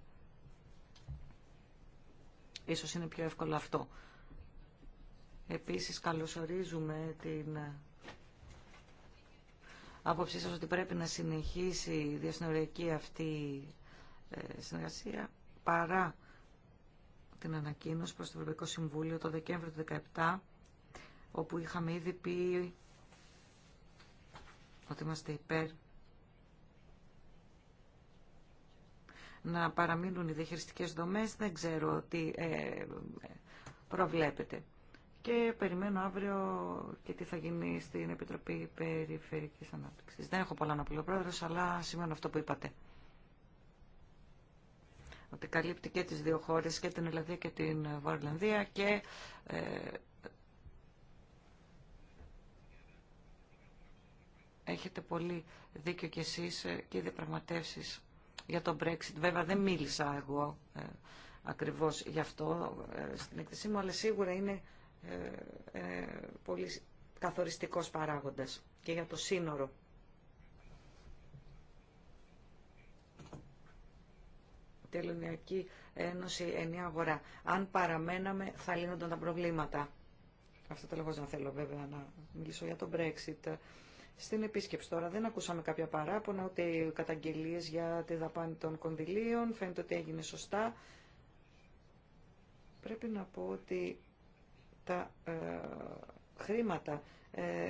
Ίσως είναι πιο εύκολο αυτό. Επίσης καλωσορίζουμε την άποψή σας ότι πρέπει να συνεχίσει η διασυνοριακή αυτή ε, συνεργασία παρά την ανακοίνωση προς το Ευρωπαϊκό Συμβούλιο το Δεκέμβριο του 2017, όπου είχαμε ήδη πει ότι είμαστε υπέρ να παραμείνουν οι διαχειριστικές δομές, δεν ξέρω τι ε, προβλέπετε. Και περιμένω αύριο και τι θα γίνει στην Επιτροπή Περιφερειακής Ανάπτυξης. Δεν έχω πολλά να πω, αλλά σημαίνω αυτό που είπατε ότι καλύπτει και τις δύο χώρες, και την Ελλαδία και την Βορλανδία και ε, έχετε πολύ δίκιο κι εσείς ε, και οι διαπραγματεύσεις για το Brexit. Βέβαια δεν μίλησα εγώ ε, ακριβώς γι' αυτό ε, στην εκθεσή μου, αλλά σίγουρα είναι πολύ καθοριστικός παράγοντας και για το σύνορο Τελωνιακή Ένωση Ενιαία Αγορά. Αν παραμέναμε θα λύνονταν τα προβλήματα. Αυτό το δεν θέλω βέβαια να μιλήσω για το Brexit. Στην επίσκεψη τώρα δεν ακούσαμε κάποια παράπονα, ούτε καταγγελίες για τη δαπάνη των κονδυλίων, φαίνεται ότι έγινε σωστά. Πρέπει να πω ότι τα ε, χρήματα ε,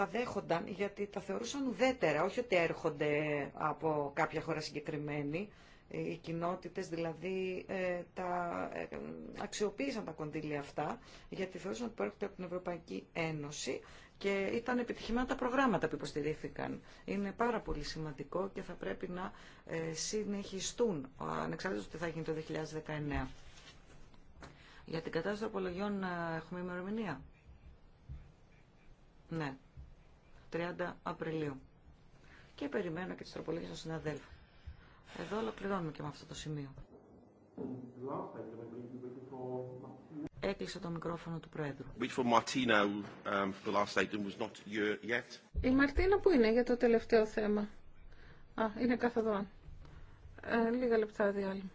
τα δέχονταν γιατί τα θεωρούσαν ουδέτερα, όχι ότι έρχονται από κάποια χώρα συγκεκριμένη. Ε, οι κοινότητες δηλαδή ε, τα ε, αξιοποίησαν τα κονδύλια αυτά γιατί θεωρούσαν ότι προέρχονται από την Ευρωπαϊκή Ένωση και ήταν επιτυχημένα τα προγράμματα που υποστηρίχθηκαν. Είναι πάρα πολύ σημαντικό και θα πρέπει να συνεχιστούν ανεξάρτητα του τι θα γίνει το 2019. Για την κατάσταση των απολογιών έχουμε ημερομηνία. Ναι. 30 Απριλίου. Και περιμένω και τις τροπολογίες των συναδέλφων. Εδώ ολοκληρώνουμε και με αυτό το σημείο. Έκλεισε το μικρόφωνο του Πρόεδρου. Η Μαρτίνα που είναι για το τελευταίο θέμα. Α, είναι καθοδόν. Ε, λίγα λεπτά διάλειμμα.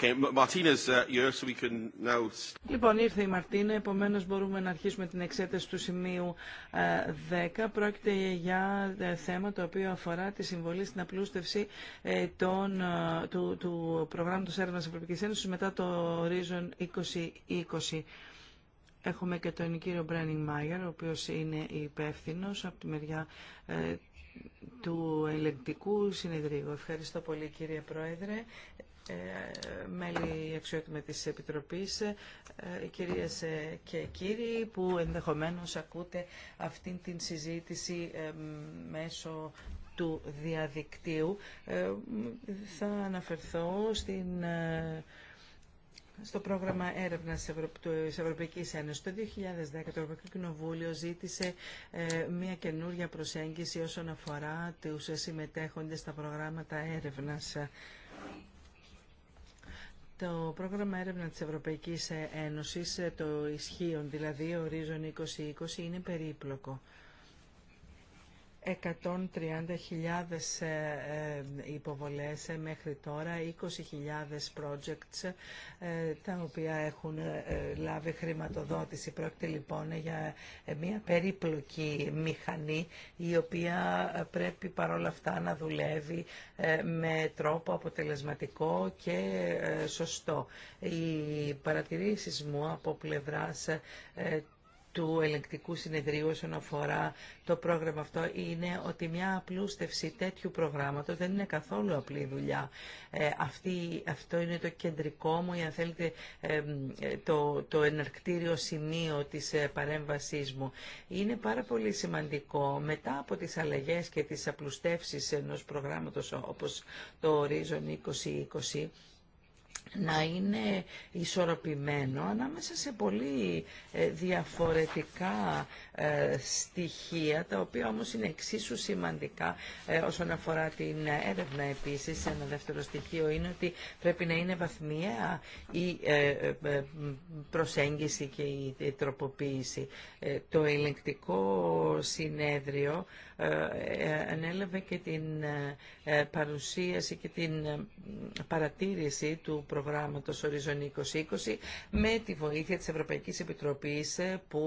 Uh, λοιπόν, ήρθε η Μαρτίνα, Επομένω μπορούμε να αρχίσουμε την εξέταση του σημείου 10. Ε, Πρόκειται για ε, θέμα το οποίο αφορά τη συμβολή στην απλούστευση ε, των, του, του προγράμματος έρευνας Ευρωπαϊκής Ένωσης μετά το Horizon 2020. Έχουμε και τον κύριο Μπρένινγκ Μάγερ ο οποίος είναι υπεύθυνο από τη μεριά του ελεγκτικού συνεδρίου. Ευχαριστώ πολύ κύριε Πρόεδρε. Ε, μέλη αξιότιμα της Επιτροπής, ε, κυρίες ε, και κύριοι που ενδεχομένως ακούτε αυτήν την συζήτηση μέσω του διαδικτύου. Θα αναφερθώ στην στο πρόγραμμα έρευνα τη Ευρωπαϊκή Ένωση. Το 2010 το Ευρωπαϊκό Κοινοβούλιο ζήτησε μια καινούργια προσέγγιση όσον αφορά του συμμετέχοντε στα προγράμματα έρευνα. Το πρόγραμμα έρευνα της Ευρωπαϊκής Ένωσης, ε, το ισχύον δηλαδή ορίζον 2020, είναι περίπλοκο. 130.000 ε, ε, υποβολές ε, μέχρι τώρα, 20.000 projects τα οποία έχουν λάβει χρηματοδότηση. Πρόκειται λοιπόν για μια περίπλοκη μηχανή η οποία πρέπει παρόλα αυτά να δουλεύει με τρόπο αποτελεσματικό και σωστό. Οι παρατηρήσεις μου από πλευράς του ελεγκτικού συνεδρίου όσον αφορά το πρόγραμμα αυτό είναι ότι μια απλούστευση τέτοιου προγράμματος δεν είναι καθόλου απλή δουλειά. Ε, αυτή, αυτό είναι το κεντρικό μου, ή αν θέλετε, ε, το, το εναρκτήριο σημείο της ε, παρέμβασής μου. Είναι πάρα πολύ σημαντικό μετά από τις αλλαγές και τις απλουστεύσεις ενός προγράμματος όπως το Horizon 2020 να είναι ισορροπημένο ανάμεσα σε πολύ ε, διαφορετικά ε, στοιχεία, τα οποία όμως είναι εξίσου σημαντικά ε, όσον αφορά την έρευνα επίσης. Ένα δεύτερο στοιχείο είναι ότι πρέπει να είναι βαθμιαία η προσέγγιση και η τροποποίηση. Το ελεγκτικό συνέδριο ανέλαβε και την παρουσίαση και την παρατήρηση του προγράμματο Horizon 2020 με τη βοήθεια της Ευρωπαϊκής Επιτροπής ε, που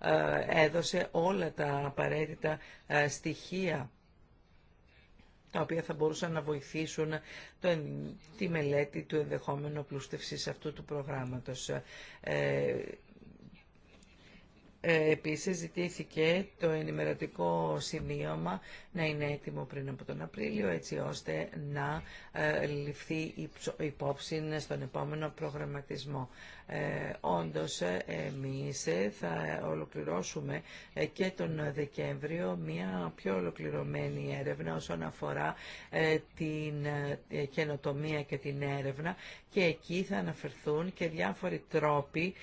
ε, έδωσε όλα τα απαραίτητα ε, στοιχεία τα οποία θα μπορούσαν να βοηθήσουν το, τη μελέτη του ενδεχόμενου πλούστευσης αυτού του προγράμματος. Ε, επίσης ζητήθηκε το ενημερωτικό σημείωμα να είναι έτοιμο πριν από τον Απρίλιο έτσι ώστε να ε, ληφθεί υπόψη στον επόμενο προγραμματισμό. Ε, όντως ε, εμείς ε, θα ολοκληρώσουμε ε, και τον Δεκέμβριο μια πιο ολοκληρωμένη έρευνα όσον αφορά την καινοτομία και την έρευνα και εκεί θα αναφερθούν και διάφοροι τρόποι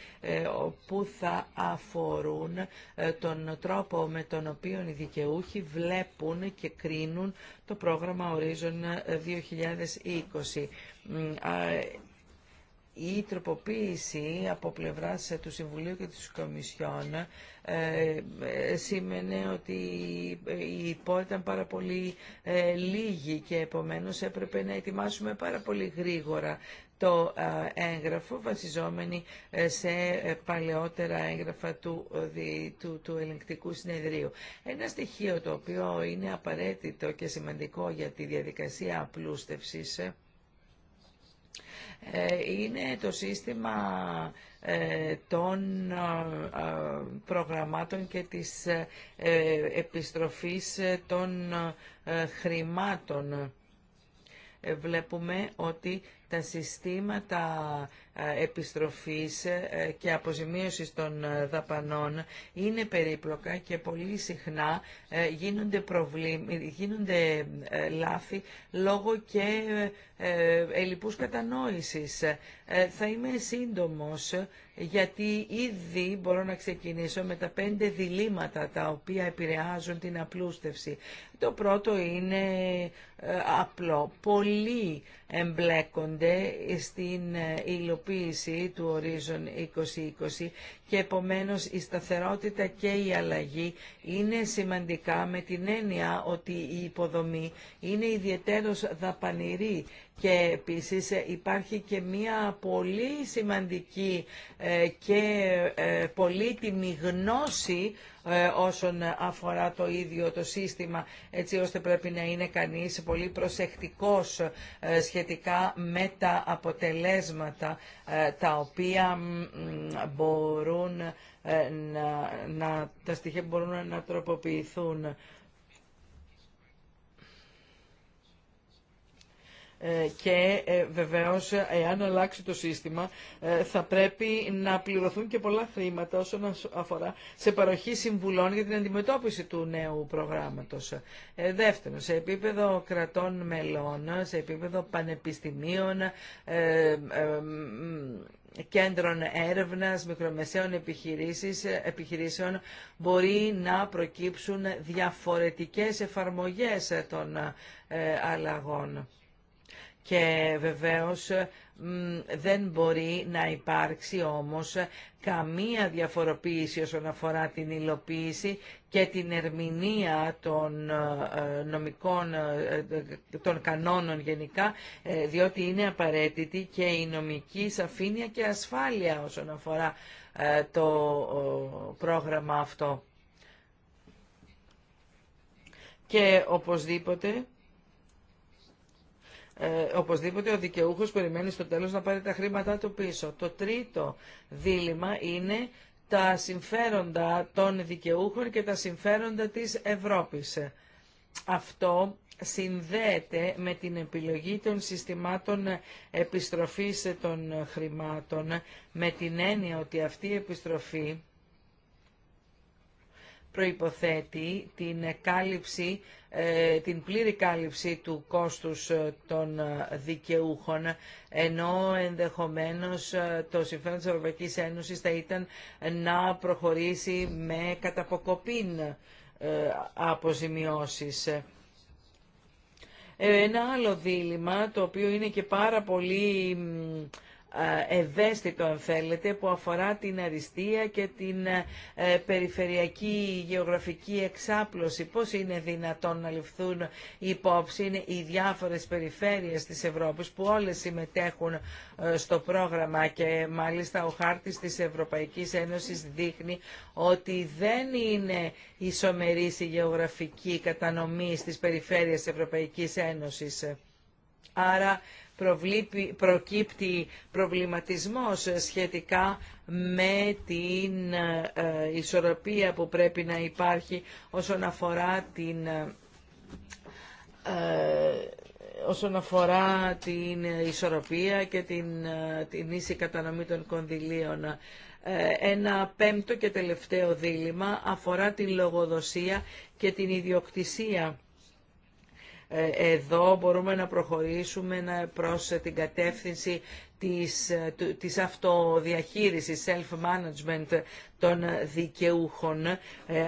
που θα αφορούν τον τρόπο με τον οποίο οι δικαιούχοι βλέπουν και κρίνουν το πρόγραμμα Horizon 2020 η τροποποίηση από πλευρά ε, του Συμβουλίου και της Κομισιόν ε, ε σήμαινε ότι η υπόλοιποι ήταν πάρα πολύ ε, λίγη και επομένως έπρεπε να ετοιμάσουμε πάρα πολύ γρήγορα το έγγραφο βασιζόμενοι σε παλαιότερα έγγραφα του, του, του ελεγκτικού συνεδρίου. Ένα στοιχείο το οποίο είναι απαραίτητο και σημαντικό για τη διαδικασία απλούστευσης ε, είναι το σύστημα ε, των ε, προγραμμάτων και της επιστροφής των χρημάτων. Βλέπουμε ότι τα συστήματα ε, επιστροφής ε, και αποζημίωσης των ε, δαπανών είναι περίπλοκα και πολύ συχνά γίνονται, προβλήματα γίνονται λάθη λόγω και ελλειπούς κατανόησης. Θα είμαι σύντομος γιατί ήδη μπορώ να ξεκινήσω με τα πέντε διλήμματα τα οποία επηρεάζουν την απλούστευση. Το πρώτο είναι απλό. Πολλοί εμπλέκονται στην υλοποίηση του Horizon 2020 και επομένως η σταθερότητα και η αλλαγή είναι σημαντικά με την έννοια ότι η υποδομή είναι ιδιαίτερος δαπανηρή και επίσης υπάρχει και μία πολύ σημαντική ε, και ε, πολύτιμη γνώση ε, όσον αφορά το ίδιο το σύστημα, έτσι ώστε πρέπει να είναι κανείς πολύ προσεκτικός σχετικά με τα αποτελέσματα τα οποία μπορούν ε, να, να, τα στοιχεία που μπορούν να τροποποιηθούν. Ε, και ε, βεβαίως εάν αλλάξει το σύστημα θα πρέπει να πληρωθούν και πολλά χρήματα όσον αφορά σε παροχή συμβουλών για την αντιμετώπιση του νέου προγράμματος. Δεύτερον, σε επίπεδο κρατών μελών, σε επίπεδο πανεπιστημίων, κέντρων έρευνας, μικρομεσαίων επιχειρήσεων μπορεί να προκύψουν διαφορετικές εφαρμογές των ε, αλλαγών. Και βεβαίως δεν μπορεί να υπάρξει όμως καμία διαφοροποίηση όσον αφορά την υλοποίηση και την ερμηνεία των ε, νομικών, ε, ε, των κανόνων γενικά, διότι είναι απαραίτητη και η νομική σαφήνεια και ασφάλεια όσον αφορά το πρόγραμμα αυτό. Και οπωσδήποτε ε, οπωσδήποτε ο δικαιούχος περιμένει στο τέλος να πάρει τα χρήματά του πίσω. Το τρίτο δίλημα είναι τα συμφέροντα των δικαιούχων και τα συμφέροντα της Ευρώπης. Αυτό συνδέεται με την επιλογή των συστημάτων επιστροφής των χρημάτων, με την έννοια ότι αυτή η επιστροφή προϋποθέτει την κάλυψη ε, την πλήρη κάλυψη του κόστους ε, των ε, δικαιούχων, ενώ ενδεχομένως το συμφέρον της Ευρωπαϊκής Ένωσης θα ήταν να προχωρήσει με καταποκοπήν αποζημιώσεις. Ένα άλλο δίλημα, το οποίο είναι και πάρα πολύ ε, ευαίσθητο αν θέλετε που αφορά την αριστεία και την ε, περιφερειακή γεωγραφική εξάπλωση. Πώς είναι δυνατόν να ληφθούν υπόψη είναι οι διάφορες περιφέρειες της Ευρώπης που όλες συμμετέχουν ε, στο πρόγραμμα και μάλιστα ο χάρτης της Ευρωπαϊκής Ένωσης δείχνει ότι δεν είναι ισομερής η γεωγραφική κατανομή στις περιφέρειες της Ευρωπαϊκής Ένωσης. Άρα προκύπτει προβληματισμός σχετικά με την ε, ισορροπία που πρέπει να υπάρχει όσον αφορά την ε, ε, όσον αφορά την ισορροπία και την, την ίση κατανομή των κονδυλίων. Ένα πέμπτο και τελευταίο δίλημα αφορά την λογοδοσία και την ιδιοκτησία ε, εδώ μπορούμε να προχωρήσουμε προς ε, την κατεύθυνση της, ε, της αυτοδιαχείρισης, self-management των δικαιούχων,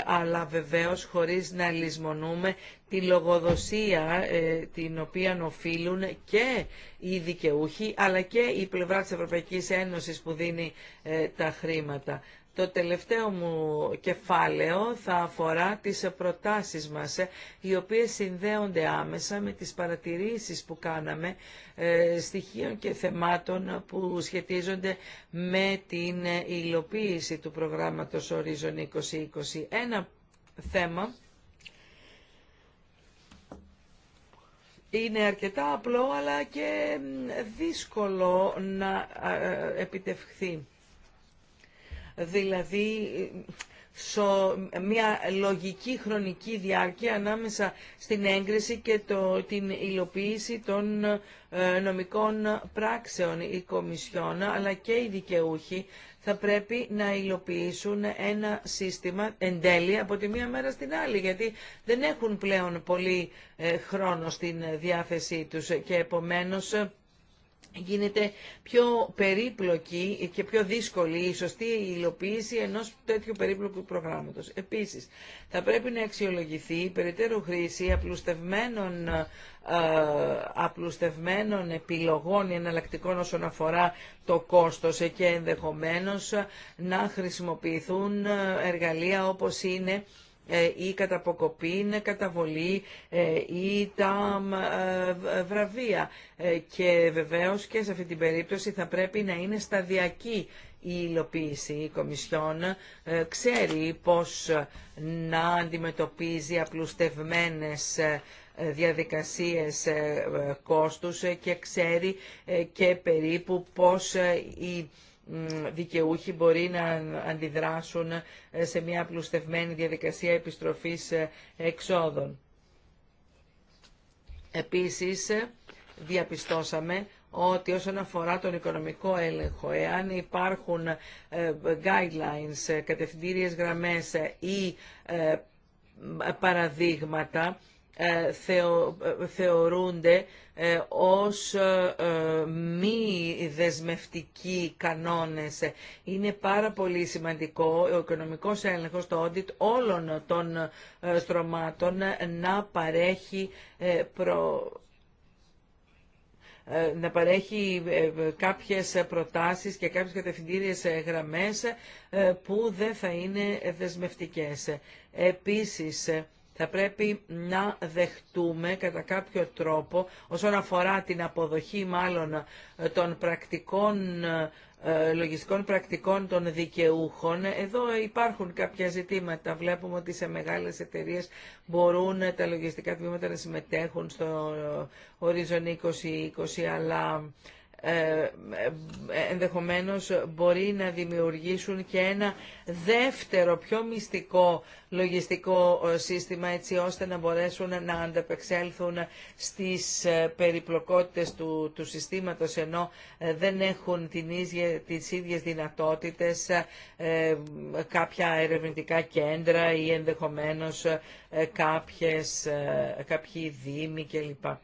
αλλά βεβαίως χωρίς να λησμονούμε τη λογοδοσία την οποία οφείλουν και οι δικαιούχοι, αλλά και η πλευρά της Ευρωπαϊκής Ένωσης που δίνει τα χρήματα. Το τελευταίο μου κεφάλαιο θα αφορά τις προτάσεις μας, ε, οι οποίες συνδέονται άμεσα με τις παρατηρήσεις που κάναμε ε, στοιχείων και θεμάτων που σχετίζονται με την ε, υλοποίηση του προγράμματος Horizon 2020. Ένα θέμα είναι αρκετά απλό αλλά και δύσκολο να επιτευχθεί δηλαδή μια λογική χρονική διάρκεια ανάμεσα στην έγκριση και το, την υλοποίηση των ε, νομικών πράξεων η Κομισιόν αλλά και οι δικαιούχοι θα πρέπει να υλοποιήσουν ένα σύστημα εν τέλει από τη μία μέρα στην άλλη γιατί δεν έχουν πλέον πολύ ε, χρόνο στην διάθεσή τους και επομένως γίνεται πιο περίπλοκη και πιο δύσκολη η σωστή υλοποίηση ενός τέτοιου περίπλοκου προγράμματος. Επίσης, θα πρέπει να αξιολογηθεί η περαιτέρω χρήση απλουστευμένων, ε, απλουστευμένων επιλογών εναλλακτικών όσον αφορά το κόστος και ενδεχομένως να χρησιμοποιηθούν εργαλεία όπως είναι ε, ή είναι καταβολή ε, ή τα ε, βραβεία. Και βεβαίως και σε αυτή την περίπτωση θα πρέπει να είναι σταδιακή η υλοποίηση η Κομισιόν ξέρει πώς να αντιμετωπίζει απλουστευμένες διαδικασίες κόστους και ξέρει και περίπου πώς η δικαιούχοι μπορεί να αντιδράσουν ε, σε μια απλουστευμένη διαδικασία επιστροφής ε, εξόδων. Επίσης, ε, διαπιστώσαμε ότι όσον αφορά τον οικονομικό έλεγχο, εάν υπάρχουν guidelines, κατευθυντήριες γραμμές ή παραδείγματα, ε, ε, θεωρούνται ε, ως μη δεσμευτικοί κανόνες. Είναι πάρα πολύ σημαντικό ο οικονομικός έλεγχος, το audit όλων των στρωμάτων να παρέχει προ να παρέχει κάποιες προτάσεις και κάποιες κατευθυντήριες γραμμές που δεν θα είναι δεσμευτικές. Επίσης, θα πρέπει να δεχτούμε κατά κάποιο τρόπο όσον αφορά την αποδοχή μάλλον ε, των πρακτικών ε, ε, λογιστικών πρακτικών των δικαιούχων. Εδώ υπάρχουν κάποια ζητήματα. Βλέπουμε ότι σε μεγάλες εταιρείες μπορούν τα λογιστικά τμήματα να συμμετέχουν στο ορίζον 2020, αλλά ε, ε, ενδεχομένως μπορεί να δημιουργήσουν και ένα δεύτερο πιο μυστικό λογιστικό ε, σύστημα έτσι ώστε να μπορέσουν να ανταπεξέλθουν στις περιπλοκότητες του, του συστήματος ενώ δεν έχουν την ίδια, τις ίδιες δυνατότητες κάποια ερευνητικά κέντρα ή ενδεχομένως κάποιες, κάποιοι δήμοι κλπ.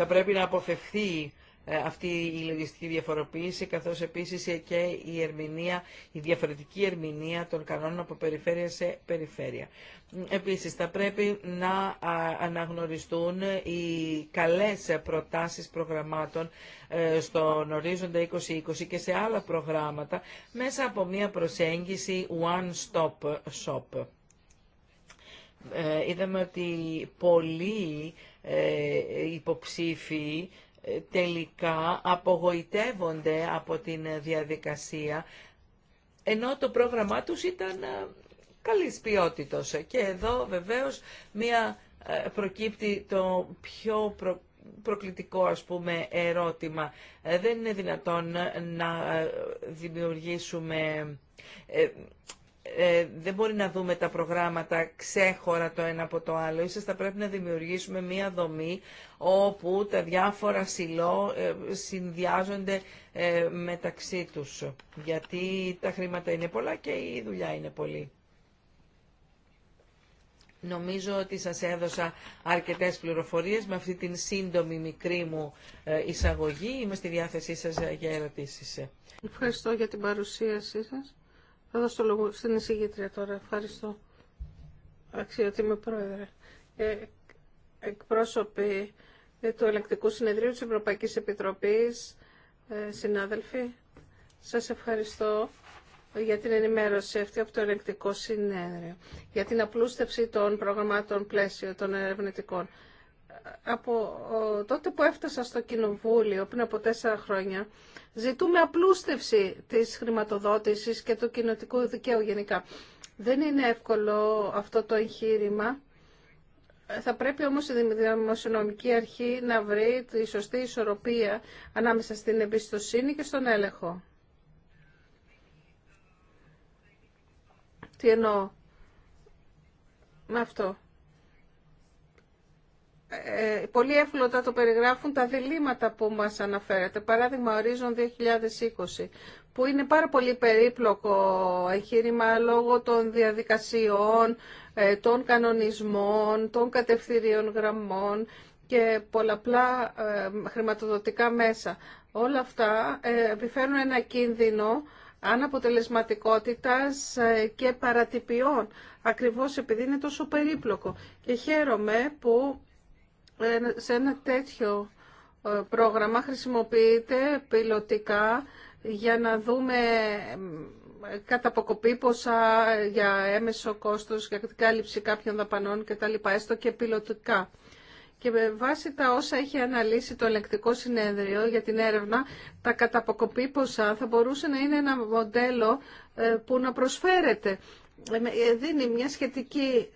Θα πρέπει να αποφευθεί ε, αυτή η λογιστική διαφοροποίηση, καθώς επίσης και η, ερμηνεία, η διαφορετική ερμηνεία των κανόνων από περιφέρεια σε περιφέρεια. Επίσης, θα πρέπει να αναγνωριστούν οι καλές προτάσεις προγραμμάτων ε, στον ορίζοντα 2020 και σε άλλα προγράμματα μέσα από μια προσέγγιση one-stop shop. Ε, είδαμε ότι πολλοί ε, υποψήφοι ε, τελικά απογοητεύονται από την διαδικασία, ενώ το πρόγραμμά τους ήταν ε, καλής ποιότητος. Και εδώ βεβαίως μία προκύπτει το πιο προκλητικό ας πούμε ερώτημα. Δεν είναι δυνατόν να δημιουργήσουμε ε, δεν μπορεί να δούμε τα προγράμματα ξέχωρα το ένα από το άλλο. Ίσως θα πρέπει να δημιουργήσουμε μία δομή όπου τα διάφορα σιλό ε, συνδυάζονται ε, μεταξύ τους. Γιατί τα χρήματα είναι πολλά και η δουλειά είναι πολύ. Νομίζω ότι σας έδωσα αρκετές πληροφορίες με αυτή την σύντομη μικρή μου εισαγωγή. Είμαι στη διάθεσή σας για ερωτήσεις. Ευχαριστώ για την παρουσίασή σας. Θα δώσω το λόγο στην εισηγήτρια τώρα. Ευχαριστώ. Αξιότιμη Πρόεδρε. Ε, εκπρόσωποι του Ελεκτικού Συνεδρίου της Ευρωπαϊκής Επιτροπής, ε, συνάδελφοι, σας ευχαριστώ για την ενημέρωση αυτή από το Ελεκτικό Συνέδριο, για την απλούστευση των προγραμμάτων πλαίσιο των ερευνητικών από τότε που έφτασα στο Κοινοβούλιο πριν από τέσσερα χρόνια, ζητούμε απλούστευση της χρηματοδότησης και του κοινοτικού δικαίου γενικά. Δεν είναι εύκολο αυτό το εγχείρημα. Θα πρέπει όμως η Δημοσιονομική Αρχή να βρει τη σωστή ισορροπία ανάμεσα στην εμπιστοσύνη και στον έλεγχο. Τι εννοώ με αυτό. Ε, ε, πολύ εύκολα το περιγράφουν τα διλήμματα που μας αναφέρεται, Παράδειγμα, ορίζον 2020, που είναι πάρα πολύ περίπλοκο εγχείρημα λόγω των διαδικασιών, ε, των κανονισμών, των κατευθυρίων γραμμών και πολλαπλά χρηματοδοτικά μέσα. Όλα αυτά επιφέρουν ένα κίνδυνο αναποτελεσματικότητας και παρατυπιών, ακριβώς επειδή είναι τόσο περίπλοκο. Και χαίρομαι που σε ένα τέτοιο ε, πρόγραμμα χρησιμοποιείται πιλωτικά για να δούμε ε, καταποκοπή ποσά για έμεσο κόστος, για κάλυψη κάποιων δαπανών κτλ. Έστω και πιλωτικά. Και με βάση τα όσα έχει αναλύσει το ελεκτικό συνέδριο για την έρευνα, τα καταποκοπή ποσά θα μπορούσε να είναι ένα μοντέλο ε, που να προσφέρεται. Δίνει μια σχετική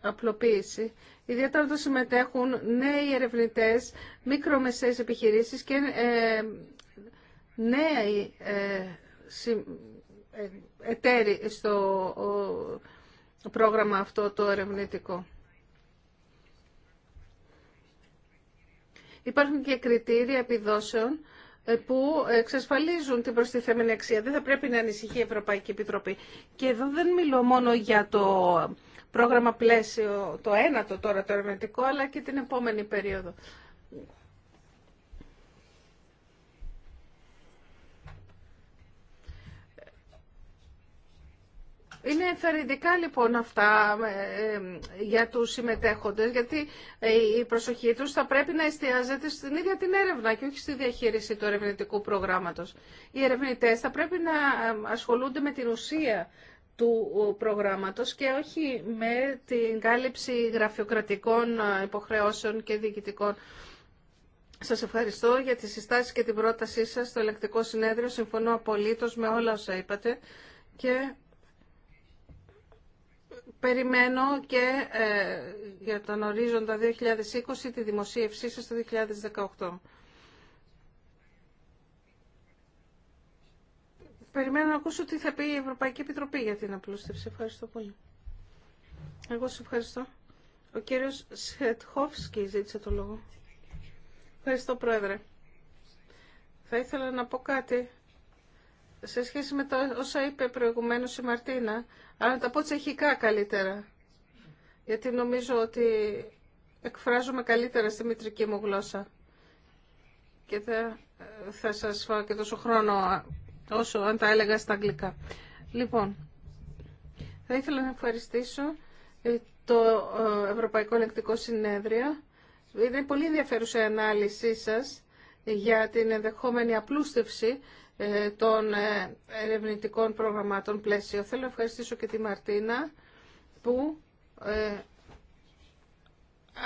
απλοποίηση ιδιαίτερα όταν συμμετέχουν νέοι ερευνητές, μικρομεσαίες επιχειρήσεις και ε, νέοι ε, ε, εταίροι στο πρόγραμμα αυτό το ερευνητικό. Υπάρχουν και κριτήρια επιδόσεων που εξασφαλίζουν την προστιθέμενη αξία. Δεν θα πρέπει να ανησυχεί η Ευρωπαϊκή Επιτροπή. Και εδώ δεν μιλώ μόνο για το πρόγραμμα πλαίσιο, το ένατο τώρα το ερευνητικό, αλλά και την επόμενη περίοδο. Είναι ενθαρρυντικά λοιπόν αυτά ε, για τους συμμετέχοντες, γιατί ε, η προσοχή τους θα πρέπει να εστιάζεται στην ίδια την έρευνα και όχι στη διαχείριση του ερευνητικού προγράμματος. Οι ερευνητές θα πρέπει να ε, ασχολούνται με την ουσία του προγράμματος και όχι με την κάλυψη γραφειοκρατικών ε, υποχρεώσεων και διοικητικών. Σας ευχαριστώ για τη συστάση και την πρότασή σας στο ελεκτικό συνέδριο. Συμφωνώ απολύτως με όλα όσα είπατε και περιμένω και ε, για τον ορίζοντα 2020 τη δημοσίευσή σας το 2018. περιμένω να ακούσω τι θα πει η Ευρωπαϊκή Επιτροπή για την απλούστευση. Ευχαριστώ πολύ. Εγώ σε ευχαριστώ. Ο κύριος Σχετχόφσκι ζήτησε το λόγο. Ευχαριστώ, Πρόεδρε. Θα ήθελα να πω κάτι σε σχέση με τα όσα είπε προηγουμένως η Μαρτίνα, αλλά να τα πω τσεχικά καλύτερα, γιατί νομίζω ότι εκφράζομαι καλύτερα στη μητρική μου γλώσσα και θα, θα σας φάω και τόσο χρόνο όσο αν τα έλεγα στα αγγλικά. Λοιπόν, θα ήθελα να ευχαριστήσω ε, το ε, Ευρωπαϊκό Ελεκτικό Συνέδριο. Είναι πολύ ενδιαφέρουσα η ανάλυση σας για την ενδεχόμενη απλούστευση ε, των ερευνητικών προγραμμάτων πλαίσιο. Θέλω να ευχαριστήσω και τη Μαρτίνα που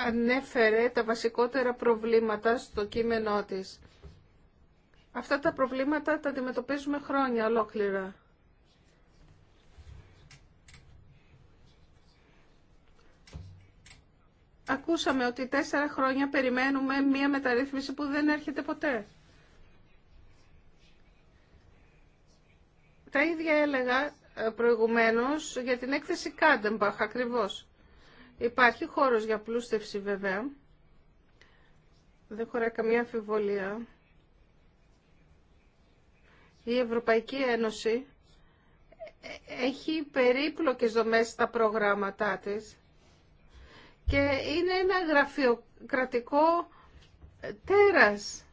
ανέφερε τα βασικότερα προβλήματα στο κείμενό της. Αυτά τα προβλήματα τα αντιμετωπίζουμε χρόνια ολόκληρα. Ακούσαμε ότι τέσσερα χρόνια περιμένουμε μία μεταρρύθμιση που δεν έρχεται ποτέ. Τα ίδια έλεγα ε, προηγουμένως για την έκθεση Κάντεμπαχ ακριβώς. Υπάρχει χώρος για πλούστευση βέβαια. Δεν χωράει καμία αμφιβολία η Ευρωπαϊκή Ένωση έχει περίπλοκες δομές στα προγράμματά της και είναι ένα γραφειοκρατικό τέρας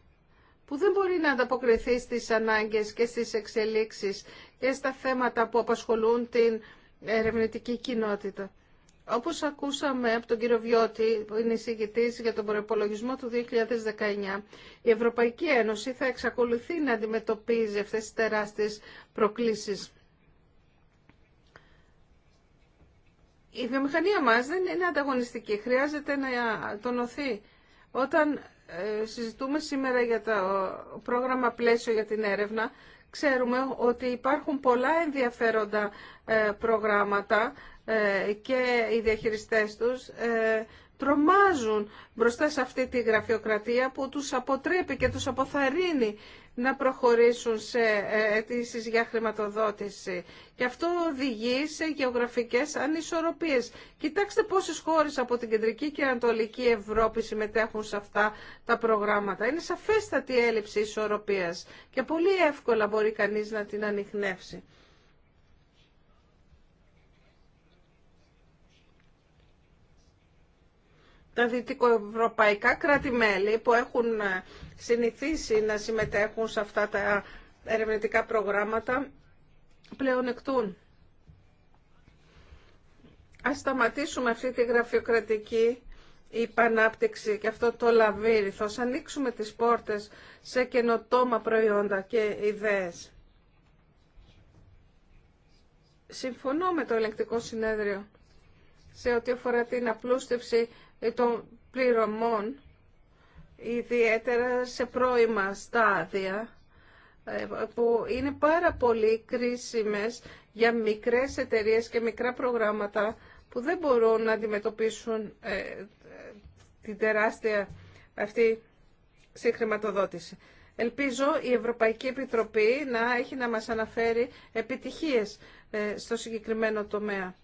που δεν μπορεί να ανταποκριθεί στις ανάγκες και στις εξελίξεις και στα θέματα που απασχολούν την ερευνητική κοινότητα. Όπως ακούσαμε από τον κύριο Βιώτη, που είναι εισηγητής για τον προπολογισμό του 2019, η Ευρωπαϊκή Ένωση θα εξακολουθεί να αντιμετωπίζει αυτές τις τεράστιες προκλήσεις. Η βιομηχανία μας δεν είναι ανταγωνιστική, χρειάζεται να τονωθεί. Όταν ε, συζητούμε σήμερα για το πρόγραμμα πλαίσιο για την έρευνα, ξέρουμε ότι υπάρχουν πολλά ενδιαφέροντα ε, προγράμματα ε, και οι διαχειριστές τους ε, τρομάζουν μπροστά σε αυτή τη γραφειοκρατία που τους αποτρέπει και τους αποθαρρύνει να προχωρήσουν σε ε, αιτήσει για χρηματοδότηση. Και αυτό οδηγεί σε γεωγραφικές ανισορροπίες. Κοιτάξτε πόσες χώρες από την Κεντρική και Ανατολική Ευρώπη συμμετέχουν σε αυτά τα προγράμματα. Είναι σαφέστατη έλλειψη ισορροπίας και πολύ εύκολα μπορεί κανείς να την ανοιχνεύσει. τα ευρωπαικα κρατη κράτη-μέλη που έχουν ε, συνηθίσει να συμμετέχουν σε αυτά τα ερευνητικά προγράμματα πλέον εκτούν. Ας σταματήσουμε αυτή τη γραφειοκρατική υπανάπτυξη και αυτό το λαβύριθο. Ας ανοίξουμε τις πόρτες σε καινοτόμα προϊόντα και ιδέες. Συμφωνώ με το ελεκτικό συνέδριο σε ό,τι αφορά την απλούστευση ε, των πληρωμών, ιδιαίτερα σε πρώιμα στάδια, ε, που είναι πάρα πολύ κρίσιμες για μικρές εταιρείες και μικρά προγράμματα που δεν μπορούν να αντιμετωπίσουν ε, την τεράστια αυτή συγχρηματοδότηση. Ελπίζω η Ευρωπαϊκή Επιτροπή να έχει να μας αναφέρει επιτυχίες στο συγκεκριμένο τομέα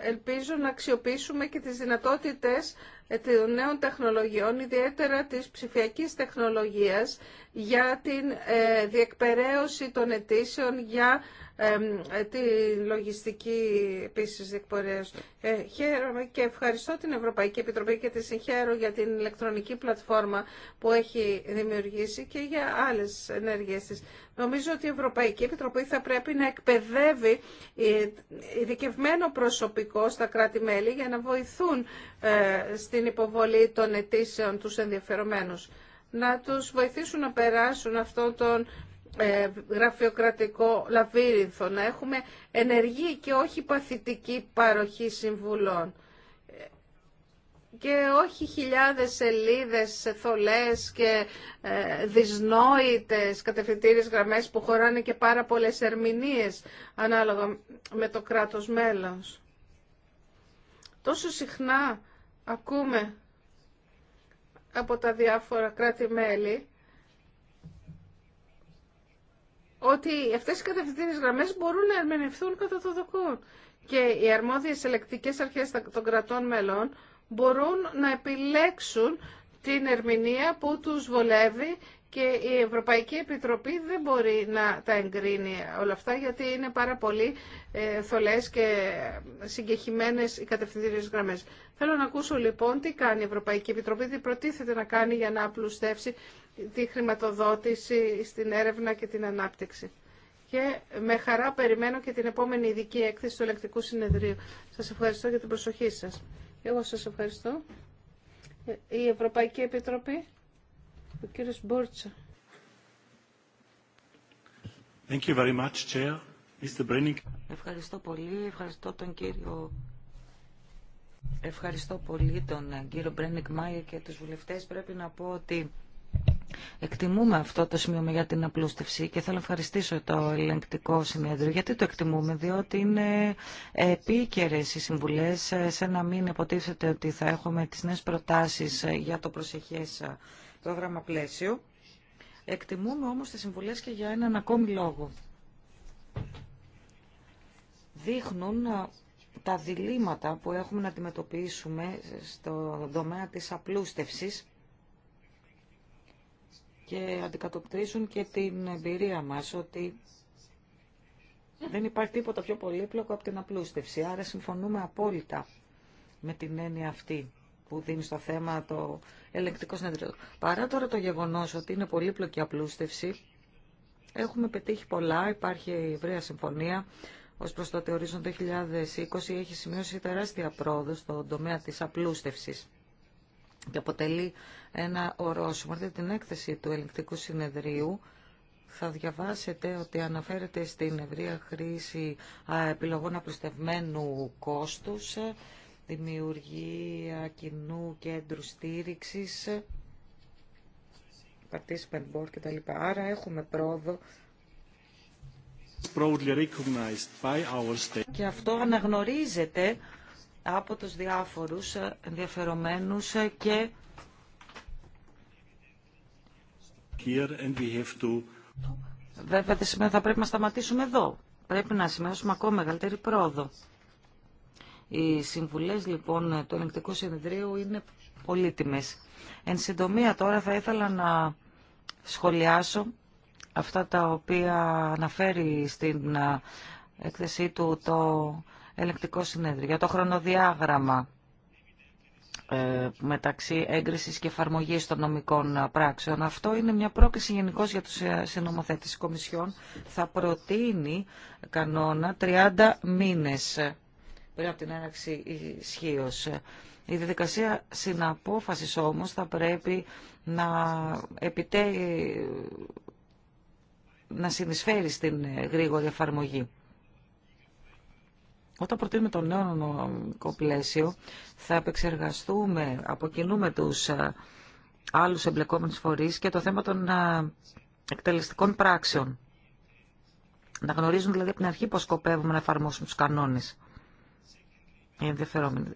ελπίζω να αξιοποιήσουμε και τις δυνατότητες των νέων τεχνολογιών, ιδιαίτερα της ψηφιακής τεχνολογίας, για την ε, διεκπαιρέωση των αιτήσεων για ε, τη λογιστική επίσης διεκπαιρέωση. Ε, χαίρομαι και ευχαριστώ την Ευρωπαϊκή Επιτροπή και τη συγχαίρω για την ηλεκτρονική πλατφόρμα που έχει δημιουργήσει και για άλλες ενέργειες της. Νομίζω ότι η Ευρωπαϊκή Επιτροπή θα πρέπει να εκπαιδεύει ειδικευμένο προσωπικό στα κράτη-μέλη για να βοηθούν την υποβολή των αιτήσεων τους ενδιαφερομένους. Να τους βοηθήσουν να περάσουν αυτόν τον ε, γραφειοκρατικό λαβύρινθο, να έχουμε ενεργή και όχι παθητική παροχή συμβουλών και όχι χιλιάδες σελίδες θολές και ε, δυσνόητες κατευθυντήριες γραμμές που χωράνε και πάρα πολλές ερμηνείες ανάλογα με το κράτος μέλος. Τόσο συχνά ακούμε από τα διάφορα κράτη-μέλη ότι αυτές οι κατευθυντήριες γραμμές μπορούν να ερμηνευθούν κατά το δοκούν και οι αρμόδιες ελεκτικές αρχές των κρατών μελών μπορούν να επιλέξουν την ερμηνεία που τους βολεύει και η Ευρωπαϊκή Επιτροπή δεν μπορεί να τα εγκρίνει όλα αυτά γιατί είναι πάρα πολύ ε, θολές και συγκεχημένες οι κατευθυντήριες γραμμές. Θέλω να ακούσω λοιπόν τι κάνει η Ευρωπαϊκή Επιτροπή, τι προτίθεται να κάνει για να απλουστεύσει τη χρηματοδότηση στην έρευνα και την ανάπτυξη. Και με χαρά περιμένω και την επόμενη ειδική έκθεση του Ελεκτικού Συνεδρίου. Σας ευχαριστώ για την προσοχή σας. Εγώ σας ευχαριστώ. Ε, η Ευρωπαϊκή Επιτροπή. Thank you very much, Chair. Mr. Ευχαριστώ πολύ. Ευχαριστώ τον κύριο Ευχαριστώ πολύ τον ε, κύριο Μπρένικ Μάιερ και τους βουλευτές. Πρέπει να πω ότι εκτιμούμε αυτό το σημείο για την απλούστευση και θέλω να ευχαριστήσω το ελεγκτικό συνέδριο. Γιατί το εκτιμούμε, διότι είναι επίκαιρε οι συμβουλές ε, σε να μην υποτίθεται ότι θα έχουμε τις νέες προτάσεις ε, για το προσεχές πρόγραμμα πλαίσιο. Εκτιμούμε όμως τις συμβουλές και για έναν ακόμη λόγο. Δείχνουν ε, τα διλήμματα που έχουμε να αντιμετωπίσουμε στο τομέα της απλούστευσης και αντικατοπτρίζουν και την εμπειρία μας ότι δεν υπάρχει τίποτα πιο πολύπλοκο από την απλούστευση. Άρα συμφωνούμε απόλυτα με την έννοια αυτή που δίνει στο θέμα το ελεκτικό συνέδριο. Παρά τώρα το γεγονός ότι είναι πολύπλοκη απλούστευση, έχουμε πετύχει πολλά, υπάρχει η ευρεία συμφωνία. ως προς το Τεωρίζον 2020 έχει σημειώσει τεράστια πρόοδο στον τομέα της απλούστευσης και αποτελεί ένα ορόσημο. Αυτή την έκθεση του ελεγκτικού συνεδρίου θα διαβάσετε ότι αναφέρεται στην ευρεία χρήση επιλογών απλουστευμένου κόστους δημιουργία κοινού κέντρου στήριξης, participant board κτλ. Άρα έχουμε πρόοδο και αυτό αναγνωρίζεται από τους διάφορους ενδιαφερομένους και Βέβαια, θα πρέπει να σταματήσουμε εδώ. Πρέπει να σημειώσουμε ακόμα μεγαλύτερη πρόοδο. Οι συμβουλές λοιπόν του ελεγκτικού συνεδρίου είναι πολύτιμες. Εν συντομία τώρα θα ήθελα να σχολιάσω αυτά τα οποία αναφέρει στην έκθεσή του το ελεκτικό συνέδριο για το χρονοδιάγραμμα ε, μεταξύ έγκρισης και εφαρμογή των νομικών πράξεων. Αυτό είναι μια πρόκληση γενικώ για τους ε, συνομοθέτες κομισιών. Θα προτείνει κανόνα 30 μήνες πριν από την έναρξη ισχύω. Η διαδικασία συναπόφασης όμως θα πρέπει να επιτέει να συνεισφέρει στην γρήγορη εφαρμογή. Όταν προτείνουμε το νέο νομικό πλαίσιο, θα επεξεργαστούμε, με τους άλλους εμπλεκόμενους φορείς και το θέμα των εκτελεστικών πράξεων. Να γνωρίζουν δηλαδή από την αρχή πώς σκοπεύουμε να εφαρμόσουμε τους κανόνες ενδιαφερόμενοι.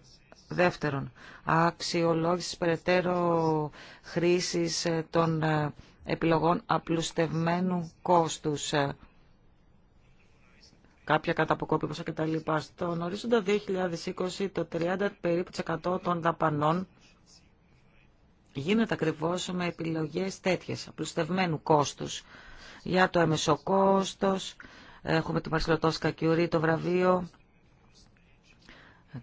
Δεύτερον, αξιολόγηση περαιτέρω χρήσης ε, των ε, επιλογών απλουστευμένου κόστους ε, κάποια καταποκόπη ποσά λοιπά. Στον ορίζοντα 2020 το 30 περίπου των δαπανών γίνεται ακριβώς με επιλογές τέτοιες, απλουστευμένου κόστους. Για το έμεσο έχουμε την Μαρσιλοτόσκα Κιουρί, το βραβείο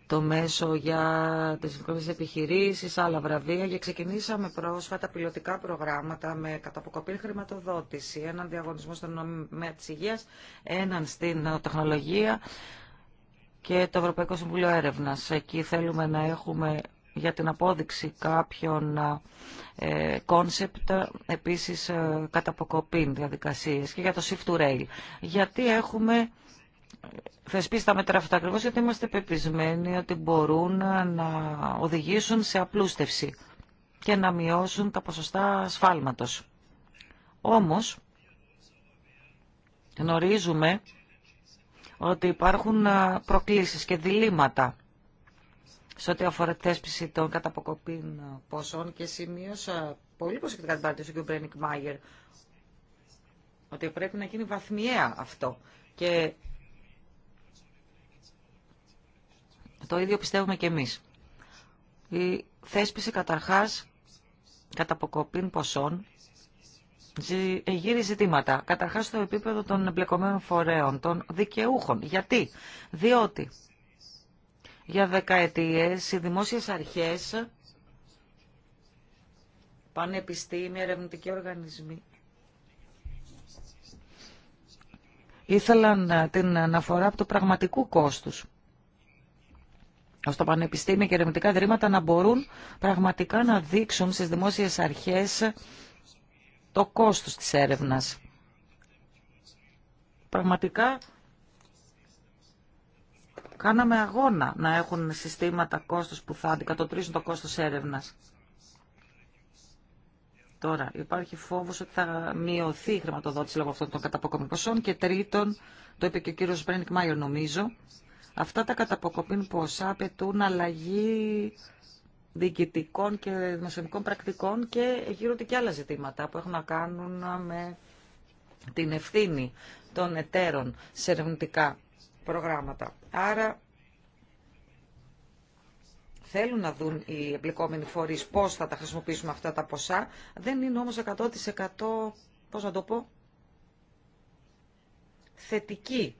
το μέσο για τις μικρές επιχειρήσεις, άλλα βραβεία και ξεκινήσαμε πρόσφατα πιλωτικά προγράμματα με καταποκοπή χρηματοδότηση, έναν διαγωνισμό στον νομιμέα της υγείας, έναν στην τεχνολογία και το Ευρωπαϊκό Συμβούλιο Έρευνας. Εκεί θέλουμε να έχουμε για την απόδειξη κάποιων κόνσεπτ, επίσης ε, καταποκοπή διαδικασίες και για το shift to rail. Γιατί έχουμε θεσπίσει τα μέτρα αυτά ακριβώ γιατί είμαστε πεπισμένοι ότι μπορούν να οδηγήσουν σε απλούστευση και να μειώσουν τα ποσοστά σφάλματος. Όμως, γνωρίζουμε ότι υπάρχουν προκλήσεις και διλήμματα σε ό,τι αφορά τη θέσπιση των καταποκοπήν ποσών και σημείωσα πολύ προσεκτικά την παρατήρηση του κ. Μπρένικ Μάγερ ότι πρέπει να γίνει βαθμιαία αυτό και Το ίδιο πιστεύουμε και εμείς. Η θέσπιση καταρχάς κατά αποκοπήν ποσών ε, γύρει ζητήματα. Καταρχάς στο επίπεδο των εμπλεκομένων φορέων, των δικαιούχων. Γιατί? Διότι για δεκαετίες οι δημόσιες αρχές, πανεπιστήμια, ερευνητικοί οργανισμοί, ήθελαν ε, την αναφορά από το πραγματικού κόστους ώστε τα πανεπιστήμια και ερευνητικά ιδρύματα να μπορούν πραγματικά να δείξουν στις δημόσιες αρχές το κόστος της έρευνας. Πραγματικά κάναμε αγώνα να έχουν συστήματα κόστος που θα αντικατοπτρίζουν το κόστος έρευνας. Τώρα, υπάρχει φόβος ότι θα μειωθεί η χρηματοδότηση λόγω αυτών των καταποκομικών ποσών και τρίτον, το είπε και ο κύριος Μπρένικ Μάιο νομίζω, Αυτά τα καταποκοπήν ποσά απαιτούν αλλαγή διοικητικών και δημοσιονομικών πρακτικών και γύρονται και άλλα ζητήματα που έχουν να κάνουν με την ευθύνη των εταίρων σε ερευνητικά προγράμματα. Άρα θέλουν να δουν οι εμπλεκόμενοι φορείς πώς θα τα χρησιμοποιήσουμε αυτά τα ποσά. Δεν είναι όμως 100% πώς να το πω, θετική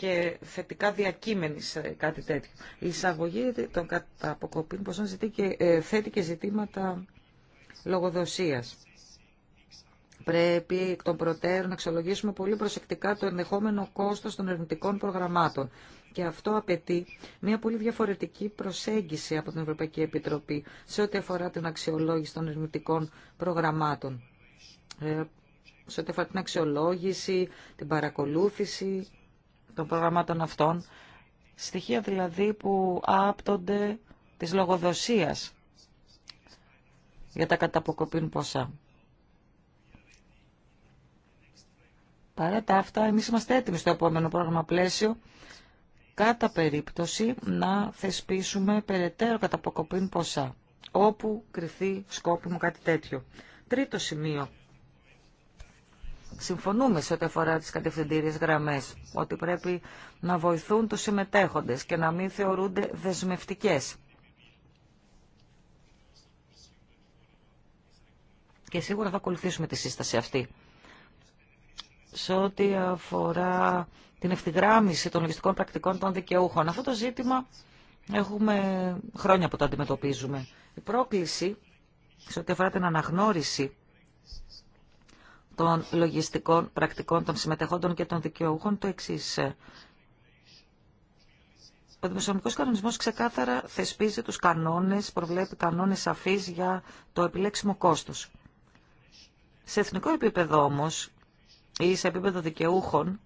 και θετικά διακείμενη σε κάτι τέτοιο. Η εισαγωγή των καταποκοπήν ποσών και, ε, θέτει και ζητήματα λογοδοσίας. Πρέπει εκ των προτέρων να αξιολογήσουμε πολύ προσεκτικά το ενδεχόμενο κόστος των ερευνητικών προγραμμάτων. Και αυτό απαιτεί μια πολύ διαφορετική προσέγγιση από την Ευρωπαϊκή Επιτροπή σε ό,τι αφορά την αξιολόγηση των ερευνητικών προγραμμάτων. Ε, σε ό,τι αφορά την αξιολόγηση, την παρακολούθηση των προγραμμάτων αυτών, στοιχεία δηλαδή που άπτονται της λογοδοσίας για τα καταποκοπήν ποσά. Παρά τα αυτά, εμείς είμαστε έτοιμοι στο επόμενο πρόγραμμα πλαίσιο, κατά περίπτωση να θεσπίσουμε περαιτέρω καταποκοπήν ποσά, όπου κρυθεί σκόπιμο κάτι τέτοιο. Τρίτο σημείο συμφωνούμε σε ό,τι αφορά τις κατευθυντήριες γραμμές, ότι πρέπει να βοηθούν τους συμμετέχοντες και να μην θεωρούνται δεσμευτικές. Και σίγουρα θα ακολουθήσουμε τη σύσταση αυτή. Σε ό,τι αφορά την ευθυγράμμιση των λογιστικών πρακτικών των δικαιούχων, αυτό το ζήτημα έχουμε χρόνια που το αντιμετωπίζουμε. Η πρόκληση σε ό,τι αφορά την αναγνώριση των λογιστικών πρακτικών των συμμετεχόντων και των δικαιούχων το εξή. Ο δημοσιονομικός κανονισμός ξεκάθαρα θεσπίζει τους κανόνες, προβλέπει κανόνες σαφείς για το επιλέξιμο κόστος. Σε εθνικό επίπεδο όμως ή σε επίπεδο δικαιούχων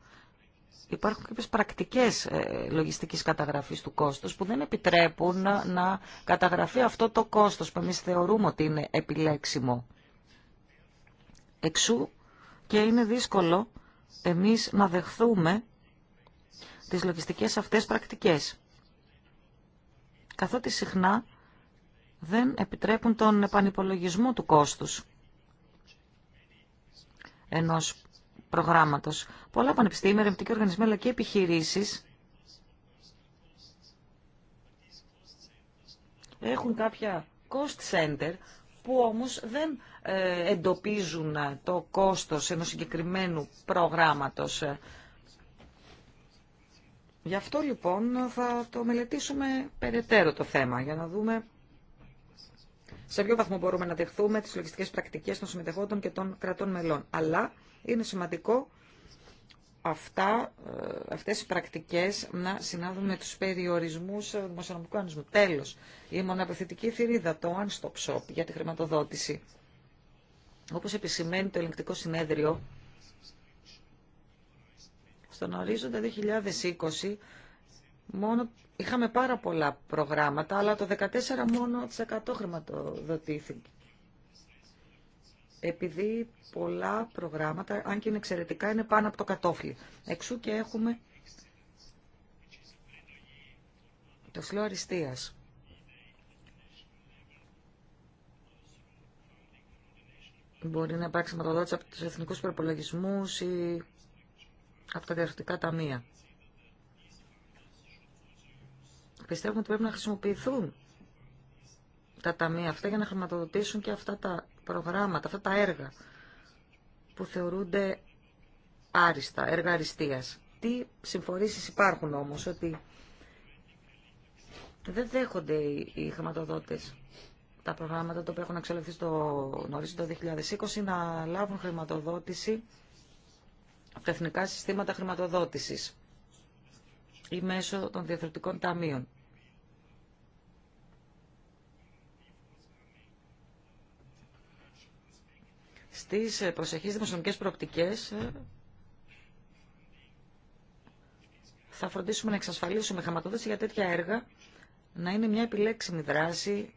υπάρχουν κάποιες πρακτικές ε, λογιστικής καταγραφής του κόστους που δεν επιτρέπουν να καταγραφεί αυτό το κόστος που εμείς θεωρούμε ότι είναι επιλέξιμο. Εξού και είναι δύσκολο εμείς να δεχθούμε τις λογιστικές αυτές πρακτικές. Καθότι συχνά δεν επιτρέπουν τον επανυπολογισμό του κόστους ενός προγράμματος. Πολλά πανεπιστήμια, ερευνητικοί οργανισμοί αλλά και επιχειρήσεις έχουν κάποια cost center που όμως δεν ε, εντοπίζουν το κόστος ενός συγκεκριμένου προγράμματος. Γι' αυτό λοιπόν θα το μελετήσουμε περαιτέρω το θέμα για να δούμε σε ποιο βαθμό μπορούμε να δεχθούμε τις λογιστικές πρακτικές των συμμετεχόντων και των κρατών μελών. Αλλά είναι σημαντικό αυτά, ε, αυτές οι πρακτικές να συνάδουν με τους περιορισμούς δημοσιονομικού ανισμού. Τέλος, η μοναπευθυντική θηρίδα, το one-stop shop για τη χρηματοδότηση. Όπως επισημαίνει το ελεγκτικό συνέδριο, στον ορίζοντα 2020 μόνο είχαμε πάρα πολλά προγράμματα, αλλά το 14 μόνο 100 χρηματοδοτήθηκε. Επειδή πολλά προγράμματα, αν και είναι εξαιρετικά, είναι πάνω από το κατόφλι. Εξού και έχουμε το φλό αριστείας. Μπορεί να υπάρξει μεταδότηση από τους εθνικούς προπολογισμού ή από τα διαρκτικά ταμεία. Πιστεύουμε ότι πρέπει να χρησιμοποιηθούν τα ταμεία αυτά για να χρηματοδοτήσουν και αυτά τα προγράμματα, αυτά τα έργα που θεωρούνται άριστα, έργα αριστεία. Τι συμφορήσεις υπάρχουν όμως ότι δεν δέχονται οι χρηματοδότες τα προγράμματα που έχουν εξελιχθεί στο νωρίς το 2020 να λάβουν χρηματοδότηση από τα εθνικά συστήματα χρηματοδότησης ή μέσω των διαθερωτικών ταμείων. Στις προσεχείς δημοσιονομικές προοπτικές θα φροντίσουμε να εξασφαλίσουμε χρηματοδότηση για τέτοια έργα να είναι μια επιλέξιμη δράση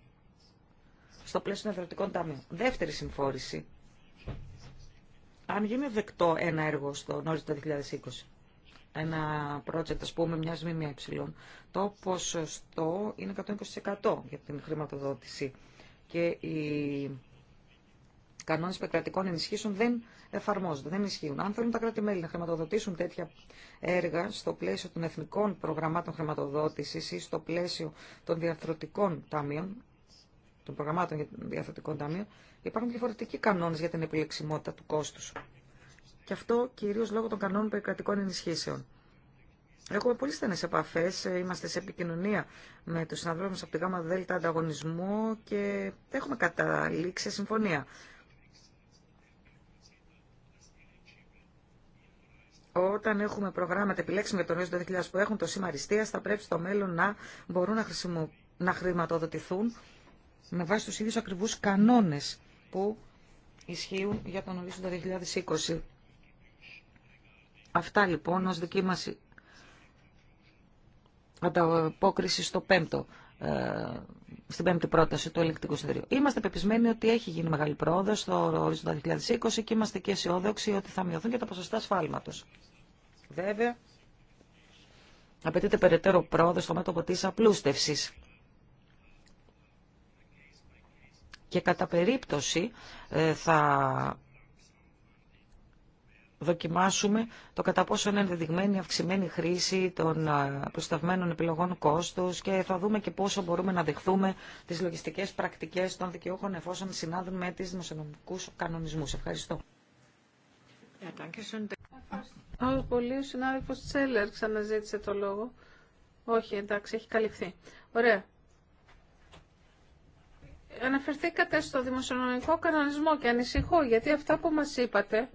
στο πλαίσιο των ευρωτικών ταμείων. Δεύτερη συμφόρηση. Αν γίνει δεκτό ένα έργο στο νόριο του 2020, ένα project, ας πούμε, μιας ΜΜΕ, το ποσοστό είναι 120% για την χρηματοδότηση. Και οι κανόνες πεκρατικών ενισχύσεων δεν εφαρμόζονται, δεν ισχύουν. Αν θέλουν τα κράτη-μέλη να χρηματοδοτήσουν τέτοια έργα στο πλαίσιο των εθνικών προγραμμάτων χρηματοδότησης ή στο πλαίσιο των διαθροτικών ταμείων, των προγραμμάτων για το διαθετικό ταμείο, υπάρχουν διαφορετικοί κανόνε για την επιλεξιμότητα του κόστου. Και αυτό κυρίω λόγω των κανόνων περικρατικών ενισχύσεων. Έχουμε πολύ στενέ επαφέ, ε, είμαστε σε επικοινωνία με του συναδρόμου από τη ΓΑΜΑ Ανταγωνισμού και έχουμε καταλήξει σε συμφωνία. όταν έχουμε προγράμματα επιλέξιμα για τον ΙΟΣΤΟ 2000 που έχουν το σήμα αριστεία, θα πρέπει στο μέλλον να μπορούν να, χρησιμο... να χρηματοδοτηθούν με βάση τους ίδιους ακριβούς κανόνες που ισχύουν για τον ορίζοντα 2020. Αυτά λοιπόν ως δική μας ανταπόκριση στο πέμπτο, ε, στην πέμπτη πρόταση του ελεκτικού συνεδρίου. Είμαστε πεπισμένοι ότι έχει γίνει μεγάλη πρόοδο στο ορίζοντα 2020 και είμαστε και αισιόδοξοι ότι θα μειωθούν και τα ποσοστά ασφάλματος. Βέβαια, απαιτείται περαιτέρω πρόοδο στο μέτωπο τη απλούστευσης και κατά περίπτωση ε, θα δοκιμάσουμε το κατά πόσο είναι ενδεδειγμένη η αυξημένη χρήση των ε, προσταυμένων επιλογών κόστους και θα δούμε και πόσο μπορούμε να δεχθούμε τις λογιστικές πρακτικές των δικαιούχων εφόσον συνάδουν με τις δημοσιονομικούς κανονισμούς. Ευχαριστώ. Ε, ο πολύ συνάδελφος Τσέλερ ξαναζήτησε το λόγο. Όχι, εντάξει, έχει καλυφθεί. Ωραία αναφερθήκατε στο δημοσιονομικό κανονισμό και ανησυχώ γιατί αυτά που μας είπατε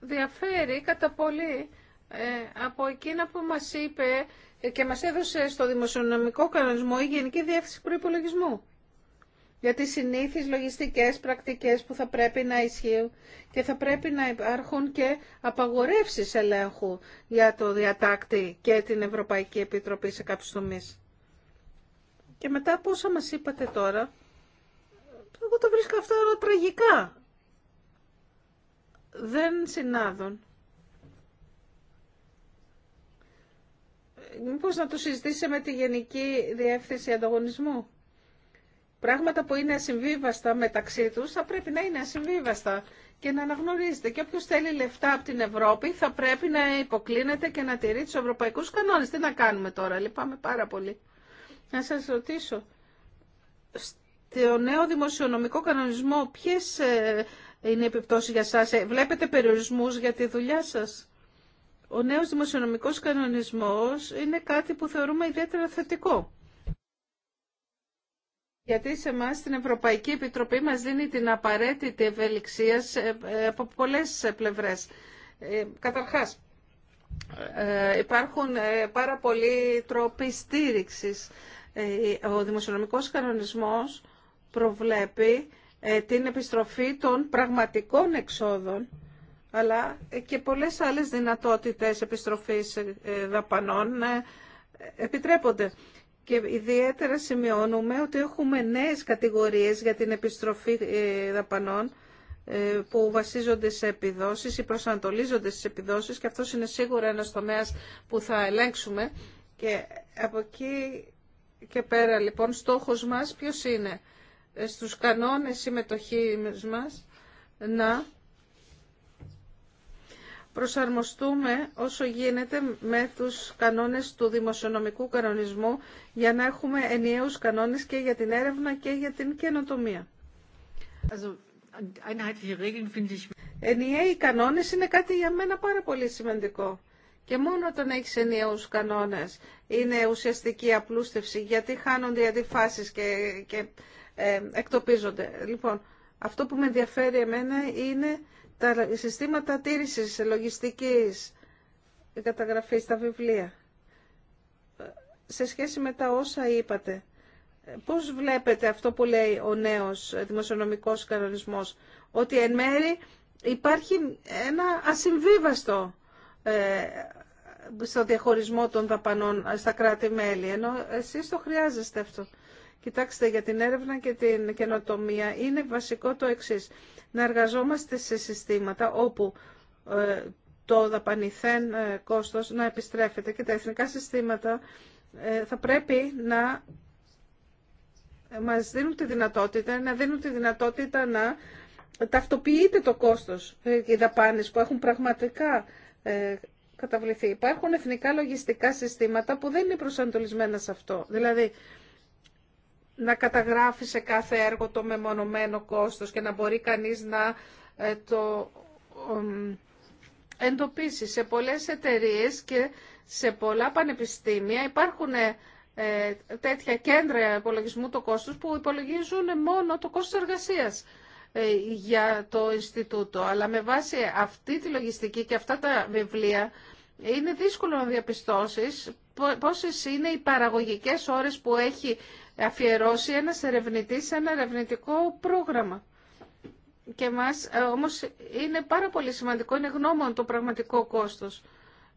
διαφέρει κατά πολύ ε, από εκείνα που μας είπε και μας έδωσε στο δημοσιονομικό κανονισμό η Γενική Διεύθυνση Προϋπολογισμού για τις συνήθεις λογιστικές πρακτικές που θα πρέπει να ισχύουν και θα πρέπει να υπάρχουν και απαγορεύσεις ελέγχου για το διατάκτη και την Ευρωπαϊκή Επιτροπή σε κάποιους τομείς. Και μετά από όσα μας είπατε τώρα, εγώ το βρίσκω αυτά τραγικά. Δεν συνάδουν. Μήπως να το συζητήσετε με τη Γενική Διεύθυνση Ανταγωνισμού. Πράγματα που είναι ασυμβίβαστα μεταξύ του θα πρέπει να είναι ασυμβίβαστα και να αναγνωρίζεται. Και όποιος θέλει λεφτά από την Ευρώπη θα πρέπει να υποκλίνεται και να τηρεί τους ευρωπαϊκούς κανόνες. Τι να κάνουμε τώρα, λυπάμαι πάρα πολύ να σας ρωτήσω, στο νέο δημοσιονομικό κανονισμό ποιες ε, είναι οι επιπτώσεις για σας, ε, βλέπετε περιορισμούς για τη δουλειά σας. Ο νέος δημοσιονομικός κανονισμός είναι κάτι που θεωρούμε ιδιαίτερα θετικό. Γιατί σε εμά την Ευρωπαϊκή Επιτροπή μας δίνει την απαραίτητη ευελιξία ε, από πολλές πλευρές. Καταρχάς, υπάρχουν πάρα πολλοί τρόποι στήριξης ε, ο δημοσιονομικός κανονισμός προβλέπει ε, την επιστροφή των πραγματικών εξόδων αλλά ε, και πολλές άλλες δυνατότητες επιστροφής δαπανών επιτρέπονται. Και ιδιαίτερα σημειώνουμε ότι έχουμε νέες κατηγορίες για την επιστροφή δαπανών που βασίζονται σε επιδόσεις ή προσανατολίζονται στις επιδόσεις και αυτό είναι σίγουρα ένας τομέας που θα ελέγξουμε και από εκεί και πέρα λοιπόν στόχος μας ποιος είναι ε, στους κανόνες συμμετοχής μας να προσαρμοστούμε όσο γίνεται με τους κανόνες του δημοσιονομικού κανονισμού για να έχουμε ενιαίους κανόνες και για την έρευνα και για την καινοτομία. Ενιαίοι κανόνες είναι κάτι για μένα πάρα πολύ σημαντικό. Και μόνο όταν έχει ενιαίου κανόνε είναι ουσιαστική απλούστευση, γιατί χάνονται οι αντιφάσει και, και ε, εκτοπίζονται. Λοιπόν, αυτό που με ενδιαφέρει εμένα είναι τα συστήματα τήρησης λογιστικής καταγραφής τα βιβλία. Σε σχέση με τα όσα είπατε, πώς βλέπετε αυτό που λέει ο νέος δημοσιονομικός κανονισμός, ότι εν μέρη υπάρχει ένα ασυμβίβαστο ε, στο διαχωρισμό των δαπανών στα κράτη-μέλη, ενώ εσείς το χρειάζεστε αυτό. Κοιτάξτε, για την έρευνα και την καινοτομία είναι βασικό το εξής. Να εργαζόμαστε σε συστήματα όπου ε, το δαπανηθέν ε, κόστος να επιστρέφεται και τα εθνικά συστήματα θα πρέπει να μας δίνουν τη δυνατότητα, να δίνουν τη δυνατότητα να ταυτοποιείται το κόστος, οι δαπάνες που έχουν πραγματικά ε, καταβληθεί. Υπάρχουν εθνικά λογιστικά συστήματα που δεν είναι προσανατολισμένα σε αυτό. Δηλαδή, να καταγράφει σε κάθε έργο το μεμονωμένο κόστος και να μπορεί κανείς να ε, το εντοπίσει. Σε πολλές εταιρείες και σε πολλά πανεπιστήμια υπάρχουν ε, τέτοια κέντρα υπολογισμού του κόστους που υπολογίζουν μόνο το κόστος εργασίας. Ε, για το Ινστιτούτο. Αλλά με βάση αυτή τη λογιστική και αυτά τα βιβλία είναι δύσκολο να διαπιστώσεις πόσες είναι οι παραγωγικές ώρες που έχει αφιερώσει ένας ερευνητής σε ένα ερευνητικό πρόγραμμα. Και μας ε, όμως είναι πάρα πολύ σημαντικό, είναι γνώμον το πραγματικό κόστος.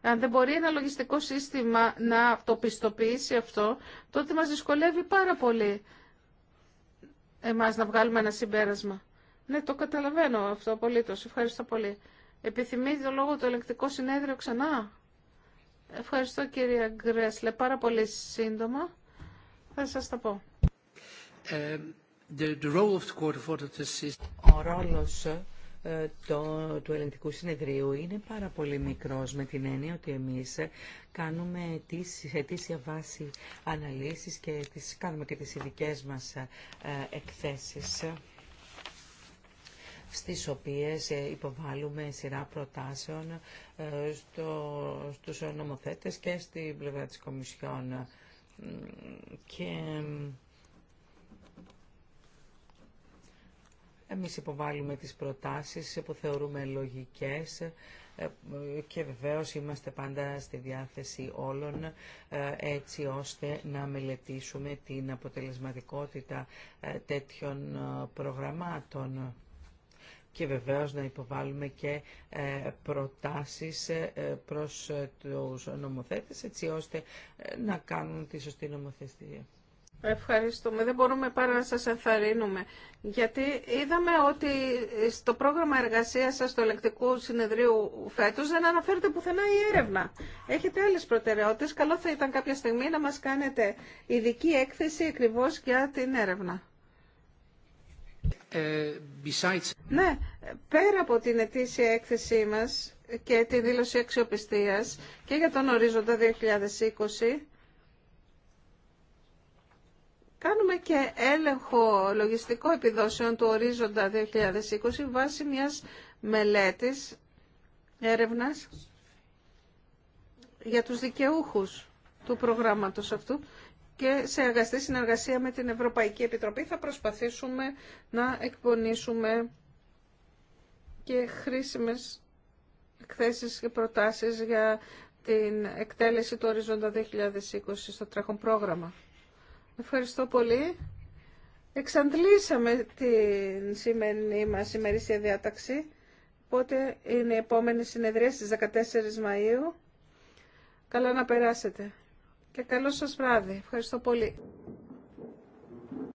Αν δεν μπορεί ένα λογιστικό σύστημα να το πιστοποιήσει αυτό, τότε μας δυσκολεύει πάρα πολύ εμάς να βγάλουμε ένα συμπέρασμα. Ναι, το καταλαβαίνω αυτό απολύτως. Ευχαριστώ πολύ. Επιθυμεί το λόγο το ελεκτικό συνέδριο ξανά. Ευχαριστώ κυρία Γκρέσλε. Πάρα πολύ σύντομα. Θα σας τα πω. Ε, Ο ρόλος ε, του ελεγκτικού συνεδρίου είναι πάρα πολύ μικρός με την έννοια ότι εμείς ε, κάνουμε σε αιτήσια βάση αναλύσεις και τις κάνουμε και τις ειδικές μας εκθέσεις στις οποίες ε, υποβάλλουμε σειρά προτάσεων ε, στο, στους νομοθέτες και στην πλευρά της Κομισιόν. Ε, και εμείς υποβάλλουμε τις προτάσεις που θεωρούμε λογικές και βεβαίως είμαστε πάντα στη διάθεση όλων έτσι ώστε να μελετήσουμε την αποτελεσματικότητα τέτοιων προγραμμάτων και βεβαίως να υποβάλουμε και ε, προτάσεις ε, προς ε, τους νομοθέτες έτσι ώστε να κάνουν τη σωστή νομοθεσία. Ευχαριστούμε. Δεν μπορούμε παρά να σας ενθαρρύνουμε. Γιατί είδαμε ότι στο πρόγραμμα εργασίας σας στο ελεκτικού συνεδρίου φέτος δεν αναφέρεται πουθενά η έρευνα. Έχετε άλλες προτεραιότητες. Καλό θα ήταν κάποια στιγμή να μας κάνετε ειδική έκθεση ακριβώς για την έρευνα. Ναι, πέρα από την ετήσια έκθεσή μας και τη δήλωση αξιοπιστίας και για τον ορίζοντα 2020, κάνουμε και έλεγχο λογιστικό επιδόσεων του ορίζοντα 2020 βάσει μιας μελέτης έρευνας για τους δικαιούχους του προγράμματος αυτού και σε εργαστή συνεργασία με την Ευρωπαϊκή Επιτροπή θα προσπαθήσουμε να εκπονήσουμε και χρήσιμες εκθέσεις και προτάσεις για την εκτέλεση του Οριζόντα 2020 στο τρέχον πρόγραμμα. Ευχαριστώ πολύ. Εξαντλήσαμε την σημερινή μας ημερήσια διάταξη, οπότε είναι η επόμενη συνεδρία στις 14 Μαΐου. Καλά να περάσετε και καλό σας βράδυ. Ευχαριστώ πολύ.